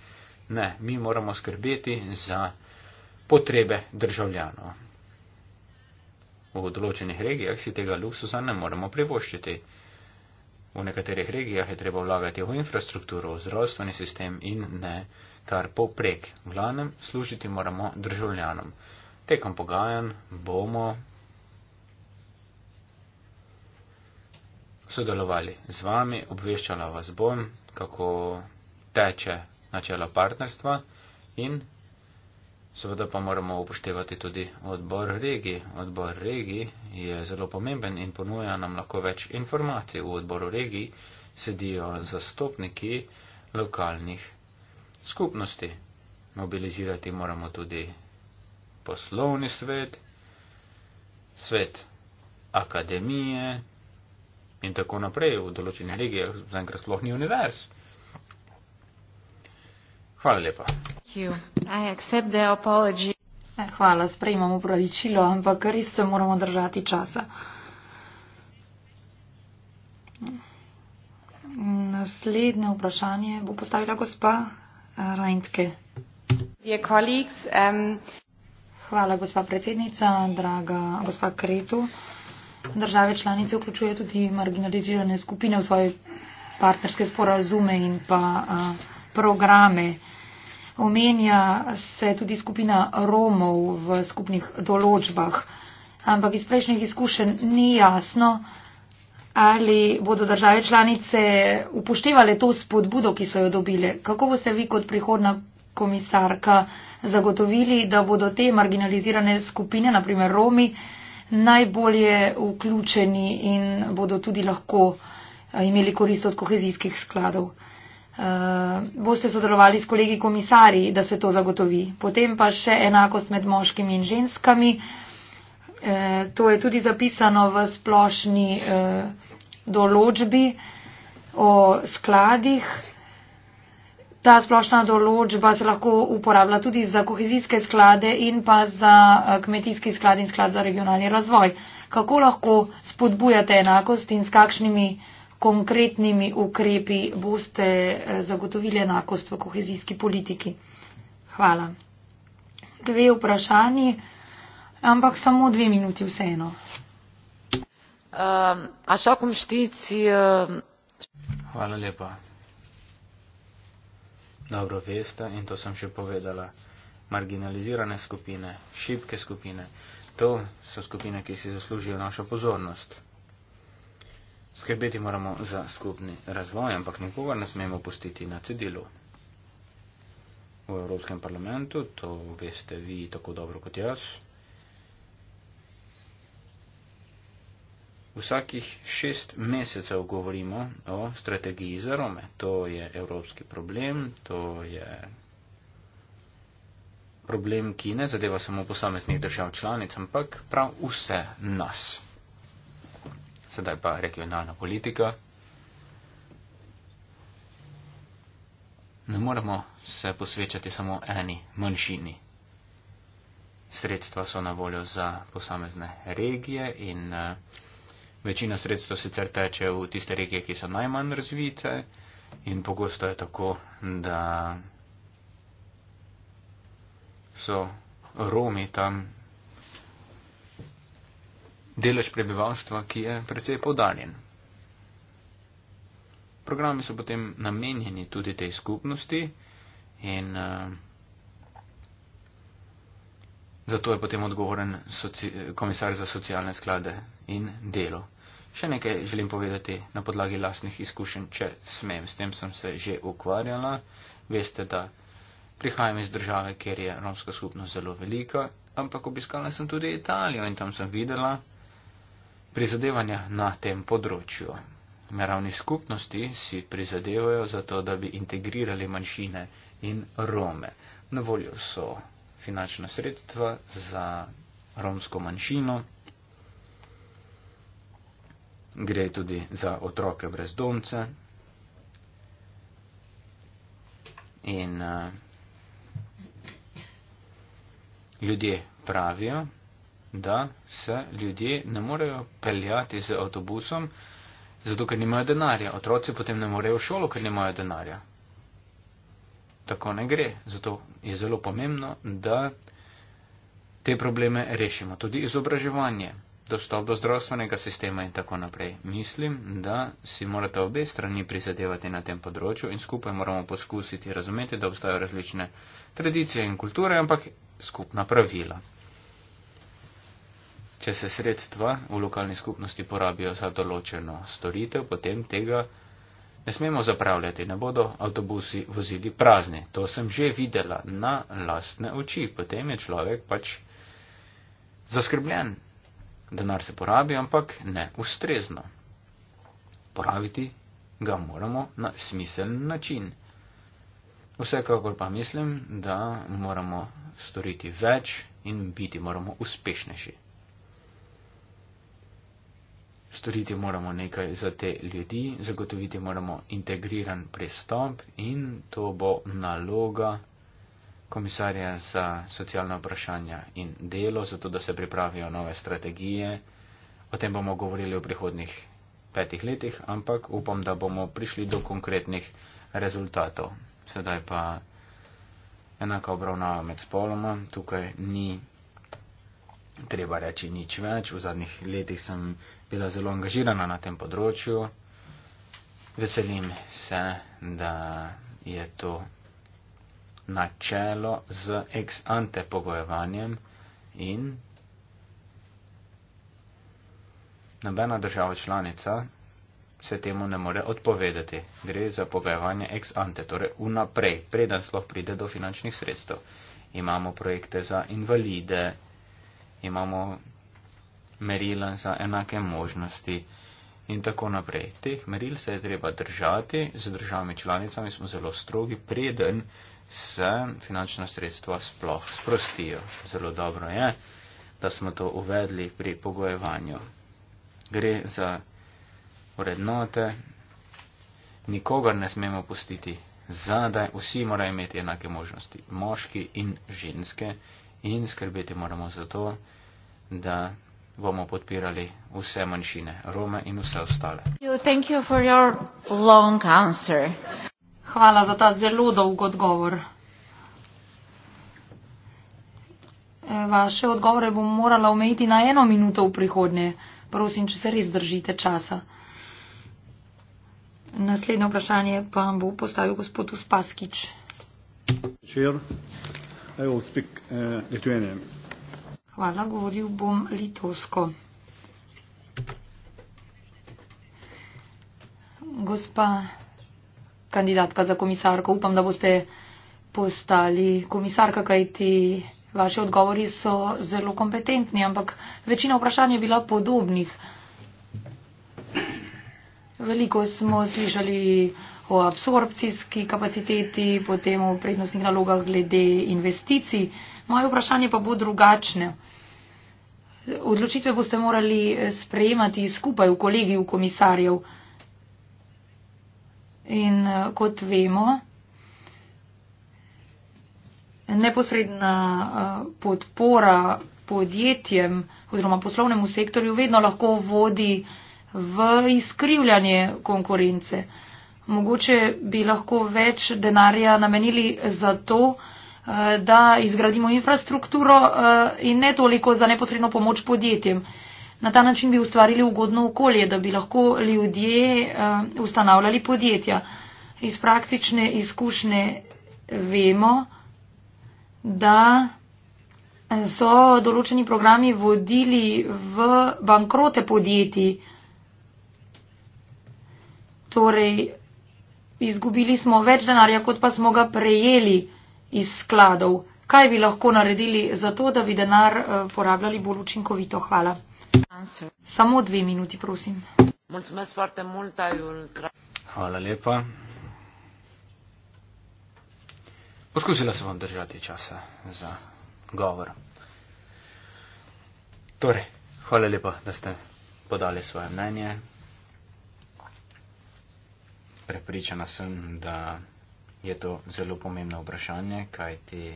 Ne, mi moramo skrbeti za potrebe državljanov. V določenih regijah si tega luksusa ne moremo privoščiti v nekaterih regijah je treba vlagati v infrastrukturo, v zdravstveni sistem in ne kar poprek. V glavnem služiti moramo državljanom. Tekom pogajanj bomo sodelovali z vami, obveščala vas bom, kako teče načelo partnerstva in Seveda pa moramo upoštevati tudi odbor regij. Odbor regij je zelo pomemben in ponuja nam lahko več informacij. V odboru regij sedijo zastopniki lokalnih skupnosti. Mobilizirati moramo tudi poslovni svet, svet akademije in tako naprej. V določenih regijah zaenkrat sploh ni univerz. Hvala lepa. Hvala, sprejmem upravičilo, ampak res se moramo držati časa. Naslednje vprašanje bo postavila gospa Reintke. Um... Hvala, gospa predsednica, draga gospa Kretu. Države članice vključuje tudi marginalizirane skupine v svoje partnerske sporazume in pa uh, programe. Omenja se tudi skupina Romov v skupnih določbah, ampak iz prejšnjih izkušenj ni jasno, ali bodo države članice upoštevale to spodbudo, ki so jo dobile. Kako boste vi kot prihodna komisarka zagotovili, da bodo te marginalizirane skupine, naprimer Romi, najbolje vključeni in bodo tudi lahko eh, imeli korist od kohezijskih skladov. Eh, boste sodelovali s kolegi komisarji, da se to zagotovi. Potem pa še enakost med moškimi in ženskami. Eh, to je tudi zapisano v splošni eh, določbi o skladih. Ta splošna določba se lahko uporablja tudi za kohezijske sklade in pa za kmetijski sklad in sklad za regionalni razvoj. Kako lahko spodbujate enakost in s kakšnimi konkretnimi ukrepi boste eh, zagotovili enakost v kohezijski politiki? Hvala. Dve vprašanji, ampak samo dve minuti vseeno. Um, ehm, Aša Komštic. Um... Ehm, Hvala lepa. Dobro veste in to sem še povedala. Marginalizirane skupine, šibke skupine, to so skupine, ki si zaslužijo našo pozornost. Skrbeti moramo za skupni razvoj, ampak nikogar ne smemo pustiti na cedilu. V Evropskem parlamentu, to veste vi tako dobro kot jaz, vsakih šest mesecev govorimo o strategiji za Rome. To je evropski problem, to je problem, ki ne zadeva samo posameznih držav članic, ampak prav vse nas. Sedaj pa regionalna politika. Ne moremo se posvečati samo eni manjšini. Sredstva so na voljo za posamezne regije in eh, večina sredstev sicer teče v tiste regije, ki so najmanj razvite in pogosto je tako, da so Romi tam delež prebivalstva, ki je precej podaljen. Programi so potem namenjeni tudi tej skupnosti in uh, zato je potem odgovoren komisar za socialne sklade in delo. Še nekaj želim povedati na podlagi lasnih izkušenj, če smem, s tem sem se že ukvarjala. Veste, da prihajam iz države, kjer je romska skupnost zelo velika, ampak obiskala sem tudi Italijo in tam sem videla, prizadevanja na tem področju. Naravni skupnosti si prizadevajo za to, da bi integrirali manjšine in Rome. Na voljo so finančna sredstva za romsko manjšino, gre tudi za otroke brezdomce in uh, ljudje pravijo, da se ljudje ne morejo peljati z avtobusom, zato ker nimajo denarja. Otroci potem ne morejo v šolo, ker nimajo denarja. Tako ne gre. Zato je zelo pomembno, da te probleme rešimo. Tudi izobraževanje, dostop do zdravstvenega sistema in tako naprej. Mislim, da si morate obe strani prizadevati na tem področju in skupaj moramo poskusiti razumeti, da obstajajo različne tradicije in kulture, ampak skupna pravila. Če se sredstva v lokalni skupnosti porabijo za določeno storitev, potem tega ne smemo zapravljati, ne bodo avtobusi vozili prazni. To sem že videla na lastne oči. Potem je človek pač zaskrbljen. Denar se porabi, ampak ne ustrezno. Poraviti ga moramo na smisel način. Vsekakor pa mislim, da moramo storiti več in biti moramo uspešnejši. Storiti moramo nekaj za te ljudi, zagotoviti moramo integriran pristop in to bo naloga komisarja za socialna vprašanja in delo, zato da se pripravijo nove strategije. O tem bomo govorili v prihodnih petih letih, ampak upam, da bomo prišli do konkretnih rezultatov. Sedaj pa enaka obravnava med spoloma, tukaj ni. Treba reči nič več. V zadnjih letih sem bila zelo angažirana na tem področju. Veselim se, da je to načelo z ex ante pogojevanjem in nobena država članica se temu ne more odpovedati. Gre za pogajevanje ex ante, torej unaprej, preden sploh pride do finančnih sredstev. Imamo projekte za invalide, imamo merila za enake možnosti in tako naprej. Teh meril se je treba držati, z državami članicami smo zelo strogi, preden se finančna sredstva sploh sprostijo. Zelo dobro je, da smo to uvedli pri pogojevanju. Gre za vrednote, nikogar ne smemo pustiti zadaj, vsi morajo imeti enake možnosti, moški in ženske, in skrbeti moramo za to, da bomo podpirali vse manjšine, Rome in vse ostale. Hvala za ta zelo dolg odgovor. E, vaše odgovore bom morala omejiti na eno minuto v prihodnje. Prosim, če se res držite časa. Naslednje vprašanje pa vam bo postavil gospod Uspaskič. Večer. I will speak uh, Lithuanian. Hvala, govoril bom litovsko. Gospa kandidatka za komisarko, upam, da boste postali komisarka, kajti vaše odgovori so zelo kompetentni, ampak večina vprašanj je bila podobnih. Veliko smo slišali o absorpcijski kapaciteti, potem o prednostnih nalogah glede investicij. Moje vprašanje pa bo drugačne. Odločitve boste morali eh, sprejemati skupaj v kolegiju komisarjev. In eh, kot vemo, neposredna eh, podpora podjetjem oziroma poslovnemu sektorju vedno lahko vodi v izkrivljanje konkurence. Mogoče bi lahko več denarja namenili za to, Eh, da izgradimo infrastrukturo eh, in ne toliko za neposredno pomoč podjetjem. Na ta način bi ustvarili ugodno okolje, da bi lahko ljudje eh, ustanavljali podjetja. Iz praktične izkušnje vemo, da so določeni programi vodili v bankrote podjetij. Torej, izgubili smo več denarja, kot pa smo ga prejeli iz skladov. Kaj bi lahko naredili za to, da bi denar eh, porabljali bolj učinkovito? Hvala. Samo dve minuti, prosim. Hvala lepa. Poskusila sem vam držati časa za govor. Torej, hvala lepa, da ste podali svoje mnenje. Prepričana sem, da je to zelo pomembno vprašanje, kajti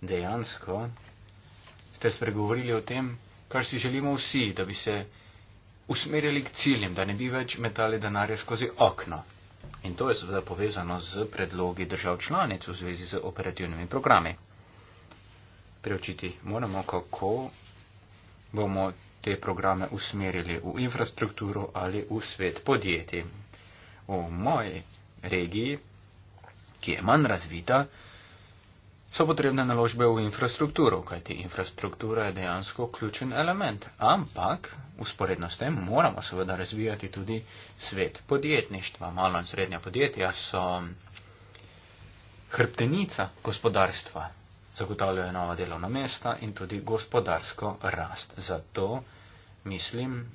dejansko ste spregovorili o tem, kar si želimo vsi, da bi se usmerjali k ciljem, da ne bi več metali denarja skozi okno. In to je seveda povezano z predlogi držav članic v zvezi z operativnimi programi. Preučiti moramo, kako bomo te programe usmerili v infrastrukturo ali v svet podjetij. V moji regiji ki je manj razvita, so potrebne naložbe v infrastrukturo, kajti infrastruktura je dejansko ključen element. Ampak, usporedno s tem, moramo seveda razvijati tudi svet podjetništva. Malo in srednja podjetja so hrbtenica gospodarstva, zagotavljajo nova delovna mesta in tudi gospodarsko rast. Zato mislim,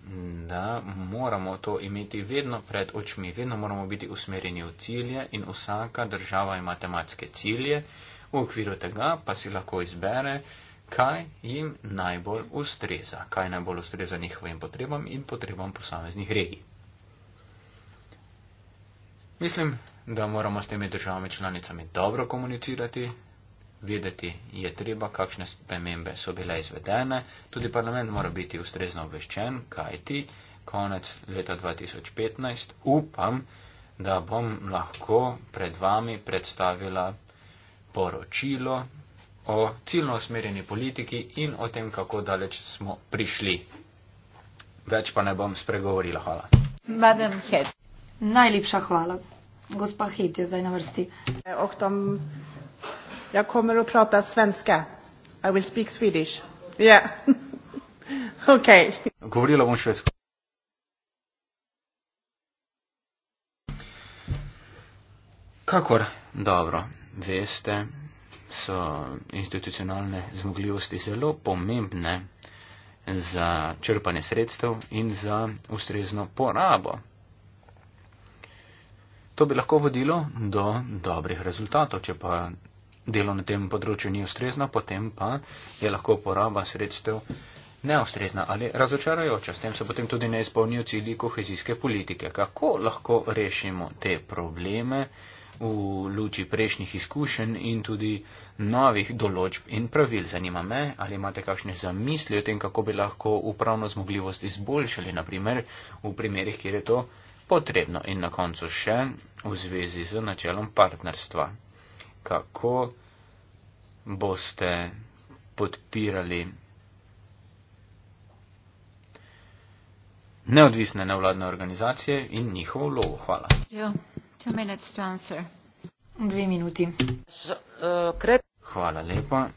da moramo to imeti vedno pred očmi, vedno moramo biti usmerjeni v cilje in vsaka država ima tematske cilje, v okviru tega pa si lahko izbere, kaj jim najbolj ustreza, kaj najbolj ustreza njihovim potrebam in potrebam posameznih regij. Mislim, da moramo s temi državami članicami dobro komunicirati, Videti je treba, kakšne spremembe so bile izvedene. Tudi parlament mora biti ustrezno obveščen, kaj ti konec leta 2015 upam, da bom lahko pred vami predstavila poročilo o ciljno usmerjeni politiki in o tem, kako daleč smo prišli. Več pa ne bom spregovorila. Hvala. Madam Head, najlepša hvala. Gospa Head je zdaj na vrsti. Oh, tam... Jag kommer att prata svenska. I will speak Swedish. Yeah. Okej. (laughs) Okay. Говорила он шведского. Kakor, dobro, veste, so institucionalne zmogljivosti zelo pomembne za črpanje sredstev in za ustrezno porabo. To bi lahko vodilo do dobrih rezultatov, če pa delo na tem področju ni ustrezno, potem pa je lahko poraba sredstev neustrezna ali razočarajoča. S tem se potem tudi ne izpolnijo cilji kohezijske politike. Kako lahko rešimo te probleme v luči prejšnjih izkušenj in tudi novih določb in pravil? Zanima me, ali imate kakšne zamisli o tem, kako bi lahko upravno zmogljivost izboljšali, naprimer v primerih, kjer je to potrebno in na koncu še v zvezi z načelom partnerstva kako boste podpirali neodvisne nevladne organizacije in njihovo vlogo. Hvala. Ja, eh, Hvala lepa.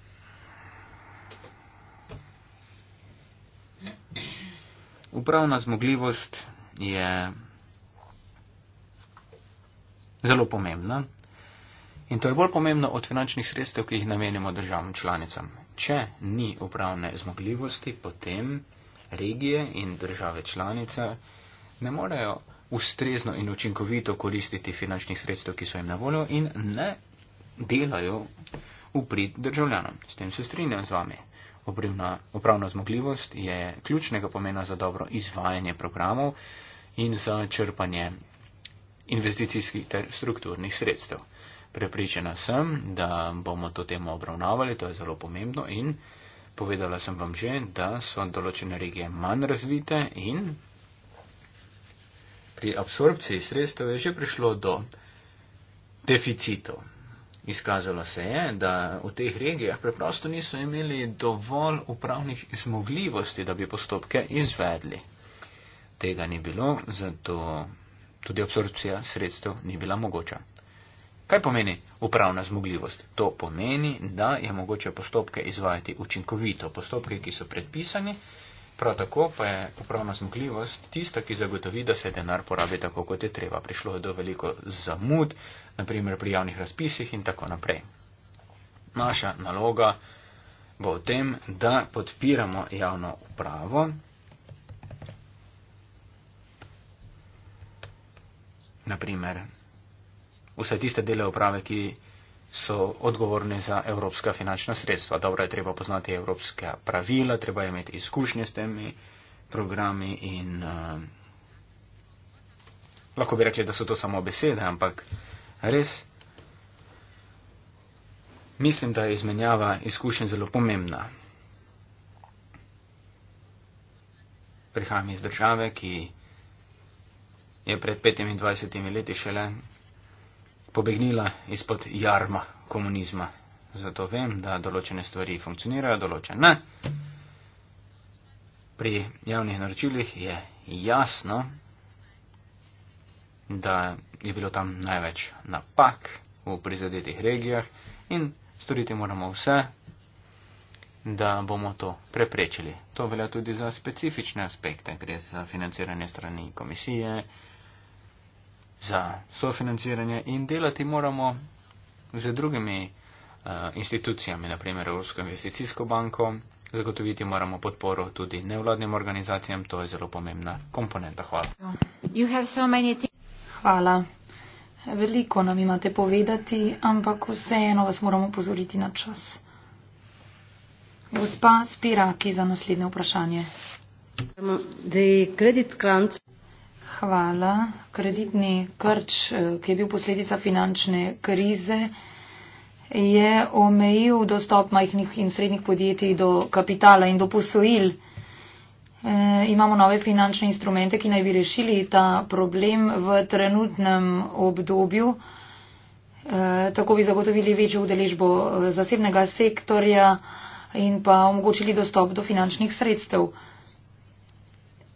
Upravna zmogljivost je zelo pomembna In to je bolj pomembno od finančnih sredstev, ki jih namenimo državam članicam. Če ni upravne zmogljivosti, potem regije in države članice ne morejo ustrezno in učinkovito koristiti finančnih sredstev, ki so jim na voljo in ne delajo v prid državljanom. S tem se strinjam z vami. Obrivna, upravna zmogljivost je ključnega pomena za dobro izvajanje programov in za črpanje investicijskih ter strukturnih sredstev. Prepričana sem, da bomo to temo obravnavali, to je zelo pomembno in povedala sem vam že, da so določene regije manj razvite in pri absorpciji sredstev je že prišlo do deficitov. Izkazalo se je, da v teh regijah preprosto niso imeli dovolj upravnih zmogljivosti, da bi postopke izvedli. Tega ni bilo, zato tudi absorpcija sredstev ni bila mogoča. Kaj pomeni upravna zmogljivost? To pomeni, da je mogoče postopke izvajati učinkovito, postopke, ki so predpisani, prav tako pa je upravna zmogljivost tista, ki zagotovi, da se denar porabi tako, kot je treba. Prišlo je do veliko zamud, naprimer pri javnih razpisih in tako naprej. Naša naloga bo v tem, da podpiramo javno upravo. Naprimer, vse tiste dele uprave, ki so odgovorni za evropska finančna sredstva. Dobro je treba poznati evropska pravila, treba je imeti izkušnje s temi programi in uh, lahko bi rekli, da so to samo besede, ampak res mislim, da je izmenjava izkušenj zelo pomembna. Prihajam iz države, ki je pred 25 leti šele pobegnila izpod jarma komunizma. Zato vem, da določene stvari funkcionirajo, določene ne. Pri javnih naročilih je jasno, da je bilo tam največ napak v prizadetih regijah in storiti moramo vse, da bomo to preprečili. To velja tudi za specifične aspekte, gre za financiranje strani komisije, za sofinanciranje in delati moramo z drugimi uh, institucijami, naprimer Evropsko investicijsko banko, zagotoviti moramo podporo tudi nevladnim organizacijam, to je zelo pomembna komponenta. Hvala. So Hvala. Veliko nam imate povedati, ampak vseeno vas moramo pozoriti na čas. Gospa Spiraki za naslednje vprašanje. Um, hvala. Kreditni krč, eh, ki je bil posledica finančne krize, je omejil dostop majhnih in srednjih podjetij do kapitala in do posojil. E, imamo nove finančne instrumente, ki naj bi rešili ta problem v trenutnem obdobju. E, tako bi zagotovili večjo udeležbo zasebnega sektorja in pa omogočili dostop do finančnih sredstev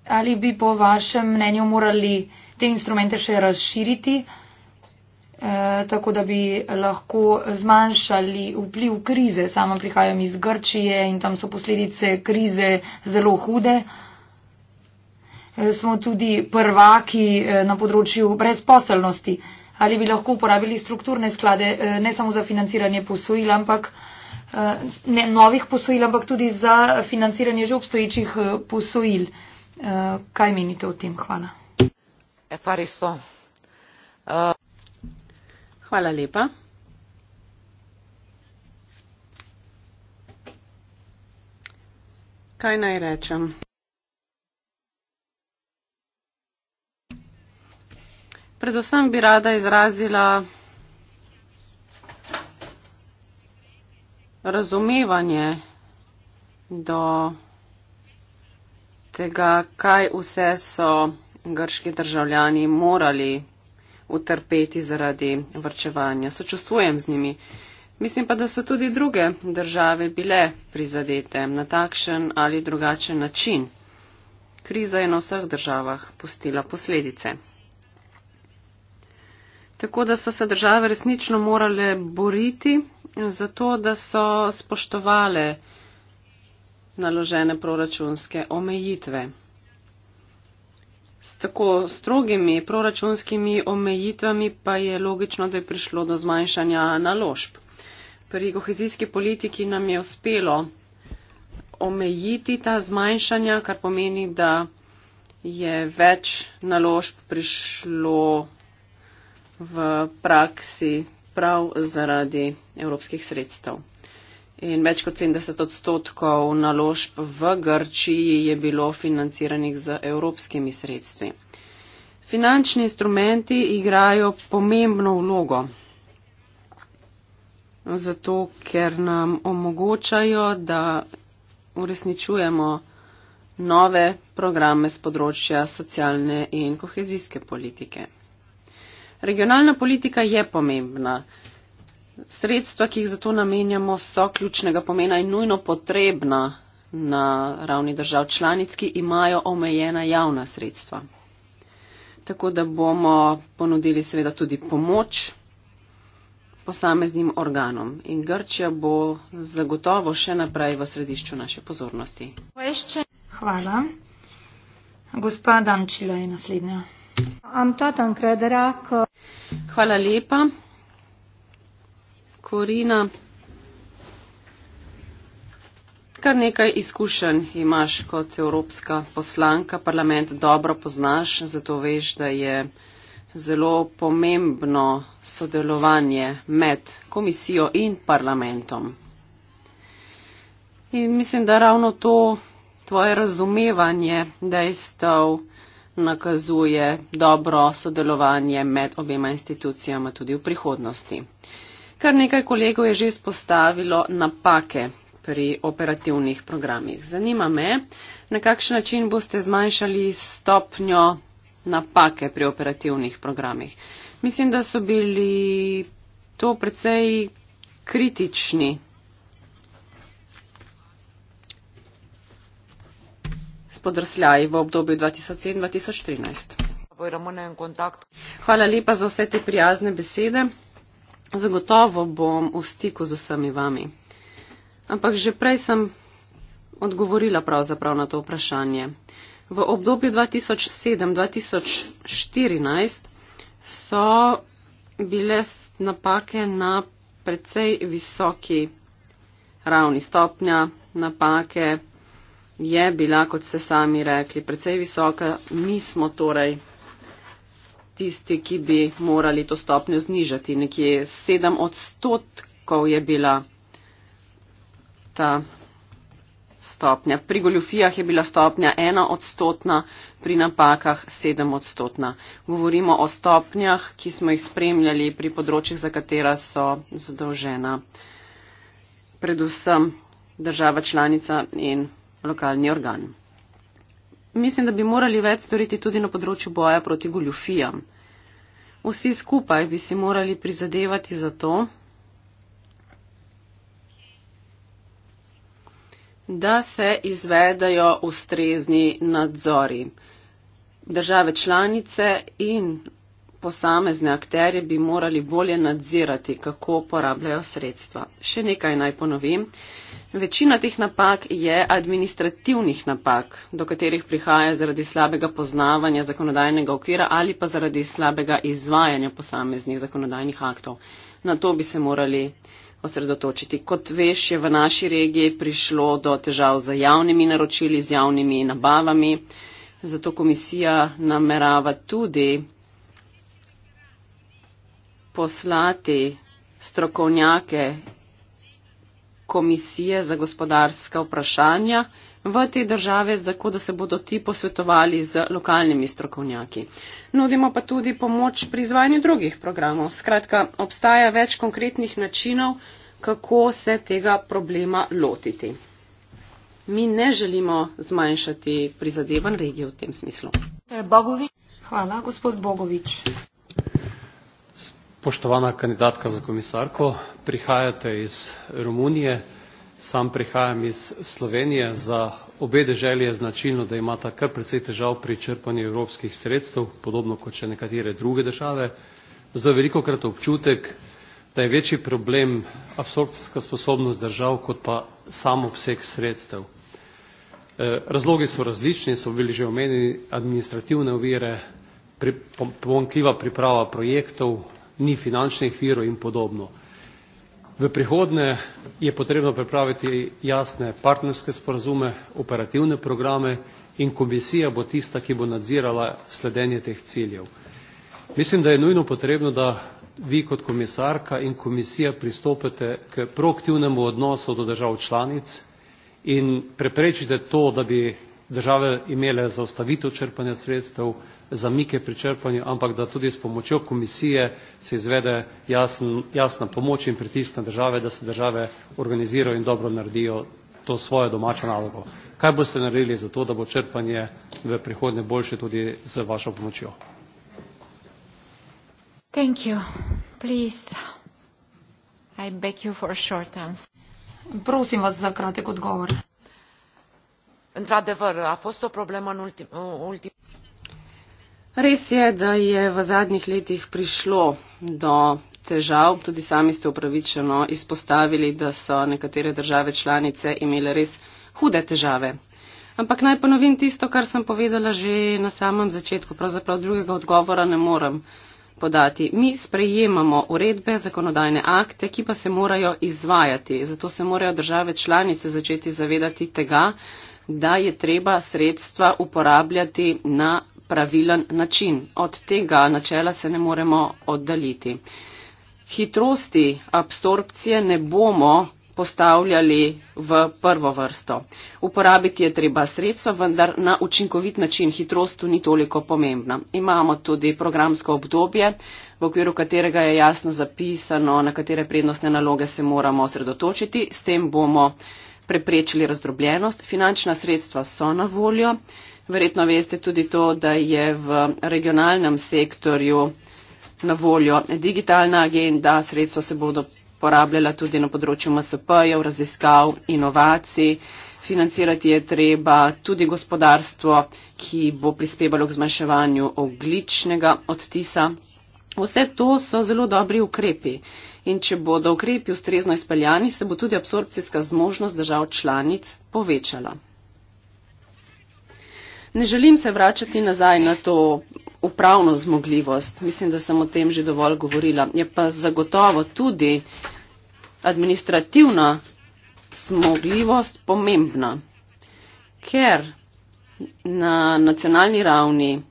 ali bi po vašem mnenju morali te instrumente še razširiti, eh, tako da bi lahko zmanjšali vpliv krize. Sama prihajam iz Grčije in tam so posledice krize zelo hude. Eh, smo tudi prvaki eh, na področju brezposelnosti. Ali bi lahko uporabili strukturne sklade ne samo za financiranje posojil, ampak ne novih posojil, ampak tudi za financiranje že obstoječih posojil. Eh, kaj menite o tem? Hvala. Eh, hvala lepa. Kaj naj rečem? Predvsem bi rada izrazila razumevanje do tega, kaj vse so grški državljani morali utrpeti zaradi vrčevanja. Sočustvujem z njimi. Mislim pa, da so tudi druge države bile prizadete na takšen ali drugačen način. Kriza je na vseh državah pustila posledice. Tako da so se države resnično morale boriti za to, da so spoštovale naložene proračunske omejitve. S tako strogimi proračunskimi omejitvami pa je logično, da je prišlo do zmanjšanja naložb. Pri kohezijski politiki nam je uspelo omejiti ta zmanjšanja, kar pomeni, da je več naložb prišlo v praksi prav zaradi evropskih sredstev. In več kot 70 odstotkov naložb v Grčiji je bilo financiranih z evropskimi sredstvi. Finančni instrumenti igrajo pomembno vlogo, zato ker nam omogočajo, da uresničujemo nove programe z področja socialne in kohezijske politike. Regionalna politika je pomembna. Sredstva, ki jih za to namenjamo, so ključnega pomena in nujno potrebna na ravni držav članic, ki imajo omejena javna sredstva. Tako da bomo ponudili seveda tudi pomoč posameznim organom in Grčija bo zagotovo še naprej v središču naše pozornosti. Hvala. Gospa Damčila je naslednja. Hvala lepa. Korina, kar nekaj izkušenj imaš kot evropska poslanka, parlament dobro poznaš, zato veš, da je zelo pomembno sodelovanje med komisijo in parlamentom. In mislim, da ravno to tvoje razumevanje dejstev nakazuje dobro sodelovanje med obema institucijama tudi v prihodnosti. Kar nekaj kolegov je že izpostavilo napake pri operativnih programih. Zanima me, na kakšen način boste zmanjšali stopnjo napake pri operativnih programih. Mislim, da so bili to precej kritični. podrsljaj v obdobju 2007-2013. Hvala lepa za vse te prijazne besede zagotovo bom v stiku z vsemi vami. Ampak že prej sem odgovorila pravzaprav na to vprašanje. V obdobju 2007-2014 so bile napake na precej visoki ravni stopnja, napake je bila, kot ste sami rekli, precej visoka. Mi smo torej tisti, ki bi morali to stopnjo znižati. Nekje sedem odstotkov je bila ta stopnja. Pri goljufijah je bila stopnja ena odstotna, pri napakah sedem odstotna. Govorimo o stopnjah, ki smo jih spremljali pri področjih, za katera so zadolžena predvsem država članica in lokalni organ mislim, da bi morali več storiti tudi na področju boja proti goljufijam. Vsi skupaj bi si morali prizadevati za to, da se izvedajo ustrezni nadzori. Države članice in posamezne akterje bi morali bolje nadzirati, kako porabljajo sredstva. Še nekaj naj ponovim. Večina teh napak je administrativnih napak, do katerih prihaja zaradi slabega poznavanja zakonodajnega okvira ali pa zaradi slabega izvajanja posameznih zakonodajnih aktov. Na to bi se morali osredotočiti. Kot veš, je v naši regiji prišlo do težav z javnimi naročili, z javnimi nabavami. Zato komisija namerava tudi poslati strokovnjake komisije za gospodarska vprašanja v te države, tako da se bodo ti posvetovali z lokalnimi strokovnjaki. Nudimo pa tudi pomoč pri izvajanju drugih programov. Skratka, obstaja več konkretnih načinov, kako se tega problema lotiti. Mi ne želimo zmanjšati prizadevan regije v tem smislu. Hvala, gospod Bogovič. Spoštovana kandidatka za komisarko, prihajate iz Romunije, sam prihajam iz Slovenije. Za obe deželi je značilno, da imata kar precej težav pri črpanju evropskih sredstev, podobno kot še nekatere druge države. Zdaj je veliko krat občutek, da je večji problem absorpcijska sposobnost držav kot pa sam obseg sredstev. Eh, razlogi so različni, so bili že omenjeni administrativne ovire, pomankljiva priprava projektov, ni finančnih virov in podobno. V prihodnje je potrebno pripraviti jasne partnerske sporazume, operativne programe in komisija bo tista, ki bo nadzirala sledenje teh ciljev. Mislim, da je nujno potrebno, da vi kot komisarka in komisija pristopite k proaktivnemu odnosu do držav članic in preprečite to, da bi države imele zaustavitev črpanja sredstev, zamike pri črpanju, ampak da tudi s pomočjo komisije se izvede jasn, jasna pomoč in pritisk na države, da se države organizirajo in dobro naredijo to svojo domačo nalogo. Kaj boste naredili za to, da bo črpanje v prihodnje boljše tudi z vašo pomočjo? Thank you. Please, I beg you for a short answer. Prosim vas za kratek odgovor într adevăr a fost o problemă în ultimii Res je, da je v zadnjih letih prišlo do težav. Tudi sami ste upravičeno izpostavili, da so nekatere države članice imele res hude težave. Ampak naj ponovim tisto, kar sem povedala že na samem začetku. Pravzaprav drugega odgovora ne morem podati. Mi sprejemamo uredbe, zakonodajne akte, ki pa se morajo izvajati. Zato se morajo države članice začeti zavedati tega, da je treba sredstva uporabljati na pravilen način. Od tega načela se ne moremo oddaljiti. Hitrosti absorpcije ne bomo postavljali v prvo vrsto. Uporabiti je treba sredstva, vendar na učinkovit način hitrost tu ni toliko pomembna. Imamo tudi programsko obdobje, v okviru katerega je jasno zapisano, na katere prednostne naloge se moramo osredotočiti. S tem bomo uh, preprečili razdrobljenost. Finančna sredstva so na voljo. Verjetno veste tudi to, da je v regionalnem sektorju na voljo digitalna agenda. Sredstva se bodo porabljala tudi na področju MSP-jev, raziskav, inovacij. Financirati je treba tudi gospodarstvo, ki bo prispevalo k zmanjševanju ogličnega odtisa. Vse to so zelo dobri ukrepi in če bodo ukrepi ustrezno izpeljani, se bo tudi absorpcijska zmožnost držav članic povečala. Ne želim se vračati nazaj na to upravno zmogljivost. Mislim, da sem o tem že dovolj govorila. Je pa zagotovo tudi administrativna zmogljivost pomembna, ker na nacionalni ravni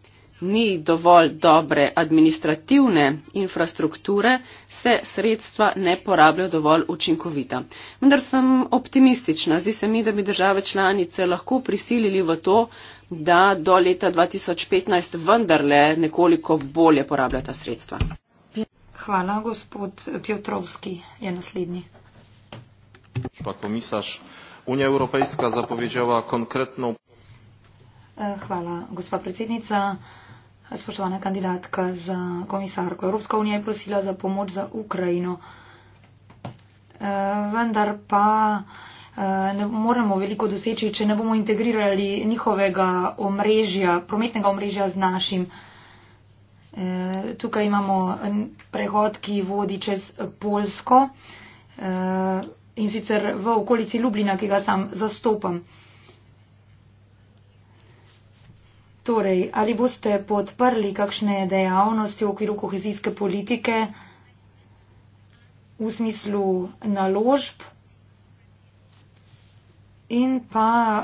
ni dovolj dobre administrativne infrastrukture, se sredstva ne porabljajo dovolj učinkovita. Vendar sem optimistična. Zdi se mi, da bi države članice lahko prisilili v to, da do leta 2015 vendarle nekoliko bolje porabljata sredstva. Hvala, gospod Pjotrovski je naslednji. Pa komisar, Unija Evropejska zapovedala konkretno. E, hvala, gospa predsednica. Spoštovana kandidatka za komisarko, Evropska unija je prosila za pomoč za Ukrajino, e, vendar pa e, ne moremo veliko doseči, če ne bomo integrirali njihovega omrežja, prometnega omrežja z našim. E, tukaj imamo prehod, ki vodi čez Polsko e, in sicer v okolici Ljubljana, ki ga sam zastopam. Torej, ali boste podprli kakšne dejavnosti v okviru kohezijske politike v smislu naložb in pa uh,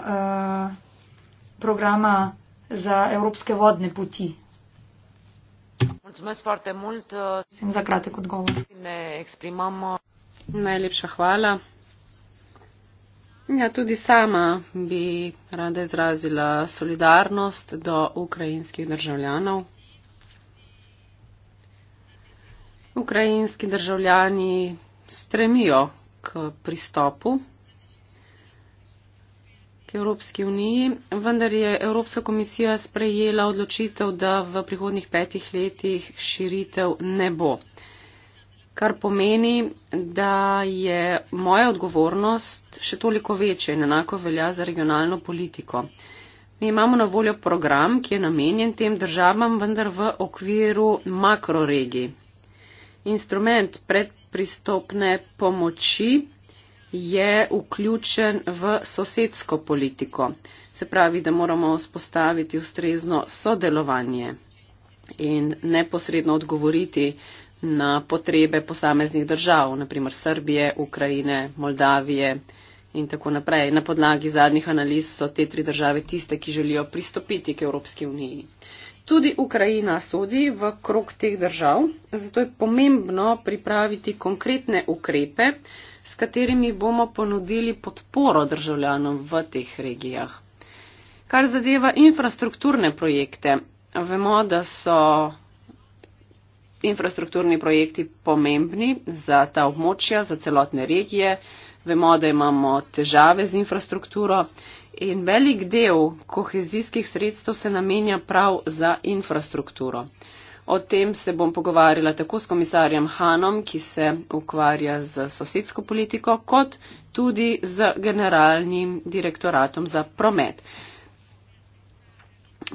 programa za evropske vodne puti? Sem za kratek odgovor. Najlepša hvala. Ja, tudi sama bi rada izrazila solidarnost do ukrajinskih državljanov. Ukrajinski državljani stremijo k pristopu k Evropski uniji, vendar je Evropska komisija sprejela odločitev, da v prihodnih petih letih širitev ne bo kar pomeni, da je moja odgovornost še toliko večja in enako velja za regionalno politiko. Mi imamo na voljo program, ki je namenjen tem državam, vendar v okviru makroregij. Instrument predpristopne pomoči je vključen v sosedsko politiko, se pravi, da moramo vzpostaviti ustrezno sodelovanje in neposredno odgovoriti na potrebe posameznih držav, naprimer Srbije, Ukrajine, Moldavije in tako naprej. Na podlagi zadnjih analiz so te tri države tiste, ki želijo pristopiti k Evropski uniji. Tudi Ukrajina sodi v krog teh držav, zato je pomembno pripraviti konkretne ukrepe, s katerimi bomo ponudili podporo državljanom v teh regijah. Kar zadeva infrastrukturne projekte, vemo, da so infrastrukturni projekti pomembni za ta območja, za celotne regije. Vemo, da imamo težave z infrastrukturo in velik del kohezijskih sredstev se namenja prav za infrastrukturo. O tem se bom pogovarjala tako s komisarjem Hanom, ki se ukvarja z sosedsko politiko, kot tudi z generalnim direktoratom za promet.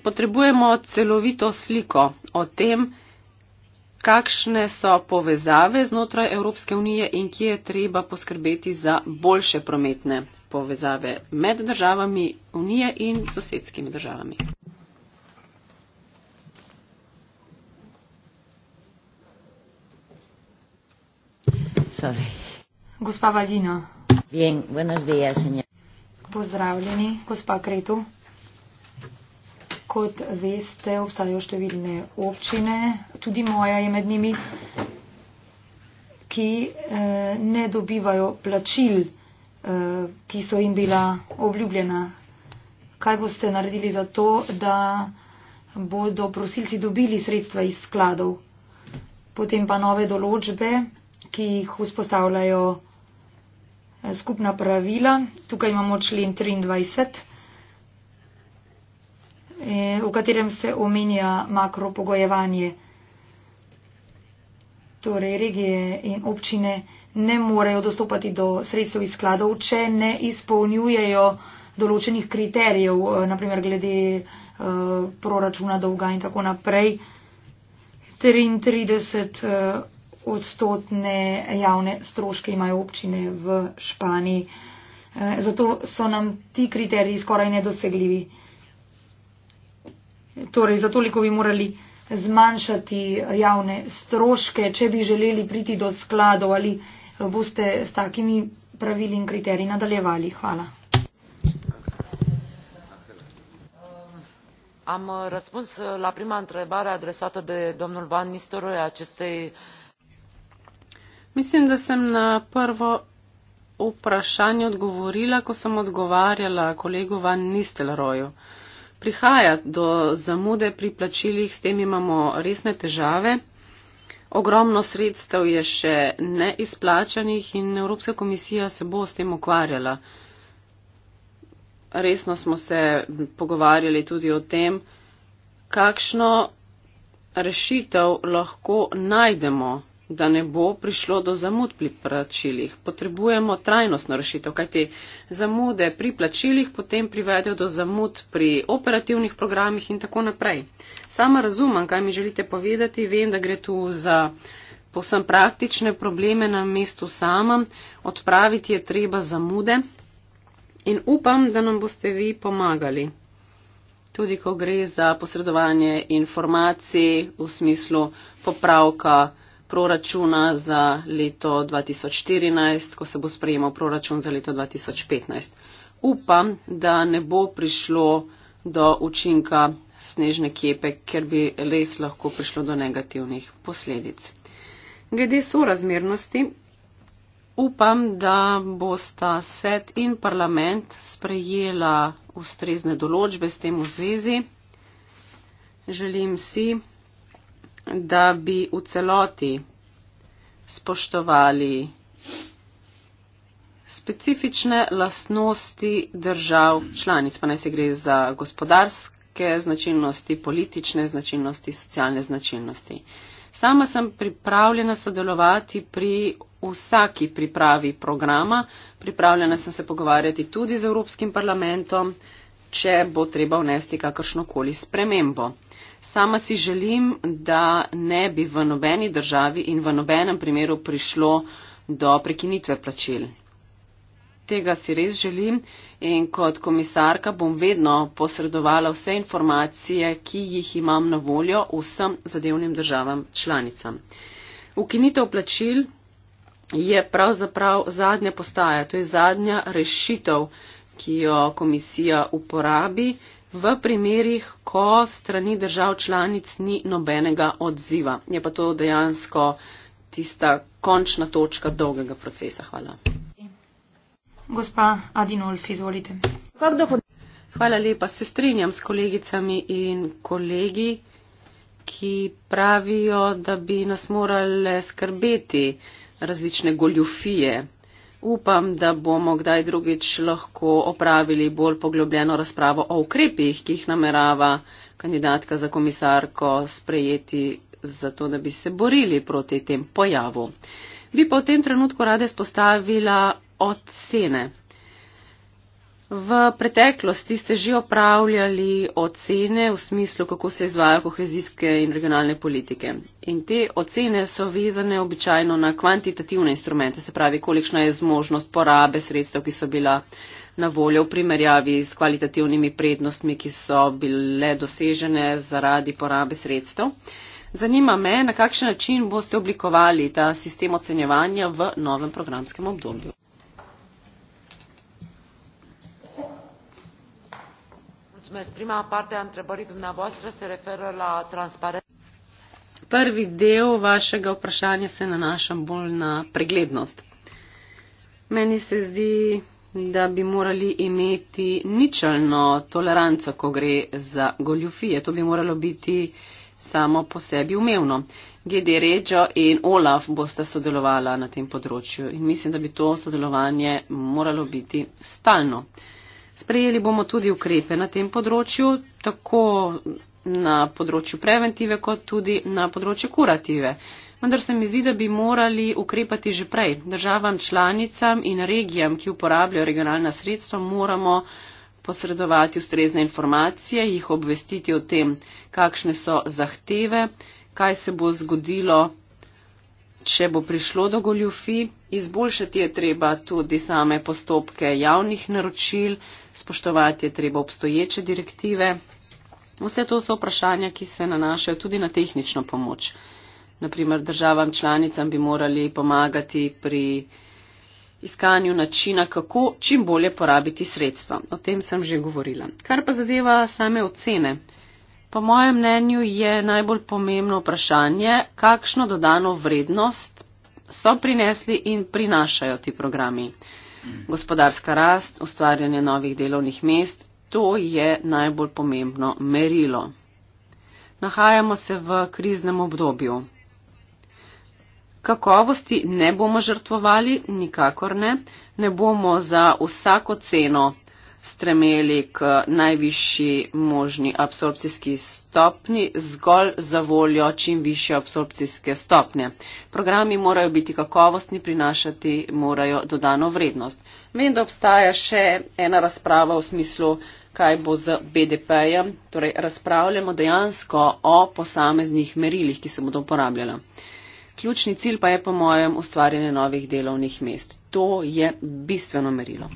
Potrebujemo celovito sliko o tem, kakšne so povezave znotraj Evropske unije in kje je treba poskrbeti za boljše prometne povezave med državami unije in sosedskimi državami. Sorry. Gospa Valina. Bien, buenos días, señor. Pozdravljeni, gospa Kretu kot veste, obstajajo številne občine, tudi moja je med njimi, ki eh, ne dobivajo plačil, eh, ki so jim bila obljubljena. Kaj boste naredili za to, da bodo prosilci dobili sredstva iz skladov? Potem pa nove določbe, ki jih vzpostavljajo eh, skupna pravila. Tukaj imamo člen 23. Eh, v katerem se omenja makropogojevanje. Torej, regije in občine ne morejo dostopati do sredstev iz skladov, če ne izpolnjujejo določenih kriterijev, eh, naprimer glede uh, proračuna dolga in tako naprej. 33 odstotne javne stroške imajo občine v Španiji. Zato so nam ti kriteriji skoraj nedosegljivi. Uh, Torej, za toliko bi morali zmanjšati javne stroške, če bi želeli priti do skladov ali boste s takimi pravili in kriteriji nadaljevali. Hvala. Am uh, răspuns uh, la prima întrebare adresată de domnul Van Nistelrooy acestei. Mislim, da sem na prvo vprašanje odgovorila, ko sem odgovarjala kolegu Van Nistelrooyu. Uh, prihaja do zamude pri plačilih, s tem imamo resne težave. Ogromno sredstev je še neizplačanih in Evropska komisija se bo s tem ukvarjala. Resno smo se pogovarjali tudi o tem, kakšno rešitev lahko najdemo da ne bo prišlo do zamud pri plačilih. Potrebujemo trajnostno rešitev, kajti zamude pri plačilih potem privedejo do zamud pri operativnih programih in tako naprej. Sama razumem, kaj mi želite povedati, vem, da gre tu za povsem praktične probleme na mestu samem, odpraviti je treba zamude in upam, da nam boste vi pomagali. Tudi ko gre za posredovanje informacij v smislu popravka, proračuna za leto 2014, ko se bo sprejemal proračun za leto 2015. Upam, da ne bo prišlo do učinka snežne kepe, ker bi res lahko prišlo do negativnih posledic. Glede sorazmernosti, upam, da bosta svet in parlament sprejela ustrezne določbe s tem v zvezi. Želim si, da bi v celoti spoštovali specifične lastnosti držav članic, pa naj se gre za gospodarske značilnosti, politične značilnosti, socialne značilnosti. Sama sem pripravljena sodelovati pri vsaki pripravi programa, pripravljena sem se pogovarjati tudi z Evropskim parlamentom, če bo treba vnesti kakršnokoli spremembo. Sama si želim, da ne bi v nobeni državi in v nobenem primeru prišlo do prekinitve plačil. Tega si res želim in kot komisarka bom vedno posredovala vse informacije, ki jih imam na voljo vsem zadevnim državam članicam. Ukinitev plačil je pravzaprav zadnja postaja, to je zadnja rešitev, ki jo komisija uporabi v primerih, ko strani držav članic ni nobenega odziva. Je pa to dejansko tista končna točka dolgega procesa. Hvala. Gospa Adinolf, izvolite. Hvala lepa. Se strinjam s kolegicami in kolegi, ki pravijo, da bi nas morale skrbeti različne goljufije upam, da bomo kdaj drugič lahko opravili bolj poglobljeno razpravo o ukrepih, ki jih namerava kandidatka za komisarko sprejeti, zato da bi se borili proti tem pojavu. Bi pa v tem trenutku rada spostavila ocene V preteklosti ste že opravljali ocene v smislu, kako se izvajo kohezijske in regionalne politike. In te ocene so vezane običajno na kvantitativne instrumente, se pravi, kolikšna je zmožnost porabe sredstev, ki so bila na voljo v primerjavi s kvalitativnimi prednostmi, ki so bile dosežene zaradi porabe sredstev. Zanima me, na kakšen način boste oblikovali ta sistem ocenjevanja v novem programskem obdobju. prima parte a întrebării dumneavoastră se referă la transparență. Prvi del vašega vprašanja se nanaša bolj na preglednost. Meni se zdi, da bi morali imeti ničelno toleranco, ko gre za goljufije. To bi moralo biti samo po sebi umevno. GD Regio in Olaf bosta sodelovala na tem področju in mislim, da bi to sodelovanje moralo biti stalno. Uh, Sprejeli bomo tudi ukrepe na tem področju, tako na področju preventive, kot tudi na področju kurative. Vendar se mi zdi, da bi morali ukrepati že prej. Državam članicam in regijam, ki uporabljajo regionalna sredstva, moramo posredovati ustrezne informacije, jih obvestiti o tem, kakšne so zahteve, kaj se bo zgodilo, če bo prišlo do goljufi Izboljšati je treba tudi same postopke javnih naročil, spoštovati je treba obstoječe direktive. Vse to so vprašanja, ki se nanašajo tudi na tehnično pomoč. Naprimer, državam članicam bi morali pomagati pri iskanju načina, kako čim bolje porabiti sredstva. O tem sem že govorila. Kar pa zadeva same ocene. Po mojem mnenju je najbolj pomembno vprašanje, kakšno dodano vrednost so prinesli in prinašajo ti programi. Gospodarska rast, ustvarjanje novih delovnih mest, to je najbolj pomembno merilo. Nahajamo se v kriznem obdobju. Kakovosti ne bomo žrtvovali, nikakor ne, ne bomo za vsako ceno stremeli k najvišji možni absorpcijski stopni zgolj za voljo čim više absorpcijske stopnje. Programi morajo biti kakovostni, prinašati morajo dodano vrednost. Vem, da obstaja še ena razprava v smislu, kaj bo z BDP-jem, torej razpravljamo dejansko o posameznih merilih, ki se bodo uporabljala. Ključni cilj pa je po mojem ustvarjanje novih delovnih mest. To je bistveno merilo.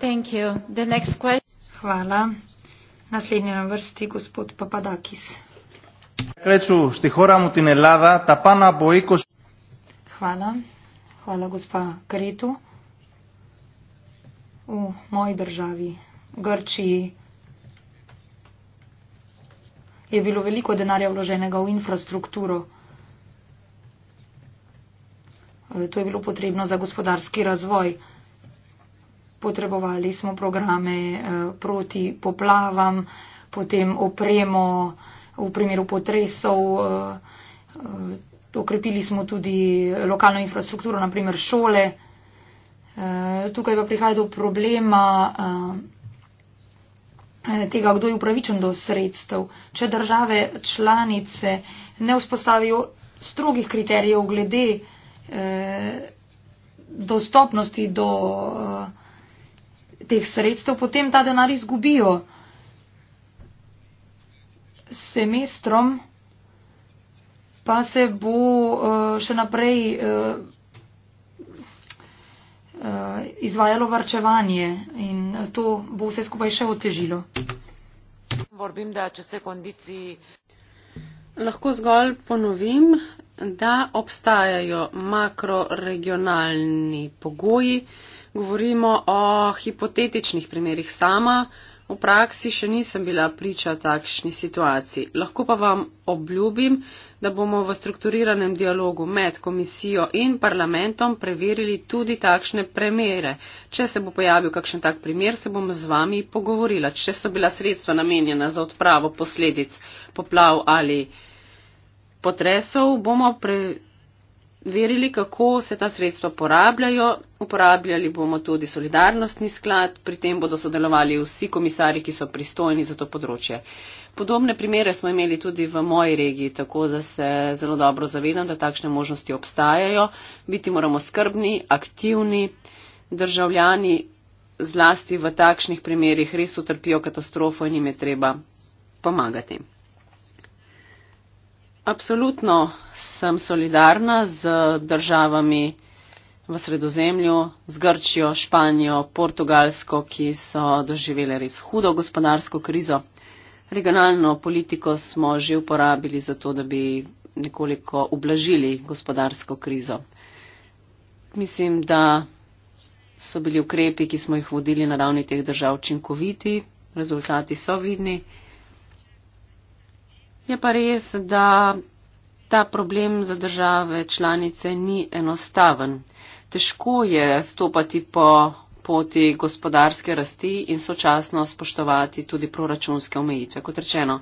Thank you. The next question. Hvala. Naslednji na vrsti gospod Papadakis. Kreču, štihoramo ti nelada, ta pana bo iko. Hvala. Hvala, gospa Kretu. V moji državi, Grčiji, je bilo veliko denarja vloženega v infrastrukturo. E, to je bilo potrebno za gospodarski razvoj potrebovali smo programe eh, proti poplavam, potem opremo v primeru potresov, eh, eh, okrepili smo tudi lokalno infrastrukturo, naprimer šole. Tukaj pa prihaja do problema tega, kdo je upravičen do sredstev. Če države članice ne vzpostavijo strogih kriterijev glede dostopnosti do teh sredstev, potem ta denar izgubijo. Semestrom pa se bo uh, še naprej uh, uh, izvajalo varčevanje in to bo vse skupaj še otežilo. Borbim, da če ste kondiciji. Lahko zgolj ponovim, da obstajajo makroregionalni pogoji, govorimo o hipotetičnih primerih sama. V praksi še nisem bila priča takšni situaciji. Lahko pa vam obljubim, da bomo v strukturiranem dialogu med komisijo in parlamentom preverili tudi takšne premere. Če se bo pojavil kakšen tak primer, se bom z vami pogovorila. Če so bila sredstva namenjena za odpravo posledic poplav ali potresov, bomo preverili verili, kako se ta sredstva porabljajo. Uporabljali bomo tudi solidarnostni sklad, pri tem bodo sodelovali vsi komisari, ki so pristojni za to področje. Podobne primere smo imeli tudi v moji regiji, tako da se zelo dobro zavedam, da takšne možnosti obstajajo. Biti moramo skrbni, aktivni. Državljani zlasti v takšnih primerih res utrpijo katastrofo in jim je treba pomagati. Absolutno sem solidarna z državami v sredozemlju, z Grčijo, Španijo, Portugalsko, ki so doživele res hudo gospodarsko krizo. Regionalno politiko smo že uporabili za to, da bi nekoliko ublažili gospodarsko krizo. Mislim, da so bili ukrepi, ki smo jih vodili na ravni teh držav, učinkoviti, rezultati so vidni. Je pa res, da ta problem za države članice ni enostaven. Težko je stopati po poti gospodarske rasti in sočasno spoštovati tudi proračunske omejitve. Kot rečeno,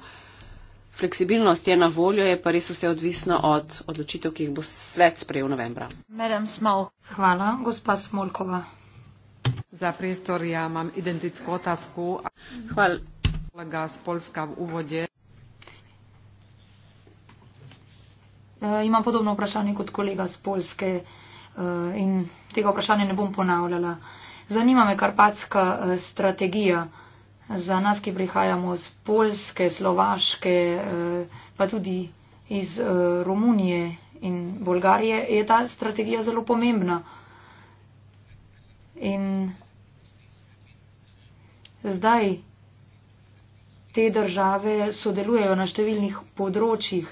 fleksibilnost je na voljo, je pa res vse odvisno od odločitev, ki jih bo svet sprejel novembra. Hvala, gospa Smolkova. Za prestor ja imam identitetsko tasko. Hvala. Hvala, gospod Polska, v uvodje. Eh, imam podobno vprašanje kot kolega z Polske eh, in tega vprašanja ne bom ponavljala. Zanima me karpatska eh, strategija za nas, ki prihajamo z Polske, Slovaške, pa tudi iz Romunije in Bolgarije. Je ta strategija zelo pomembna? In zdaj te države sodelujejo na številnih področjih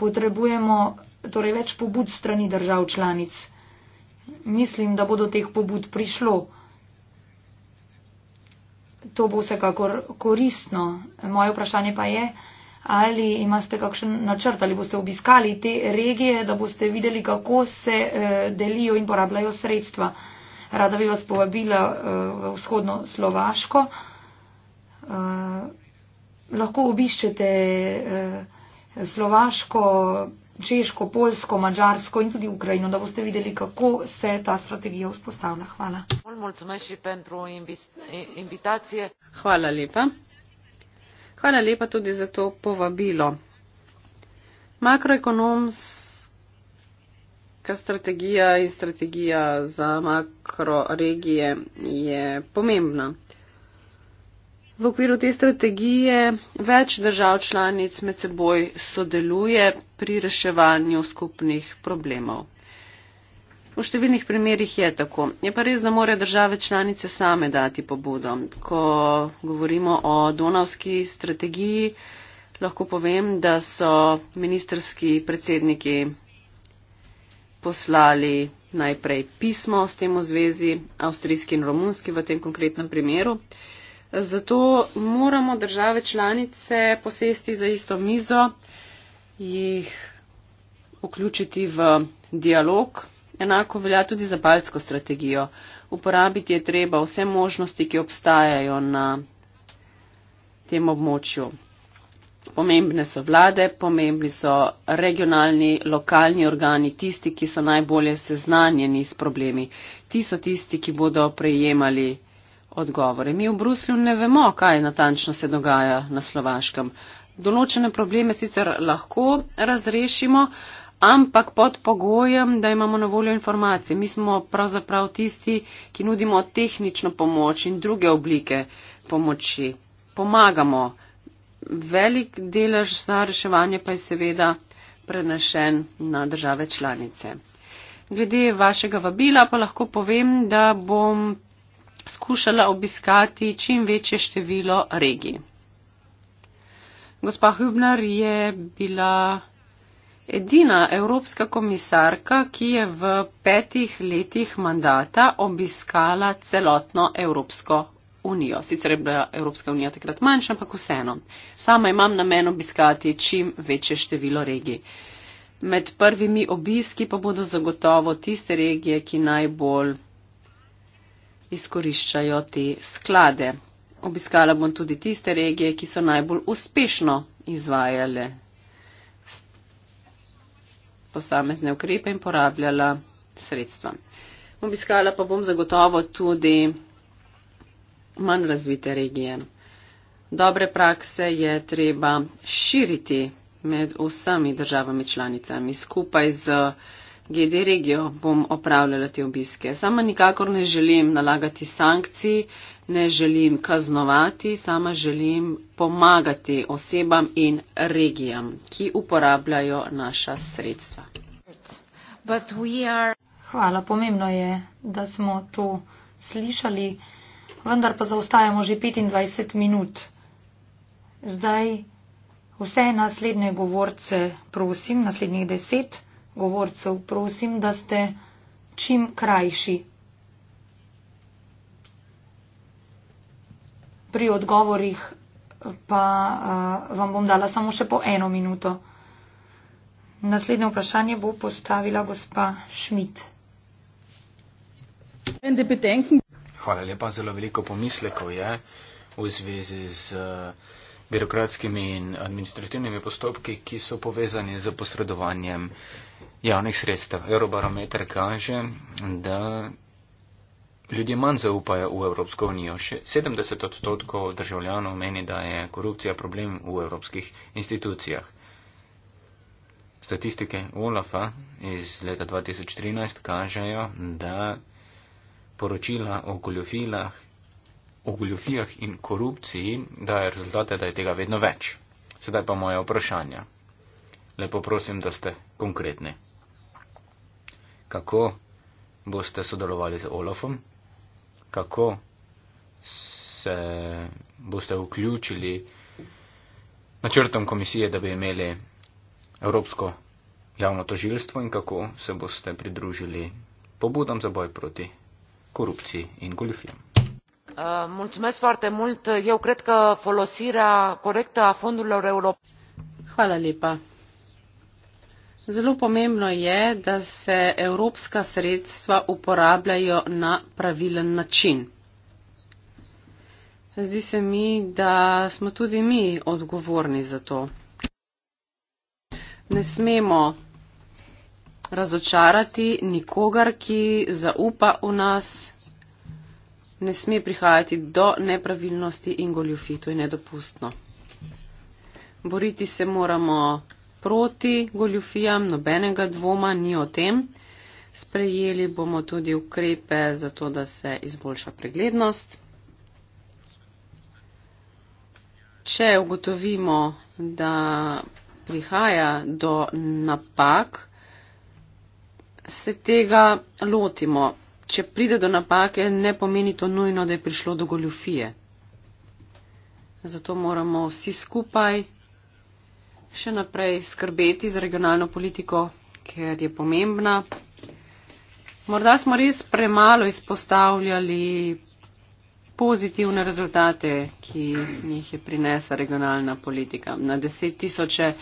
potrebujemo torej več pobud strani držav članic. Mislim, da bo do teh pobud prišlo. To bo vsekakor koristno. Moje vprašanje pa je, ali imate kakšen načrt, ali boste obiskali te regije, da boste videli, kako se eh, delijo in porabljajo sredstva. Rada bi vas povabila eh, v vzhodno Slovaško. Eh, lahko obiščete. Slovaško, Češko, Polsko, Mađarsko in tudi Ukrajino, da boste videli, kako se ta strategija vzpostavlja. Hvala. Hvala lepa. Hvala lepa tudi za to povabilo. Makroekonomska strategija in strategija za makroregije je pomembna. V okviru te strategije več držav članic med seboj sodeluje pri reševanju skupnih problemov. V številnih primerjih je tako. Je pa res, da morajo države članice same dati pobudo. Ko govorimo o donavski strategiji, lahko povem, da so ministerski predsedniki poslali najprej pismo s tem v zvezi, avstrijski in romunski v tem konkretnem primeru. Zato moramo države članice posesti za isto mizo, jih vključiti v dialog. Enako velja tudi za balsko strategijo. Uporabiti je treba vse možnosti, ki obstajajo na tem območju. Pomembne so vlade, pomembni so regionalni, lokalni organi, tisti, ki so najbolje seznanjeni s problemi. Ti so tisti, ki bodo prejemali odgovore. Mi v Bruslju ne vemo, kaj natančno se dogaja na Slovaškem. Določene probleme sicer lahko razrešimo, ampak pod pogojem, da imamo na voljo informacije. Mi smo pravzaprav tisti, ki nudimo tehnično pomoč in druge oblike pomoči. Pomagamo. Velik delež za reševanje pa je seveda prenešen na države članice. Glede vašega vabila pa lahko povem, da bom skušala obiskati čim večje število regij. Gospa Hübner je bila edina evropska komisarka, ki je v petih letih mandata obiskala celotno Evropsko unijo. Sicer je bila Evropska unija takrat manjša, ampak vseeno. Sama imam namen obiskati čim večje število regij. Med prvimi obiski pa bodo zagotovo tiste regije, ki najbolj izkoriščajo te sklade. Obiskala bom tudi tiste regije, ki so najbolj uspešno izvajale posamezne ukrepe in porabljala sredstva. Obiskala pa bom zagotovo tudi manj razvite regije. Dobre prakse je treba širiti med vsemi državami članicami skupaj z GD regijo bom opravljala te obiske. Sama nikakor ne želim nalagati sankcij, ne želim kaznovati, sama želim pomagati osebam in regijam, ki uporabljajo naša sredstva. Hvala, pomembno je, da smo to slišali, vendar pa zaostajamo že 25 minut. Zdaj vse naslednje govorce prosim, naslednjih deset govorcev, prosim, da ste čim krajši. Pri odgovorih pa uh, vam bom dala samo še po eno minuto. Naslednje vprašanje bo postavila gospa Šmit. Hvala lepa, zelo veliko pomislekov je v zvezi z. Uh, birokratskimi in administrativnimi postopki, ki so povezani z posredovanjem javnih sredstev. Eurobarometer kaže, da ljudje manj zaupajo v Evropsko unijo. Še 70 odstotkov državljanov meni, da je korupcija problem v evropskih institucijah. Statistike OLAFA iz leta 2013 kažejo, da poročila o goljofilah o goljofijah in korupciji daje rezultate, da je tega vedno več. Sedaj pa moje vprašanje. Lepo prosim, da ste konkretni. Kako boste sodelovali z Olafom? Kako se boste vključili načrtom komisije, da bi imeli Evropsko javno tožilstvo in kako se boste pridružili pobudam za boj proti korupciji in goljofijam? Uh, eu cred că folosirea corectă a fondurilor europene. zelo pomembno je da se evropska sredstva uporabljajo na pravilen način. Zdi se mi, da smo tudi mi odgovorni za to. Ne smemo razočarati nikogar, ki zaupa v nas ne sme prihajati do nepravilnosti in goljufi, to je nedopustno. Boriti se moramo proti goljufijam, nobenega dvoma ni o tem. Sprejeli bomo tudi ukrepe za to, da se izboljša preglednost. Če ugotovimo, da prihaja do napak, se tega lotimo če pride do napake, ne pomeni to nujno, da je prišlo do goljufije. Zato moramo vsi skupaj še naprej skrbeti za regionalno politiko, ker je pomembna. Morda smo res premalo izpostavljali pozitivne rezultate, ki jih je prinesla regionalna politika. Na deset tisoče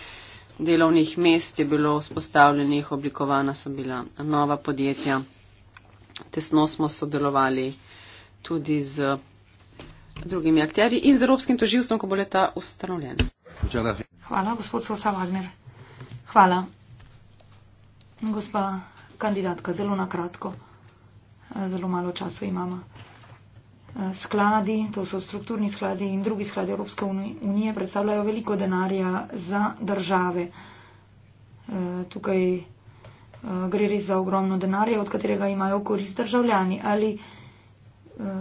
delovnih mest je bilo vzpostavljenih, oblikovana so bila nova podjetja tesno smo sodelovali tudi z drugimi akterji in z Evropskim toživstvom, ko bo leta ustanovljen. Hvala, gospod Sosa Wagner. Hvala. Gospa kandidatka, zelo na kratko, zelo malo časa imamo. Skladi, to so strukturni skladi in drugi skladi Evropske unije, predstavljajo veliko denarja za države. Tukaj Eh, gre res za ogromno denarja, od katerega imajo korist državljani. Ali eh,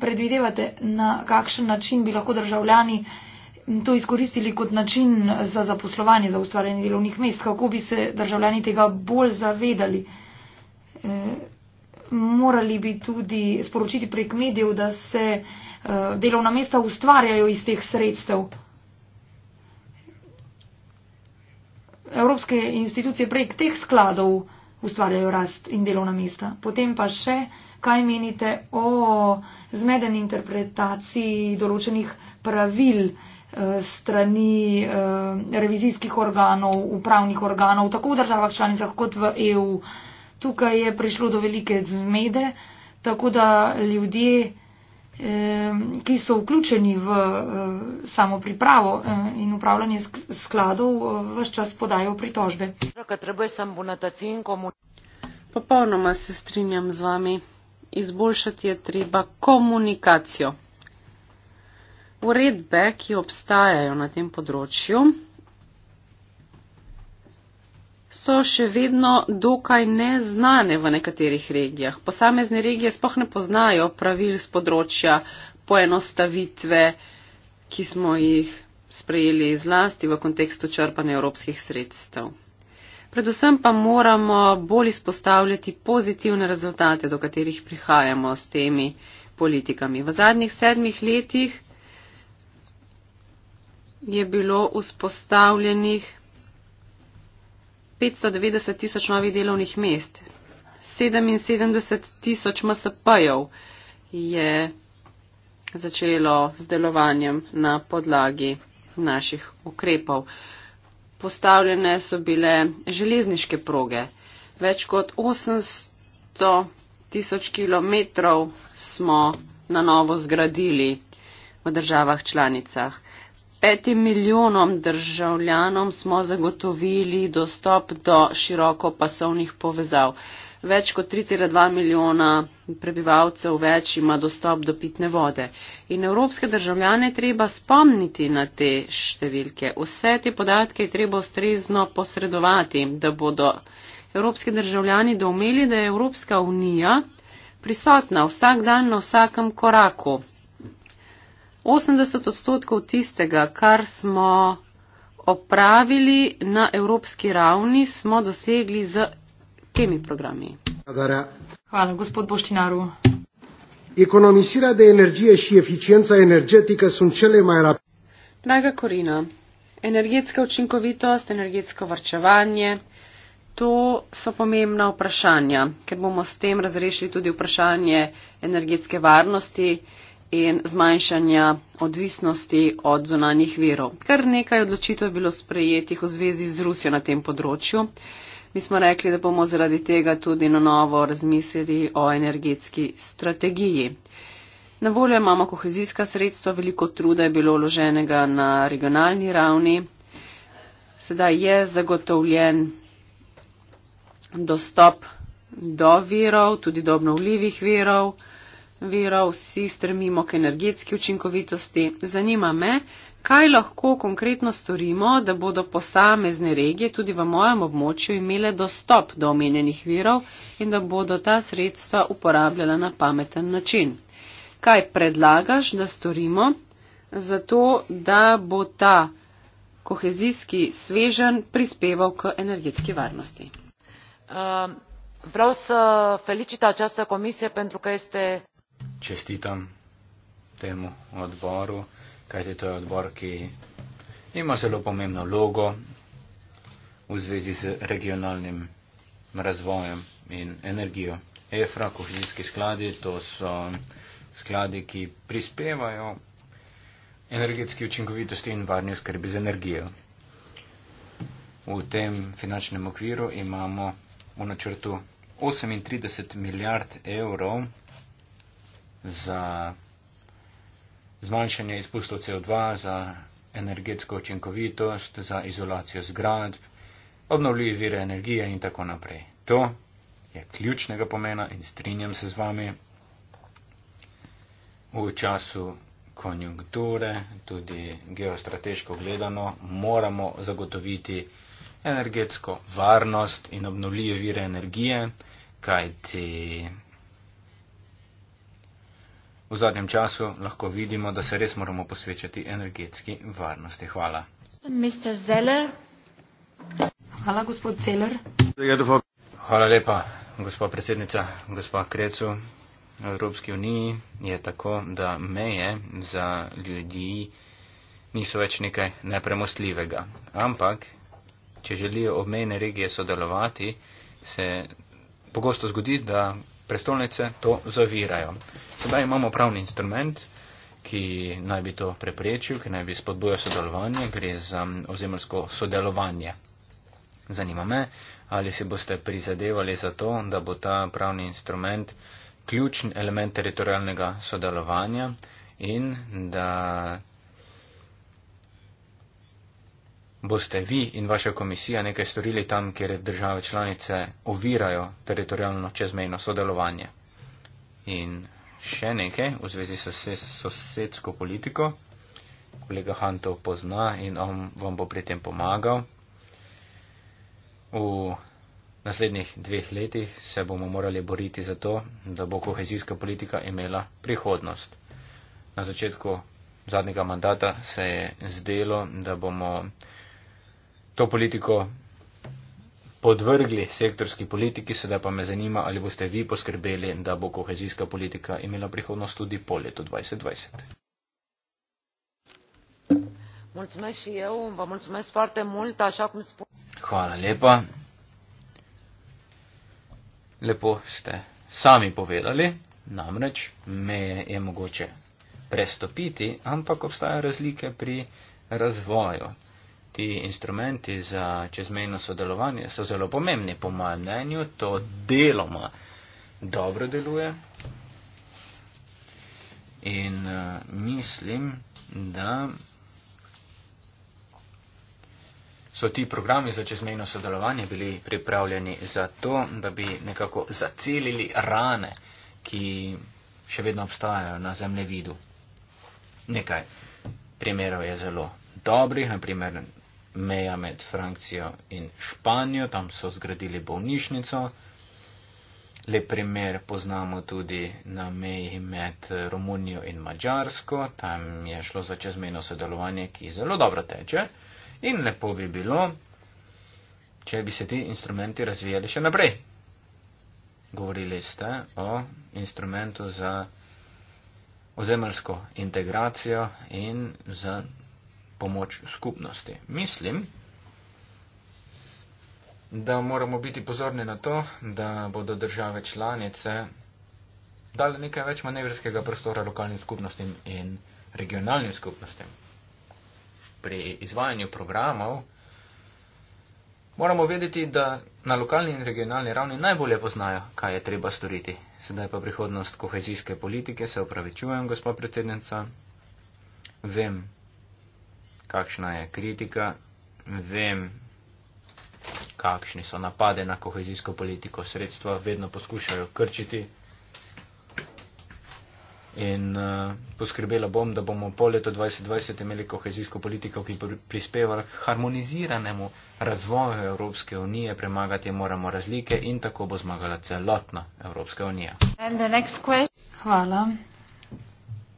predvidevate, na kakšen način bi lahko državljani to izkoristili kot način za zaposlovanje, za ustvarjanje delovnih mest, kako bi se državljani tega bolj zavedali? Eh, morali bi tudi sporočiti prek medijev, da se delovna mesta ustvarjajo iz teh sredstev. evropske institucije prek teh skladov ustvarjajo rast in delovna mesta. Potem pa še, kaj menite o zmedeni interpretaciji določenih pravil eh, strani eh, revizijskih organov, upravnih organov, tako v državah članicah kot v EU. Tukaj je prišlo do velike zmede, tako da ljudje ki so vključeni v eh, samo pripravo eh, in upravljanje skladov, eh, vse čas podajo pritožbe. Popolnoma se strinjam z vami. Izboljšati je treba komunikacijo. Uredbe, ki obstajajo na tem področju, so še vedno dokaj neznane v nekaterih regijah. Posamezne regije spoh ne poznajo pravil z področja poenostavitve, ki smo jih sprejeli zlasti v kontekstu črpanja evropskih sredstev. Predvsem pa moramo bolj izpostavljati pozitivne rezultate, do katerih prihajamo s temi politikami. V zadnjih sedmih letih je bilo vzpostavljenih 590 tisoč novih delovnih mest, 77 tisoč MSP-jev je začelo z delovanjem na podlagi naših ukrepov. Postavljene so bile železniške proge. Več kot 800 tisoč kilometrov smo na novo zgradili v državah članicah petim milijonom državljanom smo zagotovili dostop do širokopasovnih povezav. Več kot 3,2 milijona prebivalcev več ima dostop do pitne vode. In evropske državljane treba spomniti na te številke. Vse te podatke je treba ustrezno posredovati, da bodo evropski državljani domeli, da je Evropska unija prisotna vsak dan na vsakem koraku 80 odstotkov tistega, kar smo opravili na evropski ravni, smo dosegli z temi programi. Hvala, Hvala gospod Boštinaru. Ekonomisira de energije in eficienca energetika so čele majra. Draga Korina, energetska učinkovitost, energetsko varčevanje, to so pomembna vprašanja, ker bomo s tem razrešili tudi vprašanje energetske varnosti in zmanjšanja odvisnosti od zunanjih verov. Kar nekaj odločitev je bilo sprejetih v zvezi z Rusijo na tem področju. Mi smo rekli, da bomo zaradi tega tudi na novo razmislili o energetski strategiji. Na voljo imamo kohezijska sredstva, veliko truda je bilo vloženega na regionalni ravni. Sedaj je zagotovljen dostop do virov, tudi do obnovljivih virov vero, vsi stremimo k energetski učinkovitosti. Zanima me, kaj lahko konkretno storimo, da bodo posamezne regije tudi v mojem območju imele dostop do omenjenih virov in da bodo ta sredstva uporabljala na pameten način. Kaj predlagaš, da storimo, zato da bo ta kohezijski svežen prispeval k energetski varnosti? Um. Vreau să felicit această comisie pentru că este čestitam temu odboru, kajti to je odbor, ki ima zelo pomembno logo v zvezi z regionalnim razvojem in energijo. EFRA, kohezijski skladi, to so skladi, ki prispevajo energetski učinkovitosti in varni skrbi z energijo. V tem finančnem okviru imamo v načrtu 38 milijard evrov za zmanjšanje izpustov CO2, za energetsko učinkovitost, za izolacijo zgradb, obnovljive vire energije in tako naprej. To je ključnega pomena in strinjam se z vami v času konjunkture, tudi geostrateško gledano, moramo zagotoviti energetsko varnost in obnovljive vire energije, kajti V zadnjem času lahko vidimo, da se res moramo posvečati energetski varnosti. Hvala. Hvala, gospod Celer. Hvala lepa, gospod predsednica, gospod Krecu. V Evropski uniji je tako, da meje za ljudi niso več nekaj nepremostljivega. Ampak, če želijo obmejne regije sodelovati, se pogosto zgodi, da prestolnice to zavirajo. Sedaj imamo pravni instrument, ki naj bi to preprečil, ki naj bi spodbojal sodelovanje, gre za ozemelsko sodelovanje. Zanima me, ali si boste prizadevali za to, da bo ta pravni instrument ključen element teritorijalnega sodelovanja in da boste vi in vaša komisija nekaj storili tam, kjer države članice ovirajo teritorijalno čezmejno sodelovanje. In še nekaj v zvezi s sosedsko politiko. Kolega Hanto pozna in on vam bo pri tem pomagal. V naslednjih dveh letih se bomo morali boriti za to, da bo kohezijska politika imela prihodnost. Na začetku zadnjega mandata se je zdelo, da bomo to politiko podvrgli sektorski politiki, sedaj pa me zanima, ali boste vi poskrbeli, da bo kohezijska politika imela prihodnost tudi po letu 2020. Mulțumesc și eu, vă mulțumesc foarte mult, așa cum spun. Hvala lepa. Lepo ste sami povedali, namreč me je mogoče prestopiti, ampak obstajajo razlike pri razvoju, ti instrumenti za čezmejno sodelovanje so zelo pomembni, po mojem mnenju, to deloma dobro deluje. In uh, mislim, da so ti programi za čezmejno sodelovanje bili pripravljeni za to, da bi nekako zacelili rane, ki še vedno obstajajo na zemljevidu. Nekaj primerov je zelo dobrih, na primer meja med Francijo in Španijo, tam so zgradili bolnišnico. Le primer poznamo tudi na meji med eh, Romunijo in Mačarsko, tam je šlo za čezmejno sodelovanje, ki zelo dobro teče in lepo bi bilo, če bi se ti instrumenti razvijali še naprej. Govorili ste o instrumentu za ozemelsko integracijo in za pomoč skupnosti. Mislim, da moramo biti pozorni na to, da bodo države članice dali nekaj več manevrskega prostora lokalnim skupnostim in regionalnim skupnostim. Pri izvajanju programov moramo vedeti, da na lokalni in regionalni ravni najbolje poznajo, kaj je treba storiti. Sedaj pa prihodnost kohezijske politike, se opravičujem, gospod predsednica. Vem, kakšna je kritika, vem, kakšni so napade na kohezijsko politiko, sredstva vedno poskušajo krčiti. In uh, poskrbela bom, da bomo po letu 2020 imeli kohezijsko politiko, ki prispeva k harmoniziranemu razvoju Evropske unije, premagati moramo razlike in tako bo zmagala celotna Evropska unija. Hvala.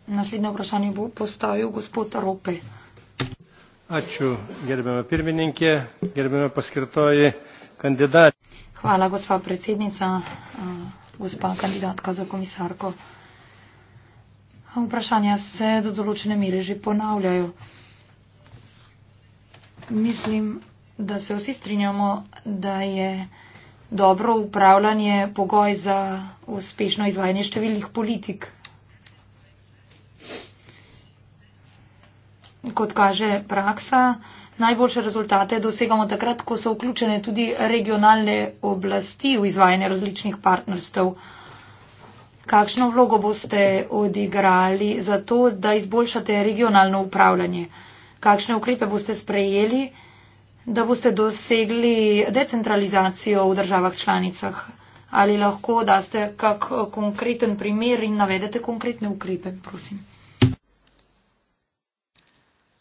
Naslednje vprašanje bo postavil gospod Rope. Uh, Hvala, gospa predsednica, eh, gospa kandidatka za komisarko. Vprašanja se do določene mere že ponavljajo. Mislim, da se vsi strinjamo, da je dobro upravljanje pogoj za uspešno izvajanje številnih politik kot kaže praksa, najboljše rezultate dosegamo takrat, ko so vključene tudi regionalne oblasti v izvajanje različnih partnerstv. Kakšno vlogo boste odigrali za to, da izboljšate regionalno upravljanje? Kakšne ukrepe boste sprejeli, da boste dosegli decentralizacijo v državah članicah? Ali lahko daste kak konkreten primer in navedete konkretne ukrepe, prosim?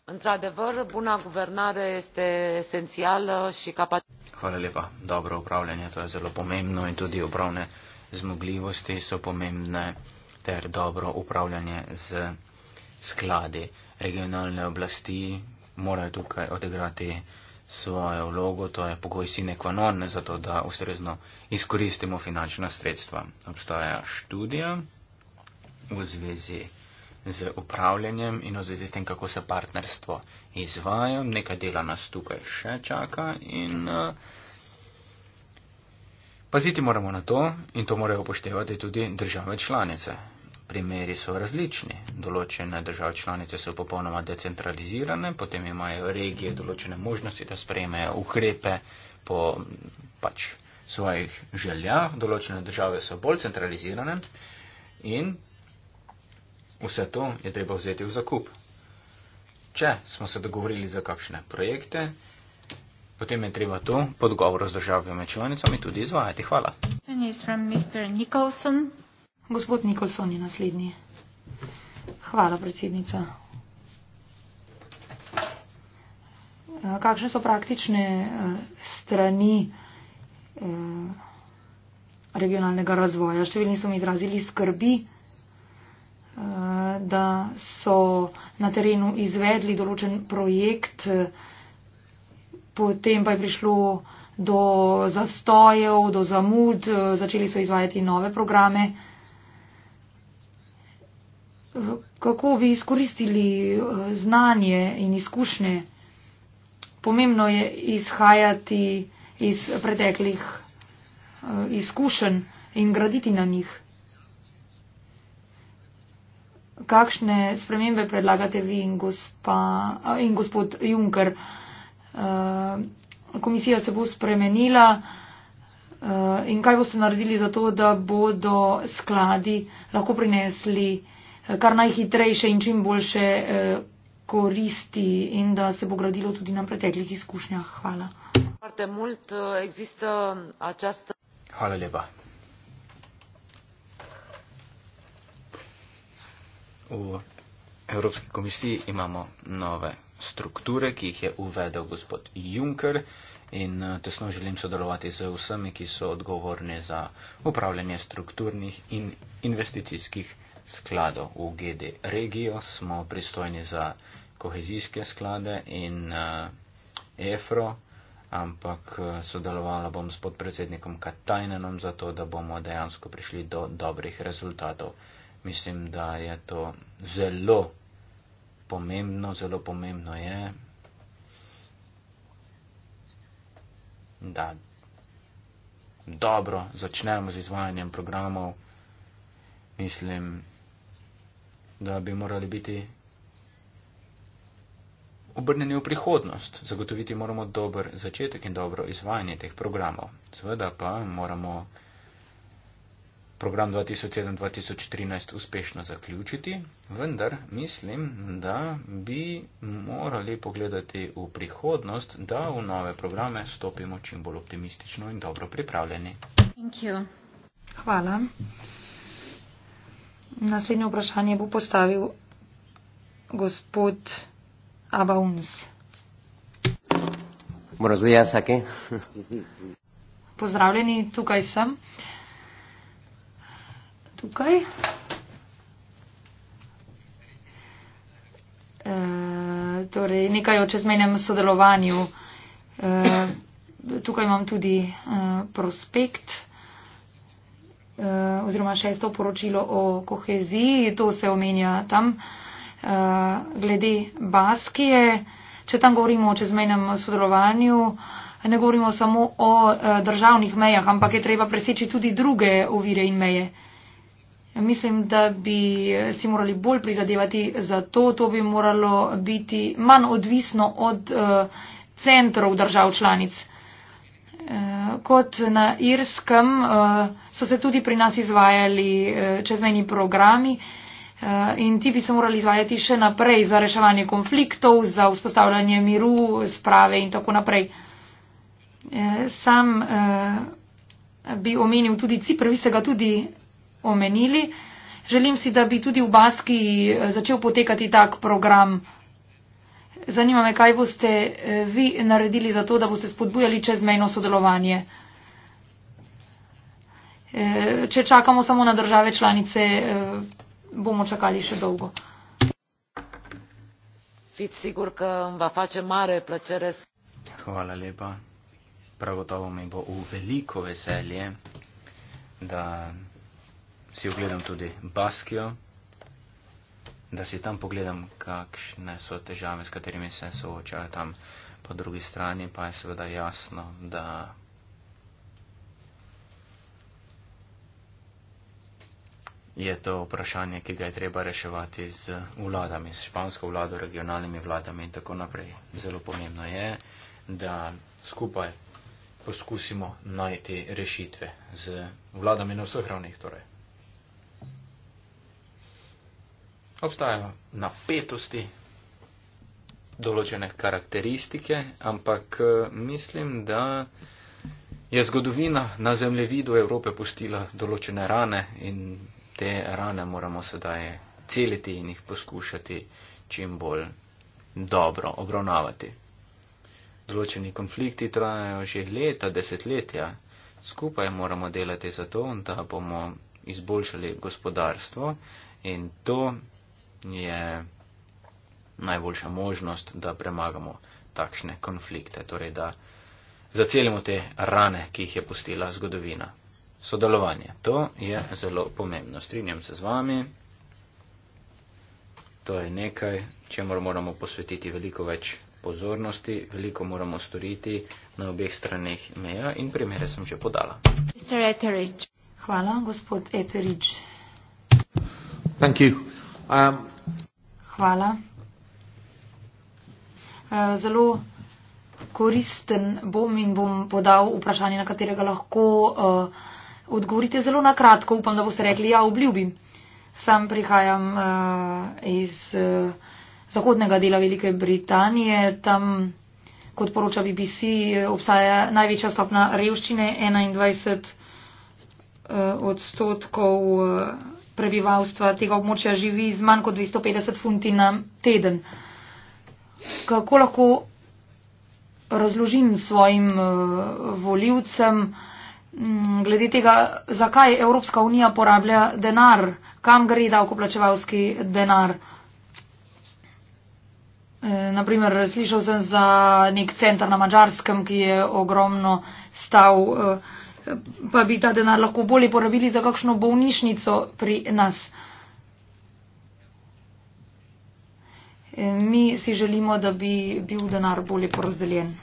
într adevăr buna guvernare este esențială și capacitatea. Hvala lepa. Dobro upravljanje, to je zelo pomembno in tudi upravne zmogljivosti so pomembne ter dobro upravljanje z skladi. Regionalne oblasti morajo tukaj odigrati svojo vlogo, to je pogoj sine qua non, zato da ustrezno izkoristimo finančna sredstva. Obstaja študija v zvezi z upravljanjem in v zvezi s tem, kako se partnerstvo izvaja. Nekaj dela nas tukaj še čaka in uh, paziti moramo na to in to morajo upoštevati tudi države članice. Primeri so različni. Določene države članice so popolnoma decentralizirane, potem imajo regije določene možnosti, da sprejmejo ukrepe po pač svojih željah. Določene države so bolj centralizirane in Vse to je treba vzeti v zakup. Če smo se dogovorili za kakšne projekte, potem je treba to podgovor z državljami članicami tudi izvajati. Hvala. Nicholson. Gospod Nicholson je naslednji. Hvala, predsednica. Kakšne so praktične strani regionalnega razvoja? Številni so mi izrazili skrbi. Eh, da so na terenu izvedli določen projekt, potem pa je prišlo do zastojev, do zamud, začeli so izvajati nove programe. Kako bi izkoristili eh, znanje in izkušnje? Pomembno je izhajati iz preteklih eh, izkušenj in graditi na njih kakšne spremembe predlagate vi in, gospa, eh, in gospod Juncker? Eh, komisija se bo spremenila eh, in kaj boste naredili za to, da bodo skladi lahko prinesli kar najhitrejše in čim boljše koristi in da se bo gradilo tudi na preteklih izkušnjah. Hvala. Hvala lepa. V Evropski komisiji imamo nove strukture, ki jih je uvedel gospod Juncker in eh, tesno želim sodelovati z vsemi, ki so odgovorni za upravljanje strukturnih in investicijskih skladov. V GD Regijo smo pristojni za kohezijske sklade in eh, EFRO, ampak eh, sodelovala bom s podpredsednikom Katajnenom za to, da bomo dejansko prišli do dobrih rezultatov. Mislim, da je to zelo pomembno, zelo pomembno je, da dobro začnemo z izvajanjem programov. Mislim, da bi morali biti obrnjeni v prihodnost. Zagotoviti moramo dober začetek in dobro izvajanje teh programov. Seveda pa moramo program 2007-2013 uspešno zaključiti, vendar mislim, da bi morali pogledati v prihodnost, da v nove programe stopimo čim bolj optimistično in dobro pripravljeni. Hvala. Naslednje vprašanje bo postavil gospod Abauns. Pozdravljeni, tukaj sem. Uh, tukaj. E, torej, nekaj o čezmenjem sodelovanju. E, tukaj imam tudi e, prospekt e, oziroma šesto poročilo o koheziji, to se omenja tam. E, glede Baskije, če tam govorimo o čezmenjem sodelovanju, ne govorimo samo o e, državnih mejah, ampak je treba preseči tudi druge ovire in meje. E, Mislim, da bi si morali bolj prizadevati za to. To bi moralo biti manj odvisno od uh, centrov držav članic. Eh, kot na Irskem eh, so se tudi pri nas izvajali čezmejni programi in ti bi se morali izvajati še naprej za reševanje konfliktov, za vzpostavljanje miru, sprave in tako naprej. Sam bi omenil tudi Cipr, vi ste ga tudi omenili. Želim si, da bi tudi v Baski eh, začel potekati tak program. Zanima me, kaj boste eh, vi naredili za to, da boste spodbujali čezmejno sodelovanje. Eh, če čakamo samo na države članice, bomo čakali še dolgo. Hvala lepa. Prav gotovo mi bo v veliko veselje, da si ogledam tudi Baskijo, da si tam pogledam, kakšne so težave, s katerimi se soočajo tam po drugi strani, pa je seveda jasno, da je to vprašanje, ki ga je treba reševati z vladami, s špansko vlado, regionalnimi vladami in tako naprej. Zelo pomembno je, da skupaj poskusimo najti rešitve z vladami na vseh ravnih torej. obstajajo napetosti, določene karakteristike, ampak eh, mislim, da je zgodovina na zemljevidu Evrope pustila določene rane in te rane moramo sedaj celiti in jih poskušati čim bolj dobro obravnavati. Določeni konflikti trajajo že leta, desetletja. Skupaj moramo delati za to, da bomo izboljšali gospodarstvo in to je najboljša možnost, da premagamo takšne konflikte, torej da zacelimo te rane, ki jih je pustila zgodovina. Sodelovanje. To je zelo pomembno. Strinjam se z vami. To je nekaj, čemu moramo posvetiti veliko več pozornosti, veliko moramo storiti na obeh straneh meja in primere sem že podala. Hvala, gospod Eterič. Thank you. Um, Hvala. Eh, zelo koristen bom in bom podal vprašanje, na katerega lahko eh, odgovorite zelo na kratko. Upam, da boste rekli, ja, obljubim. Sam prihajam eh, iz zahodnega dela Velike Britanije. Tam, kot poroča BBC, obstaja največja stopna revščine 21 odstotkov prebivalstva tega območja živi z manj kot 250 funti na teden. Kako lahko razložim svojim eh, voljivcem glede tega, zakaj Evropska unija porablja denar, kam gre davkoplačevalski denar? Eh, Naprimer, slišal sem za nek centr na Mačarskem, ki je ogromno stav. Eh, pa bi ta denar lahko bolje porabili za kakšno bolnišnico pri nas. E, mi si želimo, da bi bil denar bolje porazdeljen.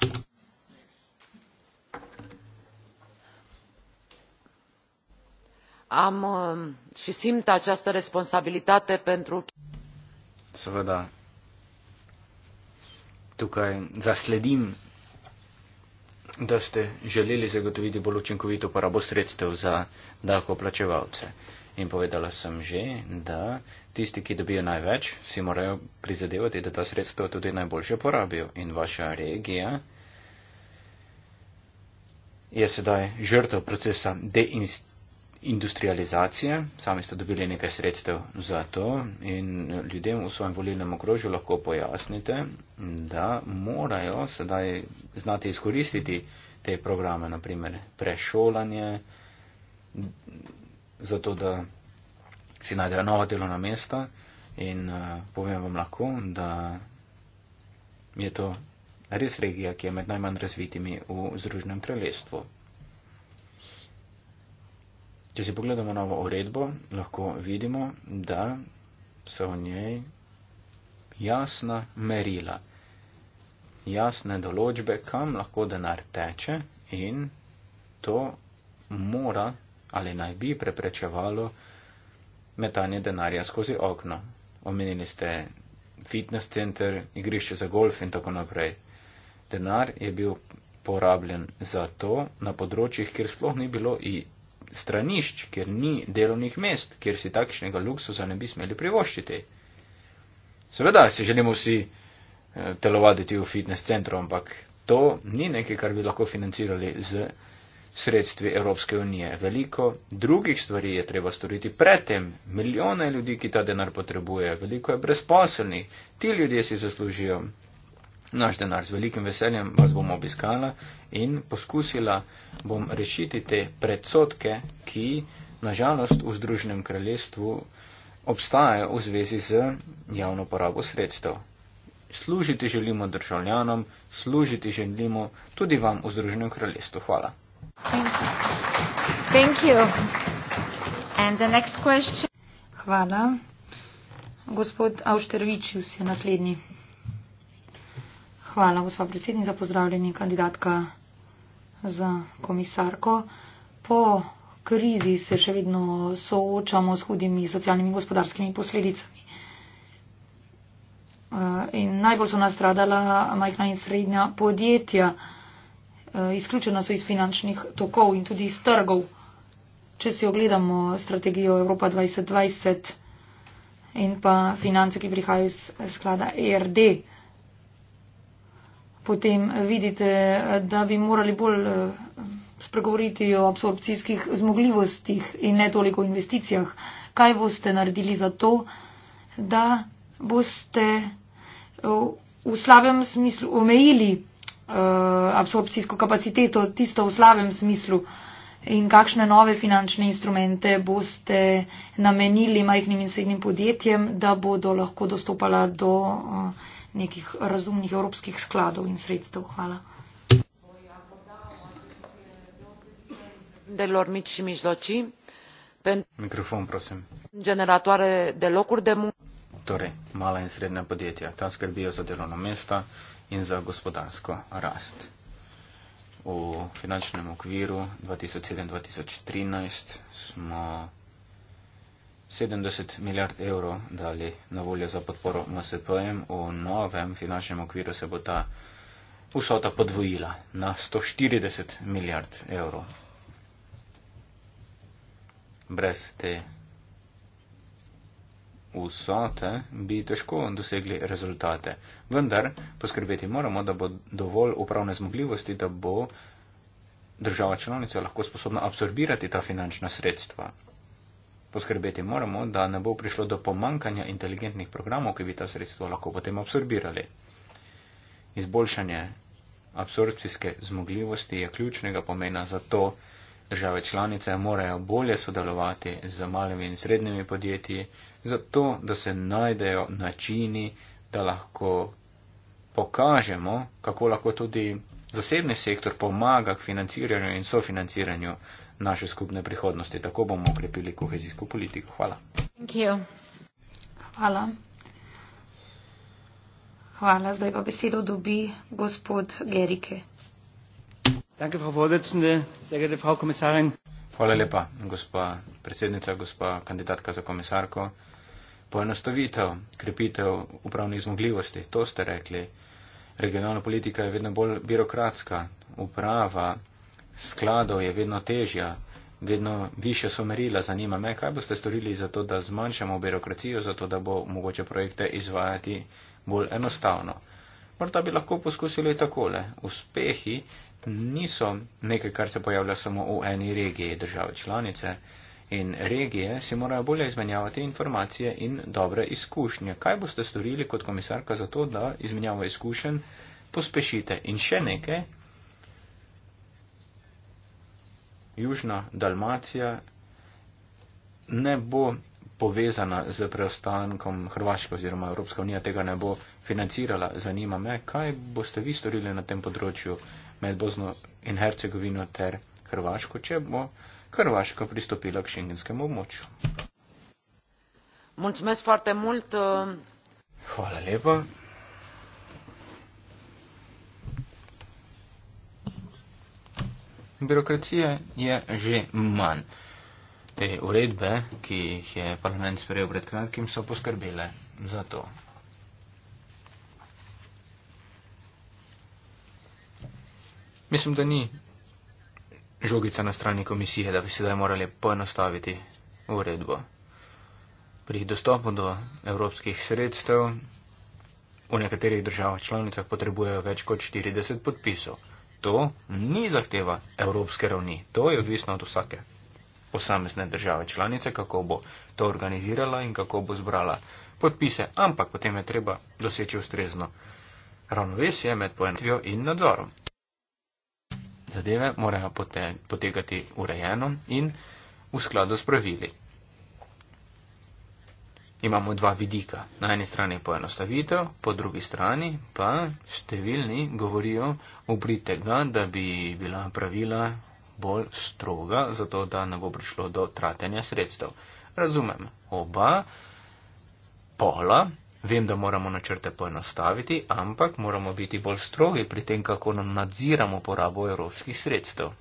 Am um, și simt această responsabilitate pentru. Să văd, da. Tu că zasledim da ste želeli zagotoviti bolj učinkovito porabo sredstev za davkoplačevalce. In povedala sem že, da tisti, ki dobijo največ, si morajo prizadevati, da ta sredstva tudi najboljše porabijo. In vaša regija je sedaj žrtev procesa deinstitucionalizacije industrializacije, sami ste dobili nekaj sredstev za to in ljudem v svojem volilnem okrožju lahko pojasnite, da morajo sedaj znati izkoristiti te programe, naprimer prešolanje, zato da si najdejo nova delovna mesta in uh, povem vam lahko, da je to res regija, ki je med najmanj razvitimi v Združenem kraljestvu. Če si pogledamo novo uredbo, lahko vidimo, da so v njej jasna merila, jasne določbe, kam lahko denar teče in to mora ali naj bi preprečevalo metanje denarja skozi okno. Omenili ste fitness center, igrišče za golf in tako naprej. Denar je bil porabljen za to na področjih, kjer sploh ni bilo i stranišč, kjer ni delovnih mest, kjer si takšnega luksusa ne bi smeli privoščiti. Seveda si želimo vsi eh, telovaditi v fitness centru, ampak to ni nekaj, kar bi lahko financirali z sredstvi Evropske unije. Veliko drugih stvari je treba storiti predtem. Milijone ljudi, ki ta denar potrebuje, veliko je brezposelnih, ti ljudje si zaslužijo naš denar. Z velikim veseljem vas bom obiskala in poskusila bom rešiti te predsotke, ki nažalost v Združenem kraljestvu obstajajo v zvezi z javno porabo sredstev. Služiti želimo državljanom, služiti želimo tudi vam v Združenem kraljestvu. Hvala. Thank you. And the next question. Hvala. Gospod Auštervičius je naslednji. Hvala, gospod predsednik, za pozdravljeni kandidatka za komisarko. Po krizi se še vedno soočamo s hudimi socialnimi in gospodarskimi posledicami. Eh, in najbolj so nastradala majhna in srednja podjetja. Eh, izključena so iz finančnih tokov in tudi iz trgov. Če si ogledamo strategijo Evropa 2020 in pa finance, ki prihajajo iz sklada ERD potem eh, vidite, eh, da bi morali bolj eh, spregovoriti o absorpcijskih zmogljivostih in ne toliko o investicijah. Kaj boste naredili za to, da boste v slabem smislu omejili absorpcijsko kapaciteto, tisto v slabem smislu in kakšne nove finančne instrumente boste namenili majhnim in srednjim podjetjem, da bodo lahko dostopala do. Uh, nekih razumnih evropskih skladov in sredstev. Hvala. delor mici și mijlocii pentru microfon prosim generatoare de locuri de muncă tore mala în srednja podjetja ta skrbijo za delovna mesta in za gospodarsko rast u finančnem okviru 2007-2013 smo 70 milijard evrov dali na voljo za podporo MSP-jem, v novem finančnem okviru se bo ta vsota podvojila na 140 milijard evrov. Brez te vsote bi težko dosegli rezultate, vendar poskrbeti moramo, da bo dovolj upravne zmogljivosti, da bo država članica lahko sposobna absorbirati ta finančna sredstva. Poskrbeti moramo, da ne bo prišlo do pomankanja inteligentnih programov, ki bi ta sredstva lahko potem absorbirali. Izboljšanje absorpcijske zmogljivosti je ključnega pomena za to, države članice morajo bolje sodelovati z malimi in srednjimi podjetji, zato da se najdejo načini, da lahko pokažemo, kako lahko tudi zasebni sektor pomaga k financiranju in sofinanciranju naše skupne prihodnosti. Tako bomo okrepili kohezijsko politiko. Hvala. Hvala. Hvala. Zdaj pa besedo dobi gospod Gerike. Danke, Frau Vorsitzende, sehr geehrte Frau Kommissarin. Hvala lepa, gospa predsednica, gospa kandidatka za komisarko. Poenostavitev, krepitev upravnih zmogljivosti, to ste rekli. Regionalna politika je vedno bolj birokratska. Uprava skladov je vedno težja, vedno više so merila, zanima me, kaj boste storili za to, da zmanjšamo birokracijo, za to, da bo mogoče projekte izvajati bolj enostavno. Morda bi lahko poskusili takole. Uspehi niso nekaj, kar se pojavlja samo v eni regiji države članice. In regije si morajo bolje izmenjavati informacije in dobre izkušnje. Kaj boste storili kot komisarka za to, da izmenjavo izkušenj pospešite? In še nekaj, južna Dalmacija ne bo povezana z preostankom Hrvaške oziroma Evropska unija tega ne bo financirala. Zanima me, kaj boste vi storili na tem področju med Bosno in Hercegovino ter Hrvaško, če bo Hrvaška pristopila k šengenskemu območju. Mulțumesc foarte mult! Hvala lepa! birokracije je že manj. Te uredbe, ki jih je parlament sprejel pred kratkim, so poskrbele za to. Mislim, da ni žogica na strani komisije, da bi sedaj morali poenostaviti uredbo. Pri dostopu do evropskih sredstev v nekaterih državah članicah potrebujejo več kot 40 podpisov to ni zahteva evropske ravni. To je odvisno od vsake posamezne države članice, kako bo to organizirala in kako bo zbrala podpise. Ampak potem je treba doseči ustrezno ravnovesje med poenotvijo in nadzorom. Zadeve morajo potegati urejeno in v skladu s pravili imamo dva vidika. Na eni strani poenostavitev, po drugi strani pa številni govorijo, obrite ga, da bi bila pravila bolj stroga, zato da ne bo prišlo do tratenja sredstev. Razumem oba pola, vem, da moramo načrte poenostaviti, ampak moramo biti bolj strogi pri tem, kako nam nadziramo porabo evropskih sredstev.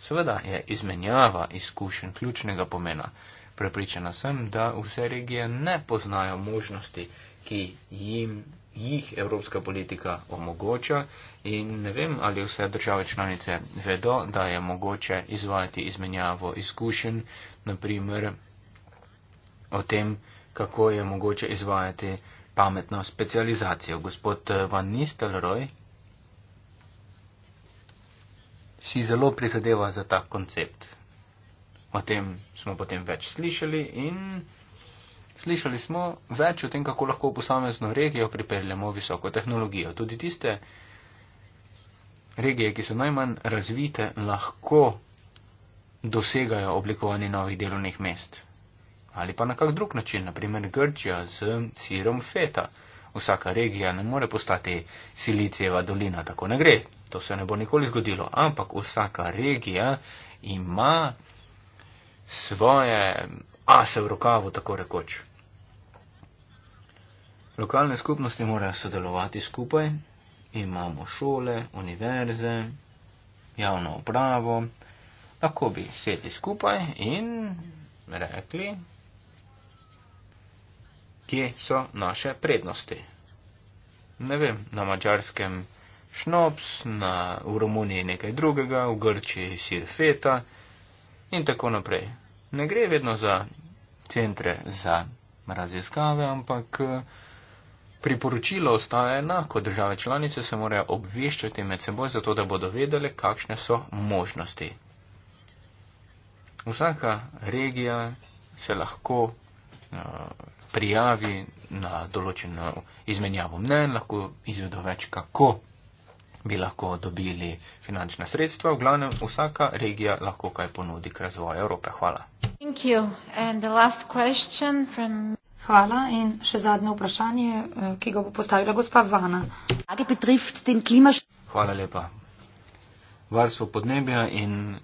Seveda je izmenjava izkušenj ključnega pomena. Prepričana sem, da vse regije ne poznajo možnosti, ki jim jih evropska politika omogoča in ne vem, ali vse države članice vedo, da je mogoče izvajati izmenjavo izkušenj, naprimer o tem, kako je mogoče izvajati pametno specializacijo. Gospod eh, Van Nistelrooy si zelo prizadeva za ta koncept. O tem smo potem več slišali in slišali smo več o tem, kako lahko v posamezno regijo pripeljemo visoko tehnologijo. Tudi tiste regije, ki so najmanj razvite, lahko dosegajo oblikovanje novih delovnih mest. Ali pa na kak drug način, naprimer Grčija z sirom feta. Vsaka regija ne more postati Silicijeva dolina, tako ne gre. To se ne bo nikoli zgodilo. Ampak vsaka regija ima svoje ase v rokavu, tako rekoč. Lokalne skupnosti morajo sodelovati skupaj, imamo šole, univerze, javno upravo, lahko bi sedli skupaj in rekli, kje so naše prednosti. Ne vem, na mačarskem šnops, na, v Romuniji nekaj drugega, v Grčiji sirfeta. feta in tako naprej. Ne gre vedno za centre za raziskave, ampak eh, priporočilo ostaja enako. Države članice se morajo obveščati med seboj, zato da bodo vedele, kakšne so možnosti. Vsaka regija se lahko eh, prijavi na določeno izmenjavo mnen, lahko izvedo več kako bi lahko dobili finančna sredstva. V glavnem vsaka regija lahko kaj ponudi k razvoju Evrope. Hvala. From... Hvala in še zadnje vprašanje, eh, ki ga bo postavila gospa Vana. Hvala lepa. Varstvo podnebja in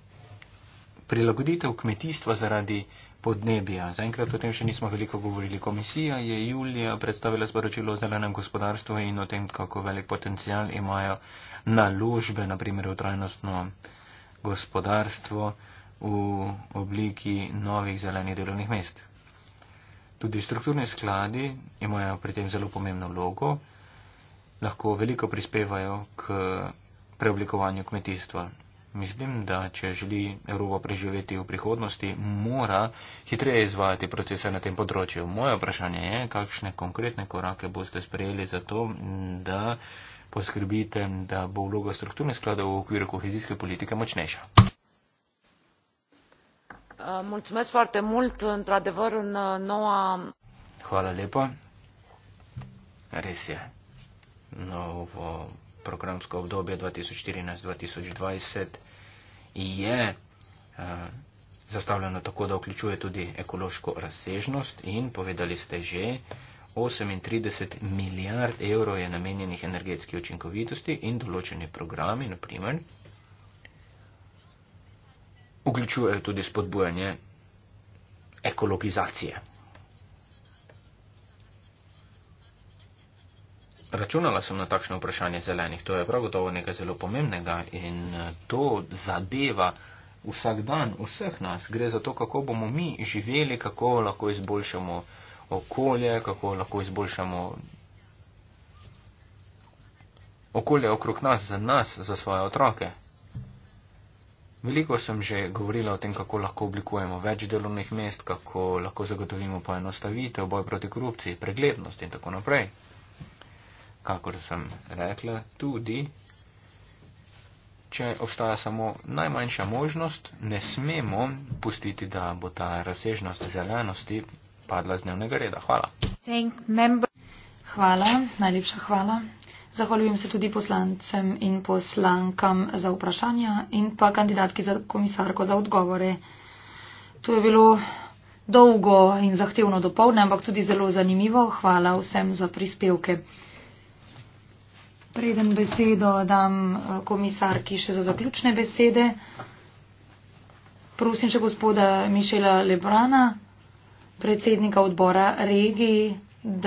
prilagoditev kmetijstva zaradi podnebja. Zaenkrat o tem še nismo veliko govorili. Komisija je julija predstavila sporočilo o zelenem gospodarstvu in o tem, kako velik potencial imajo naložbe, naprimer v trajnostno gospodarstvo v obliki novih zelenih delovnih mest. Tudi strukturni skladi imajo pri tem zelo pomembno vlogo, lahko veliko prispevajo k preoblikovanju kmetijstva. Mislim, da če želi Evropa preživeti v prihodnosti, mora hitreje izvajati procese na tem področju. Moje vprašanje je, kakšne konkretne korake boste sprejeli za to, da poskrbite, da bo vloga strukturnih skladov v okviru kohezijske politike močnejša. Uh, mulțumesc foarte mult, într-adevăr, în uh, noua... Hvala lepa. Res je. Novo programsko obdobje 2014-2020 je eh, zastavljeno tako, da vključuje tudi ekološko razsežnost in povedali ste že, 38 milijard evrov je namenjenih energetski učinkovitosti in določeni programi, naprimer, vključujejo tudi spodbujanje ekologizacije. Računala sem na takšno vprašanje zelenih, to je prav gotovo nekaj zelo pomembnega in eh, to zadeva vsak dan vseh nas. Gre za to, kako bomo mi živeli, kako lahko izboljšamo okolje, kako lahko izboljšamo okolje okrog nas, za nas, za svoje otroke. Veliko sem že govorila o tem, kako lahko oblikujemo več delovnih mest, kako lahko zagotovimo poenostavitev, boj proti korupciji, preglednost in tako naprej kakor sem rekla, tudi če obstaja samo najmanjša možnost, ne smemo pustiti, da bo ta razsežnost zelenosti padla z dnevnega reda. Hvala. Hvala, najlepša hvala. Zahvaljujem se tudi poslancem in poslankam za vprašanja in pa kandidatki za komisarko za odgovore. To je bilo dolgo in zahtevno dopolne, ampak tudi zelo zanimivo. Hvala vsem za prispevke. Preden besedo dam eh, komisarki še za zaključne besede, prosim še gospoda Mišela Lebrana, predsednika odbora regiji,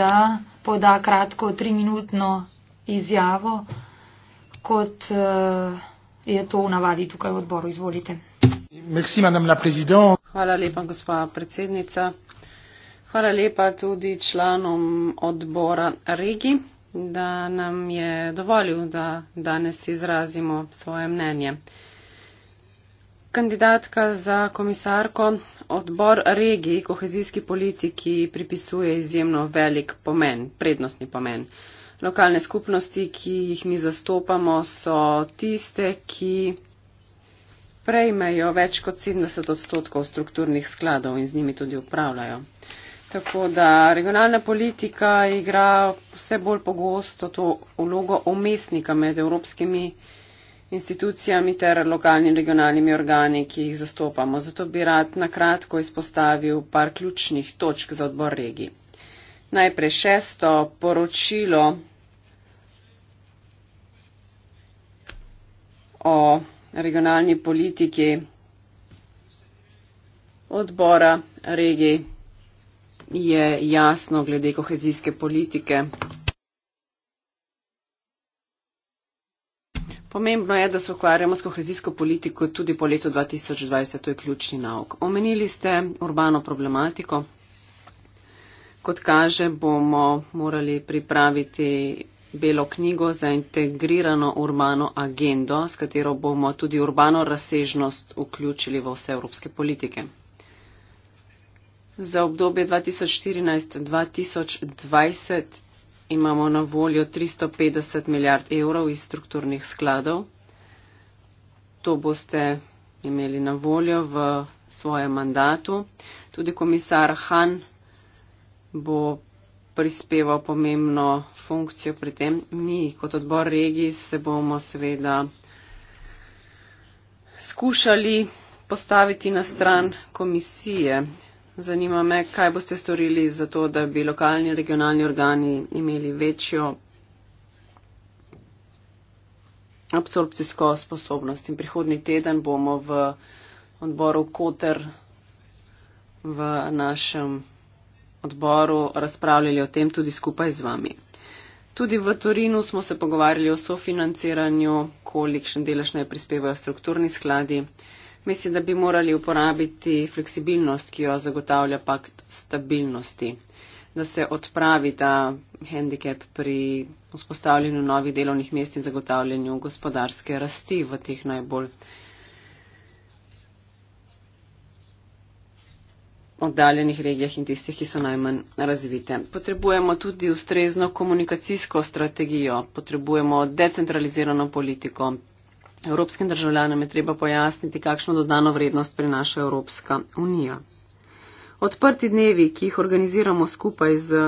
da poda kratko triminutno izjavo, kot eh, je to v navadi tukaj v odboru. Izvolite. Hvala lepa, gospa predsednica. Hvala lepa tudi članom odbora regiji da nam je dovolil, da danes izrazimo svoje mnenje. Kandidatka za komisarko odbor regij kohezijski politiki pripisuje izjemno velik pomen, prednostni pomen. Lokalne skupnosti, ki jih mi zastopamo, so tiste, ki prejmejo več kot 70 odstotkov strukturnih skladov in z njimi tudi upravljajo. Tako da regionalna politika igra vse bolj pogosto to vlogo omestnika med evropskimi institucijami ter lokalnimi regionalnimi organi, ki jih zastopamo. Zato bi rad na kratko izpostavil par ključnih točk za odbor regij. Najprej šesto poročilo o regionalni politiki odbora regij je jasno glede kohezijske politike. Pomembno je, da se ukvarjamo s kohezijsko politiko tudi po letu 2020, to je ključni nauk. Omenili ste urbano problematiko. Kot kaže, bomo morali pripraviti belo knjigo za integrirano urbano agendo, s katero bomo tudi urbano razsežnost vključili v vse evropske politike. Za obdobje 2014-2020 imamo na voljo 350 milijard evrov iz strukturnih skladov. To boste imeli na voljo v svojem mandatu. Tudi komisar Han bo prispeval pomembno funkcijo pri tem. Mi kot odbor regij se bomo seveda skušali postaviti na stran komisije Zanima me, kaj boste storili za to, da bi lokalni in regionalni organi imeli večjo absorpcijsko sposobnost. In prihodni teden bomo v odboru Koter v našem odboru razpravljali o tem tudi skupaj z vami. Tudi v Torinu smo se pogovarjali o sofinanciranju, kolikšen delež naj prispevajo strukturni skladi mislim, da bi morali uporabiti fleksibilnost, ki jo zagotavlja pakt stabilnosti, da se odpravi ta handicap pri vzpostavljanju novih delovnih mest in zagotavljanju gospodarske rasti v teh najbolj oddaljenih regijah in tistih, ki so najmanj razvite. Potrebujemo tudi ustrezno komunikacijsko strategijo, potrebujemo decentralizirano politiko, Evropskim državljanom je treba pojasniti, kakšno dodano vrednost prinaša Evropska unija. Odprti dnevi, ki jih organiziramo skupaj z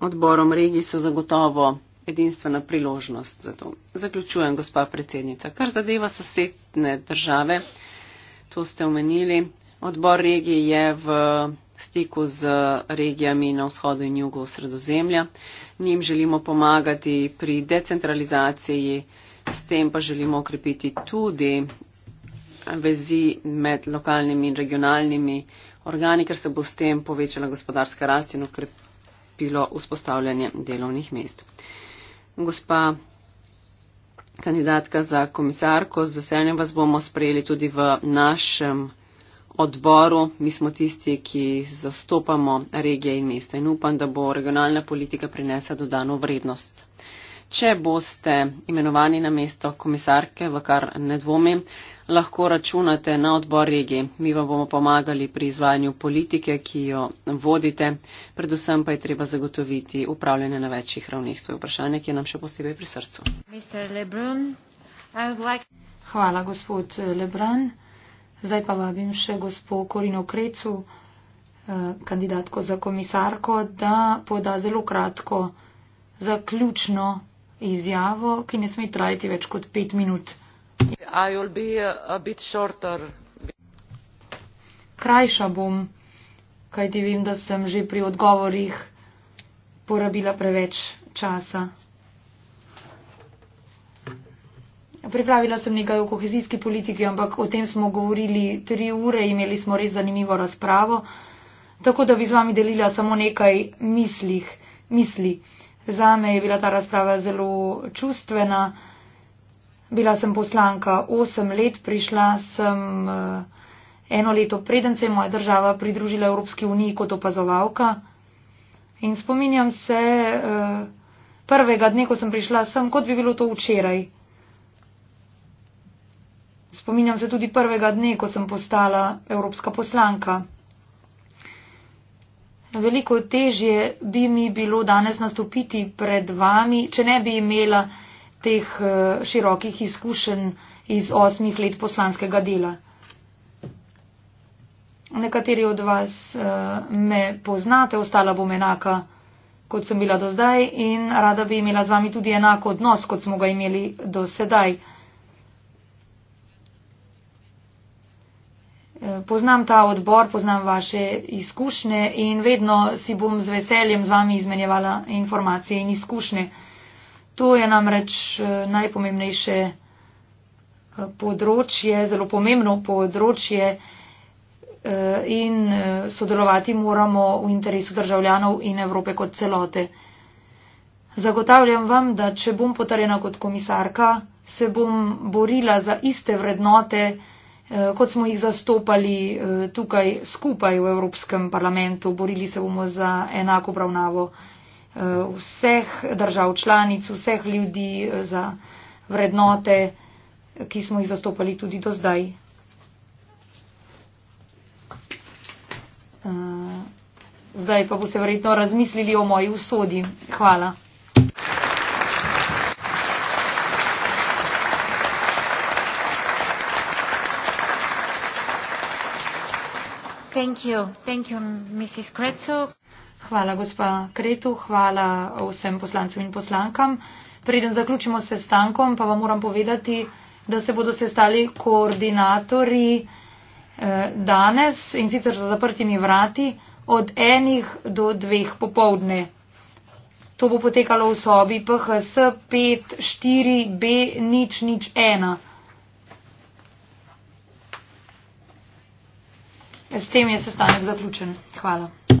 odborom regij, so zagotovo edinstvena priložnost za to. Zaključujem, gospa predsednica. Kar zadeva sosedne države, to ste omenili, odbor regij je v stiku z regijami na vzhodu in jugu sredozemlja. Njim želimo pomagati pri decentralizaciji. S tem pa želimo okrepiti tudi vezi med lokalnimi in regionalnimi organi, ker se bo s tem povečala gospodarska rast in okrepilo vzpostavljanje delovnih mest. Gospa kandidatka za komisarko, z veseljem vas bomo sprejeli tudi v našem odboru. Mi smo tisti, ki zastopamo regije in mesta in upam, da bo regionalna politika prinesla dodano vrednost. Če boste imenovani na mesto komisarke, v kar ne dvomim, lahko računate na odbor regije. Mi vam bomo pomagali pri izvajanju politike, ki jo vodite. Predvsem pa je treba zagotoviti upravljanje na večjih ravnih. To je vprašanje, ki je nam še posebej pri srcu. Lebrun, like... Hvala, gospod Lebrun. Zdaj pa vabim še gospo Korino Krecu, eh, kandidatko za komisarko, da poda zelo kratko zaključno izjavo, ki ne sme trajati več kot pet minut. Be Krajša bom, kajti vem, da sem že pri odgovorih porabila preveč časa. Pripravila sem nekaj o kohezijski politiki, ampak o tem smo govorili tri ure, imeli smo res zanimivo razpravo, tako da bi z vami delila samo nekaj mislih, misli. misli. Za me je bila ta razprava zelo čustvena. Bila sem poslanka 8 let, prišla sem eh, eno leto preden se je moja država pridružila Evropski uniji kot opazovalka. In spominjam se eh, prvega dne, ko sem prišla sem, kot bi bilo to včeraj. Spominjam se tudi prvega dne, ko sem postala evropska poslanka. Veliko težje bi mi bilo danes nastopiti pred vami, če ne bi imela teh eh, širokih izkušenj iz osmih let poslanskega dela. Nekateri od vas eh, me poznate, ostala bom enaka, kot sem bila do zdaj in rada bi imela z vami tudi enako odnos, kot smo ga imeli do sedaj. Poznam ta odbor, poznam vaše izkušnje in vedno si bom z veseljem z vami izmenjevala informacije in izkušnje. To je namreč eh, najpomembnejše eh, področje, zelo pomembno področje eh, in sodelovati moramo v interesu državljanov in Evrope kot celote. Zagotavljam vam, da če bom potrjena kot komisarka, se bom borila za iste vrednote, Eh, kot smo jih zastopali eh, tukaj skupaj v Evropskem parlamentu. Borili se bomo za enako obravnavo eh, vseh držav članic, vseh ljudi, za vrednote, ki smo jih zastopali tudi do zdaj. Zdaj pa boste verjetno razmislili o moji usodi. Hvala. Hvala, gospa Kretu, hvala vsem poslancem in poslankam. Preden zaključimo sestankom, pa vam moram povedati, da se bodo sestali koordinatori eh, danes in sicer za zaprtimi vrati od enih do dveh popovdne. To bo potekalo v sobi PHS 54B001. S tem je sestanek zaključen. Hvala.